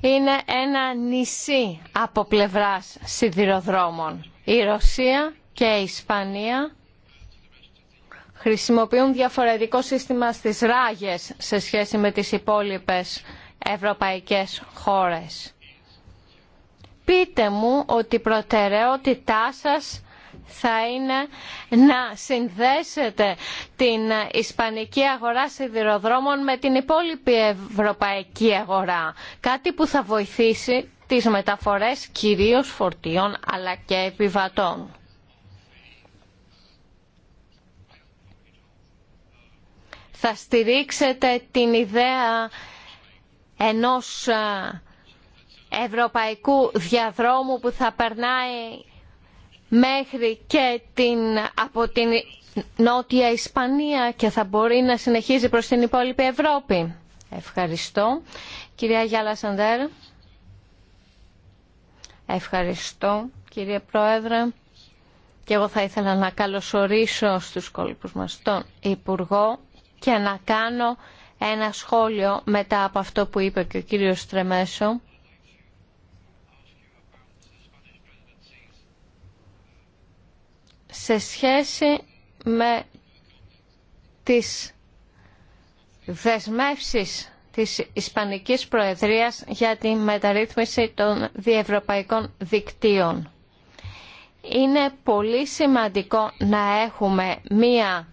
είναι ένα νησί από πλευράς σιδηροδρόμων. Η Ρωσία και η Ισπανία χρησιμοποιούν διαφορετικό σύστημα στις ράγες σε σχέση με τις υπόλοιπες ευρωπαϊκές χώρες. Πείτε μου ότι η προτεραιότητά σας θα είναι να συνδέσετε την ισπανική αγορά σιδηροδρόμων με την υπόλοιπη ευρωπαϊκή αγορά. Κάτι που θα βοηθήσει τις μεταφορές κυρίως φορτίων αλλά και επιβατών. Θα στηρίξετε την ιδέα ενός ευρωπαϊκού διαδρόμου που θα περνάει μέχρι και την, από την Νότια Ισπανία και θα μπορεί να συνεχίζει προς την υπόλοιπη Ευρώπη. Ευχαριστώ. Κυρία Γιάλα Σαντέρ. Ευχαριστώ κύριε Πρόεδρε. Και εγώ θα ήθελα να καλωσορίσω στους κόλπους μας τον Υπουργό και να κάνω ένα σχόλιο μετά από αυτό που είπε και ο κύριος Τρεμέσο. σε σχέση με τις δεσμεύσεις της Ισπανικής Προεδρίας για τη μεταρρύθμιση των διευρωπαϊκών δικτύων. Είναι πολύ σημαντικό να έχουμε μία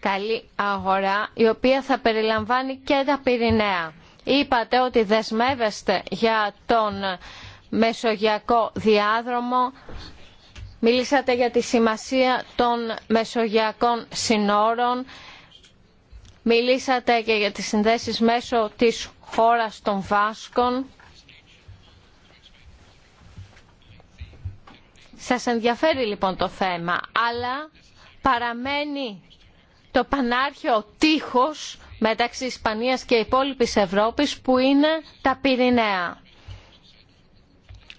καλή αγορά η οποία θα περιλαμβάνει και τα Πυρηναία. Είπατε ότι δεσμεύεστε για τον Μεσογειακό Διάδρομο Μιλήσατε για τη σημασία των μεσογειακών συνόρων. Μιλήσατε και για τις συνδέσεις μέσω της χώρας των Βάσκων. Σας ενδιαφέρει λοιπόν το θέμα, αλλά παραμένει το πανάρχιο τείχος μεταξύ Ισπανίας και υπόλοιπης Ευρώπης που είναι τα Πυρηναία.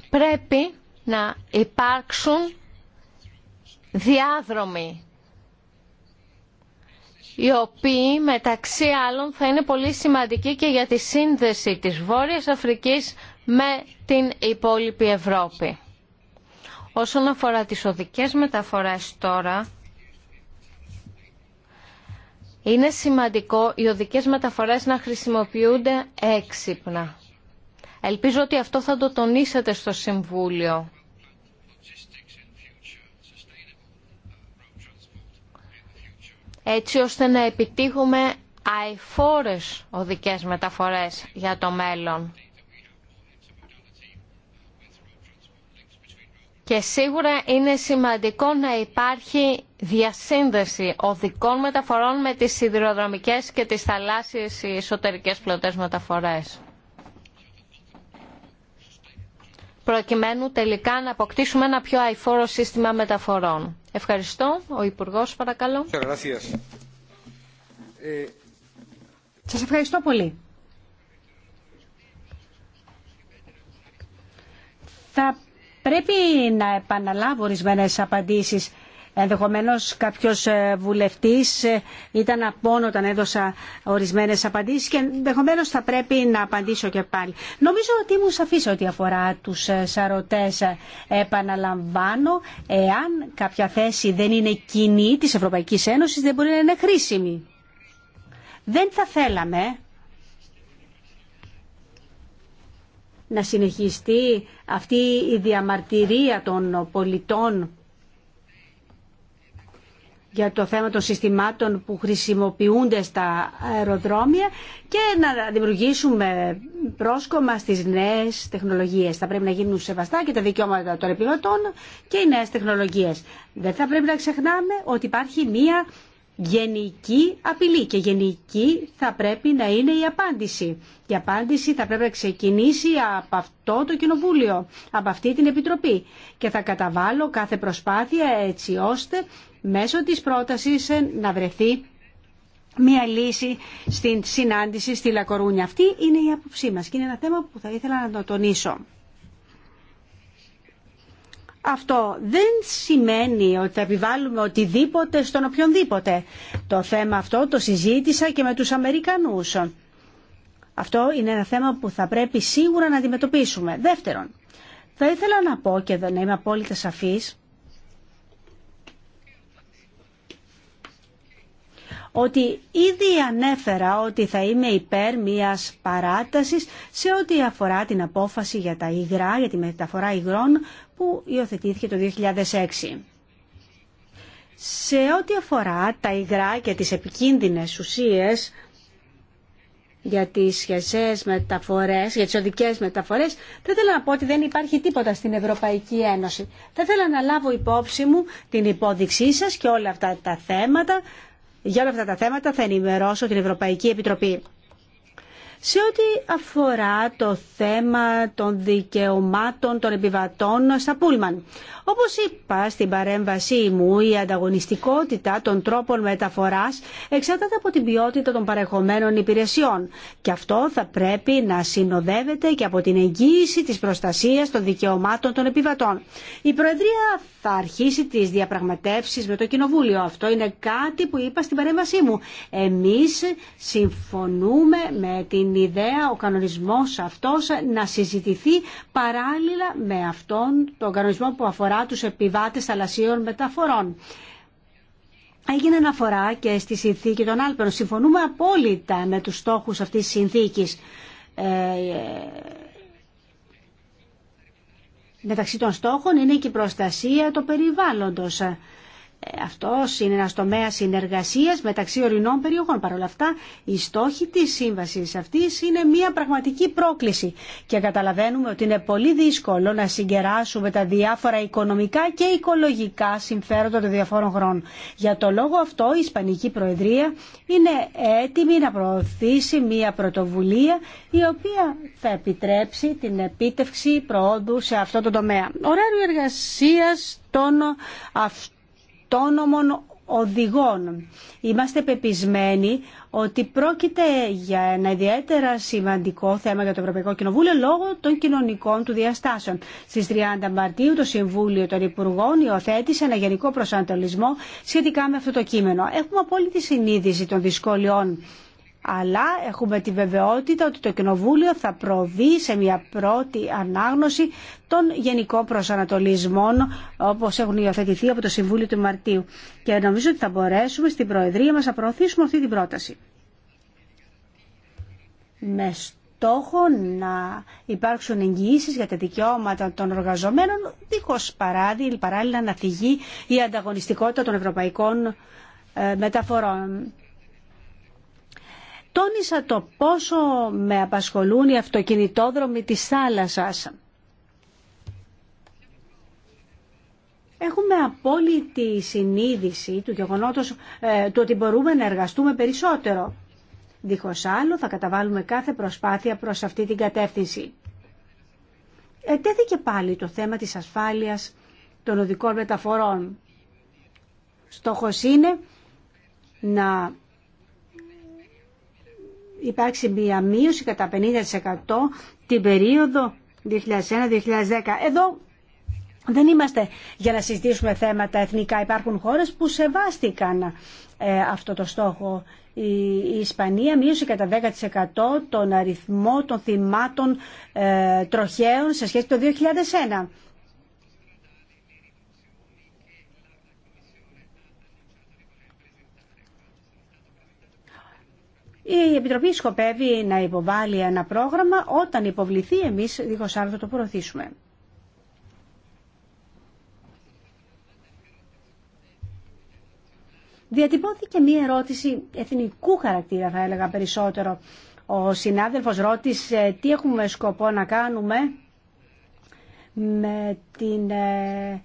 Πρέπει να υπάρξουν διάδρομοι οι οποίοι μεταξύ άλλων θα είναι πολύ σημαντικοί και για τη σύνδεση της Βόρειας Αφρικής με την υπόλοιπη Ευρώπη. Όσον αφορά τις οδικές μεταφορές τώρα, είναι σημαντικό οι οδικές μεταφορές να χρησιμοποιούνται έξυπνα. Ελπίζω ότι αυτό θα το τονίσετε στο Συμβούλιο. έτσι ώστε να επιτύχουμε αηφόρες οδικές μεταφορές για το μέλλον. Και σίγουρα είναι σημαντικό να υπάρχει διασύνδεση οδικών μεταφορών με τις σιδηροδρομικές και τις θαλάσσιες εσωτερικές πλωτές μεταφορές. προκειμένου τελικά να αποκτήσουμε ένα πιο αηφόρο σύστημα μεταφορών. Ευχαριστώ. Ο Υπουργός παρακαλώ. Ε, Σας ευχαριστώ πολύ. Θα πρέπει να επαναλάβω ορισμένε απαντήσεις Ενδεχομένως κάποιος ε, βουλευτής ε, ήταν απόν όταν έδωσα ορισμένες απαντήσεις και ενδεχομένως θα πρέπει να απαντήσω και πάλι. Νομίζω ότι ήμουν σαφής ό,τι αφορά τους ε, σαρωτές. Επαναλαμβάνω, εάν κάποια θέση δεν είναι κοινή της Ευρωπαϊκής Ένωση, δεν μπορεί να είναι χρήσιμη. Δεν θα θέλαμε να συνεχιστεί αυτή η διαμαρτυρία των πολιτών για το θέμα των συστημάτων που χρησιμοποιούνται στα αεροδρόμια και να δημιουργήσουμε πρόσκομα στις νέες τεχνολογίες. Θα πρέπει να γίνουν σεβαστά και τα δικαιώματα των επιβατών και οι νέες τεχνολογίες. Δεν θα πρέπει να ξεχνάμε ότι υπάρχει μία γενική απειλή και γενική θα πρέπει να είναι η απάντηση. Η απάντηση θα πρέπει να ξεκινήσει από αυτό το Κοινοβούλιο, από αυτή την Επιτροπή και θα καταβάλω κάθε προσπάθεια έτσι ώστε μέσω της πρότασης ε, να βρεθεί μία λύση στην συνάντηση στη Λακορούνια. Αυτή είναι η άποψή μας και είναι ένα θέμα που θα ήθελα να το τονίσω. Αυτό δεν σημαίνει ότι θα επιβάλλουμε οτιδήποτε στον οποιονδήποτε. Το θέμα αυτό το συζήτησα και με τους Αμερικανούς. Αυτό είναι ένα θέμα που θα πρέπει σίγουρα να αντιμετωπίσουμε. Δεύτερον, θα ήθελα να πω και να είμαι απόλυτα σαφής ότι ήδη ανέφερα ότι θα είμαι υπέρ μιας παράτασης σε ό,τι αφορά την απόφαση για τα υγρά, για τη μεταφορά υγρών που υιοθετήθηκε το 2006. Σε ό,τι αφορά τα υγρά και τις επικίνδυνες ουσίες για τις σχεσές μεταφορές, για τις οδικές μεταφορές, θα ήθελα να πω ότι δεν υπάρχει τίποτα στην Ευρωπαϊκή Ένωση. Θα ήθελα να λάβω υπόψη μου την υπόδειξή σας και όλα αυτά τα θέματα για όλα αυτά τα θέματα θα ενημερώσω την Ευρωπαϊκή Επιτροπή. Σε ό,τι αφορά το θέμα των δικαιωμάτων των επιβατών στα Πούλμαν, όπως είπα στην παρέμβασή μου, η ανταγωνιστικότητα των τρόπων μεταφοράς εξαρτάται από την ποιότητα των παρεχομένων υπηρεσιών και αυτό θα πρέπει να συνοδεύεται και από την εγγύηση της προστασίας των δικαιωμάτων των επιβατών. Η Προεδρία θα αρχίσει τις διαπραγματεύσεις με το Κοινοβούλιο. Αυτό είναι κάτι που είπα στην παρέμβασή μου. Εμείς συμφωνούμε με την ιδέα ο κανονισμός αυτός να συζητηθεί παράλληλα με αυτόν τον κανονισμό που αφορά αφορά τους επιβάτες θαλασσίων μεταφορών. Έγινε αναφορά και στη συνθήκη των Άλπων. Συμφωνούμε απόλυτα με τους στόχους αυτής της συνθήκης. Ε, μεταξύ των στόχων είναι και η προστασία του περιβάλλοντος. Ε, αυτό είναι ένα τομέας συνεργασία μεταξύ ορεινών περιοχών. Παρ' όλα αυτά, η στόχη τη σύμβαση αυτή είναι μια πραγματική πρόκληση και καταλαβαίνουμε ότι είναι πολύ δύσκολο να συγκεράσουμε τα διάφορα οικονομικά και οικολογικά συμφέροντα των διαφόρων χρόνων. Για το λόγο αυτό, η Ισπανική Προεδρία είναι έτοιμη να προωθήσει μια πρωτοβουλία η οποία θα επιτρέψει την επίτευξη προόδου σε αυτό το τομέα. Ωράριο εργασία των αυτόνομων οδηγών. Είμαστε πεπισμένοι ότι πρόκειται για ένα ιδιαίτερα σημαντικό θέμα για το Ευρωπαϊκό Κοινοβούλιο λόγω των κοινωνικών του διαστάσεων. Στι 30 Μαρτίου το Συμβούλιο των Υπουργών υιοθέτησε ένα γενικό προσανατολισμό σχετικά με αυτό το κείμενο. Έχουμε απόλυτη συνείδηση των δυσκολιών αλλά έχουμε τη βεβαιότητα ότι το Κοινοβούλιο θα προβεί σε μια πρώτη ανάγνωση των γενικών προσανατολισμών όπως έχουν υιοθετηθεί από το Συμβούλιο του Μαρτίου. Και νομίζω ότι θα μπορέσουμε στην Προεδρία μας να προωθήσουμε αυτή την πρόταση. Με στόχο να υπάρξουν εγγυήσεις για τα δικαιώματα των εργαζομένων, δίχως παράλληλα να θυγεί η ανταγωνιστικότητα των ευρωπαϊκών ε, μεταφορών τόνισα το πόσο με απασχολούν οι αυτοκινητόδρομοι της θάλασσας. Έχουμε απόλυτη συνείδηση του γεγονότος ε, του ότι μπορούμε να εργαστούμε περισσότερο. Δίχως άλλο θα καταβάλουμε κάθε προσπάθεια προς αυτή την κατεύθυνση. Ετέθηκε πάλι το θέμα της ασφάλειας των οδικών μεταφορών. Στόχος είναι να υπάρξει μία μείωση κατά 50% την περίοδο 2001-2010. Εδώ δεν είμαστε για να συζητήσουμε θέματα εθνικά. Υπάρχουν χώρες που σεβάστηκαν ε, αυτό το στόχο. Η Ισπανία μείωσε κατά 10% τον αριθμό των θυμάτων ε, τροχαίων σε σχέση με το 2001. Η Επιτροπή σκοπεύει να υποβάλει ένα πρόγραμμα όταν υποβληθεί εμείς δίχως άλλο θα το προωθήσουμε. Διατυπώθηκε μία ερώτηση εθνικού χαρακτήρα θα έλεγα περισσότερο. Ο συνάδελφος ρώτησε τι έχουμε σκοπό να κάνουμε με την ε,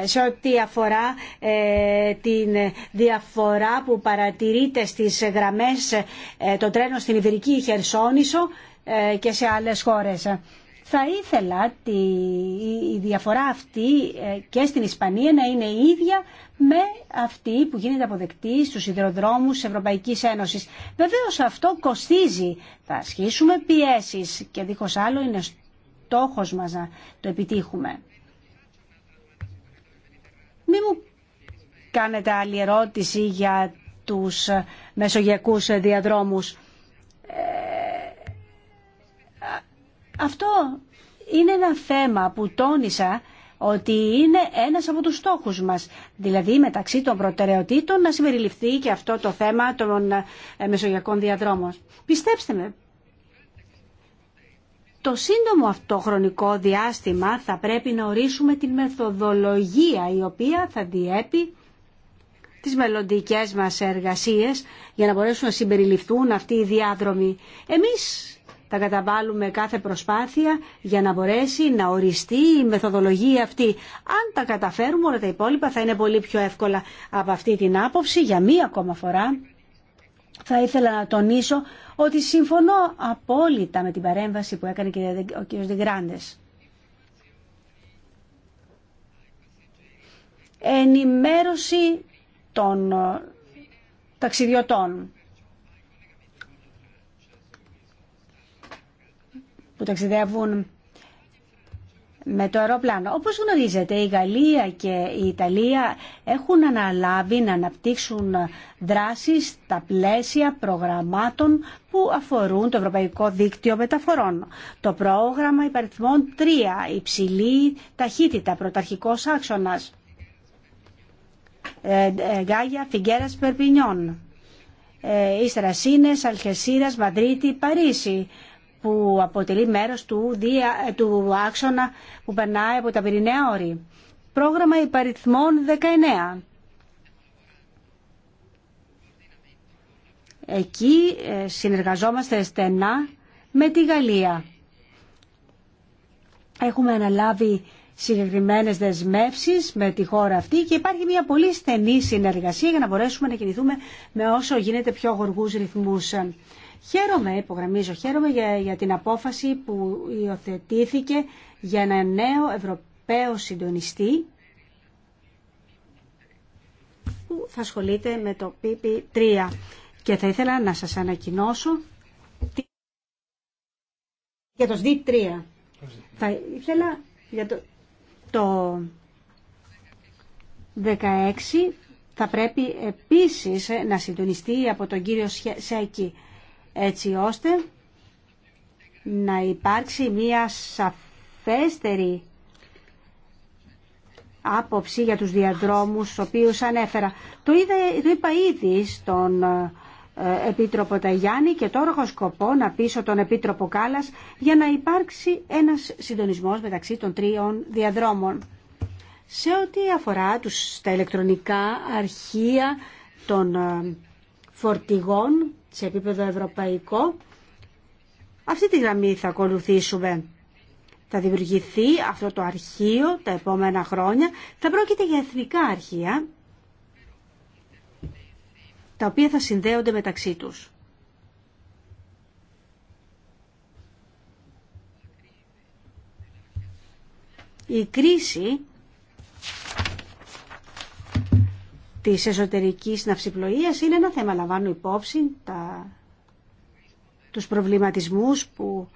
ε, σε ό,τι αφορά ε, την διαφορά που παρατηρείται στις γραμμές ε, το τρένο στην Ιβηρική Χερσόνησο και σε άλλες χώρες. Θα ήθελα τη, η διαφορά αυτή και στην Ισπανία να είναι ίδια με αυτή που γίνεται αποδεκτή στους σιδηροδρόμους της Ευρωπαϊκής Ένωσης. Βεβαίως αυτό κοστίζει. Θα ασχίσουμε πιέσεις και δίχως άλλο είναι στόχος μας να το επιτύχουμε μη μου κάνετε άλλη ερώτηση για τους μεσογειακούς διαδρόμους. Ε, αυτό είναι ένα θέμα που τόνισα ότι είναι ένας από τους στόχους μας. Δηλαδή μεταξύ των προτεραιοτήτων να συμπεριληφθεί και αυτό το θέμα των ε, μεσογειακών διαδρόμων. Πιστέψτε με, το σύντομο αυτό χρονικό διάστημα θα πρέπει να ορίσουμε την μεθοδολογία η οποία θα διέπει τις μελλοντικέ μας εργασίες για να μπορέσουν να συμπεριληφθούν αυτοί οι διάδρομοι. Εμείς θα καταβάλουμε κάθε προσπάθεια για να μπορέσει να οριστεί η μεθοδολογία αυτή. Αν τα καταφέρουμε όλα τα υπόλοιπα θα είναι πολύ πιο εύκολα από αυτή την άποψη. Για μία ακόμα φορά θα ήθελα να τονίσω ότι συμφωνώ απόλυτα με την παρέμβαση που έκανε ο κ. Δεγκράντες. Ενημέρωση των ε, ταξιδιωτών. που ταξιδεύουν με το αεροπλάνο. Όπως γνωρίζετε, η Γαλλία και η Ιταλία έχουν αναλάβει να αναπτύξουν δράσεις στα πλαίσια προγραμμάτων που αφορούν το Ευρωπαϊκό Δίκτυο Μεταφορών. Το πρόγραμμα υπαριθμών 3, υψηλή ταχύτητα, πρωταρχικός άξονας, ε, ε, Γάγια, Φιγκέρας, Περπινιών, ε, Ύστερα Σίνες, Αλχεσίρας, Μαδρίτη, Παρίσι που αποτελεί μέρος του, δια, του άξονα που περνάει από τα Πυρηναία Όρη. Πρόγραμμα υπαριθμών 19. Εκεί ε, συνεργαζόμαστε στενά με τη Γαλλία. Έχουμε αναλάβει συγκεκριμένες δεσμεύσεις με τη χώρα αυτή και υπάρχει μια πολύ στενή συνεργασία για να μπορέσουμε να κινηθούμε με όσο γίνεται πιο γοργούς ρυθμούς. Χαίρομαι, υπογραμμίζω, χαίρομαι για, για την απόφαση που υιοθετήθηκε για ένα νέο Ευρωπαίο συντονιστή που θα ασχολείται με το PP3. Και θα ήθελα να σας ανακοινώσω για το sd 3 Θα ήθελα για το, το 16 θα πρέπει επίσης να συντονιστεί από τον κύριο Σέκη έτσι ώστε να υπάρξει μία σαφέστερη άποψη για τους διαδρόμους στους οποίους ανέφερα. Το, το είπα ήδη στον ε, Επίτροπο Ταγιάννη και τώρα έχω σκοπό να πείσω τον Επίτροπο Κάλλας για να υπάρξει ένας συντονισμός μεταξύ των τριών διαδρόμων. Σε ό,τι αφορά τους, τα ηλεκτρονικά αρχεία των ε, φορτηγών σε επίπεδο ευρωπαϊκό. Αυτή τη γραμμή θα ακολουθήσουμε. Θα δημιουργηθεί αυτό το αρχείο τα επόμενα χρόνια. Θα πρόκειται για εθνικά αρχεία, τα οποία θα συνδέονται μεταξύ τους. Η κρίση της εσωτερικής ναυσιπλοείας είναι ένα θέμα. Λαμβάνω υπόψη τα, τους προβληματισμούς που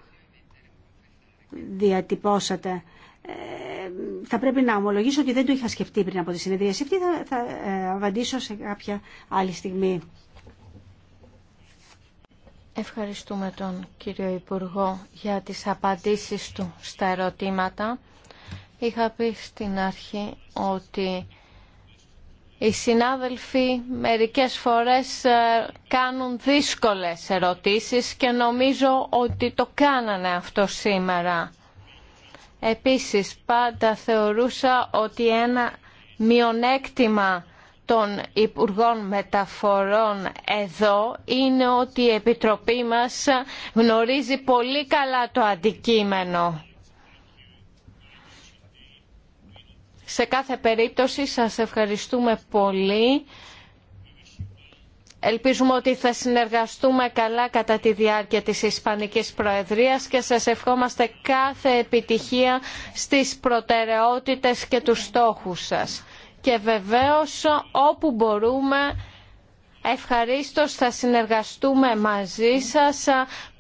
διατυπώσατε. Ε, θα πρέπει να ομολογήσω ότι δεν το είχα σκεφτεί πριν από τη συνεδρίαση αυτή. Θα, θα ε, απαντήσω σε κάποια άλλη στιγμή. Ευχαριστούμε τον κύριο Υπουργό για τις απαντήσεις του στα ερωτήματα. Είχα πει στην αρχή ότι οι συνάδελφοι μερικές φορές ε, κάνουν δύσκολες ερωτήσεις και νομίζω ότι το κάνανε αυτό σήμερα. Επίσης πάντα θεωρούσα ότι ένα μειονέκτημα των Υπουργών Μεταφορών εδώ είναι ότι η Επιτροπή μας γνωρίζει πολύ καλά το αντικείμενο Σε κάθε περίπτωση σας ευχαριστούμε πολύ. Ελπίζουμε ότι θα συνεργαστούμε καλά κατά τη διάρκεια της Ισπανικής Προεδρίας και σας ευχόμαστε κάθε επιτυχία στις προτεραιότητες και τους στόχους σας. Και βεβαίως όπου μπορούμε Ευχαριστώ. θα συνεργαστούμε μαζί σας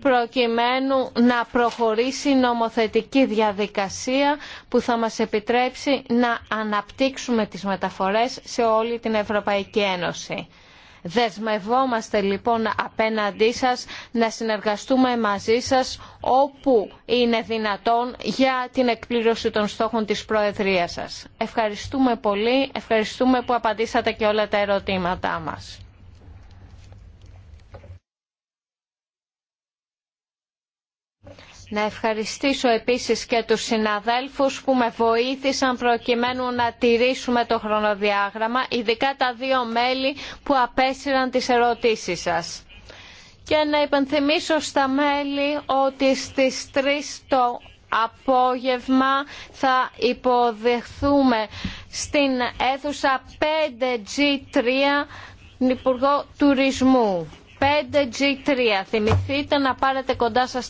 προκειμένου να προχωρήσει η νομοθετική διαδικασία που θα μας επιτρέψει να αναπτύξουμε τις μεταφορές σε όλη την Ευρωπαϊκή Ένωση. Δεσμευόμαστε λοιπόν απέναντί σας να συνεργαστούμε μαζί σας όπου είναι δυνατόν για την εκπλήρωση των στόχων της Προεδρίας σας. Ευχαριστούμε πολύ, ευχαριστούμε που απαντήσατε και όλα τα ερωτήματά μας. Να ευχαριστήσω επίσης και τους συναδέλφους που με βοήθησαν προκειμένου να τηρήσουμε το χρονοδιάγραμμα, ειδικά τα δύο μέλη που απέσυραν τις ερωτήσεις σας. Και να υπενθυμίσω στα μέλη ότι στις 3 το απόγευμα θα υποδεχθούμε στην αίθουσα 5G3 Υπουργό Τουρισμού. 5G3. Θυμηθείτε να πάρετε κοντά σας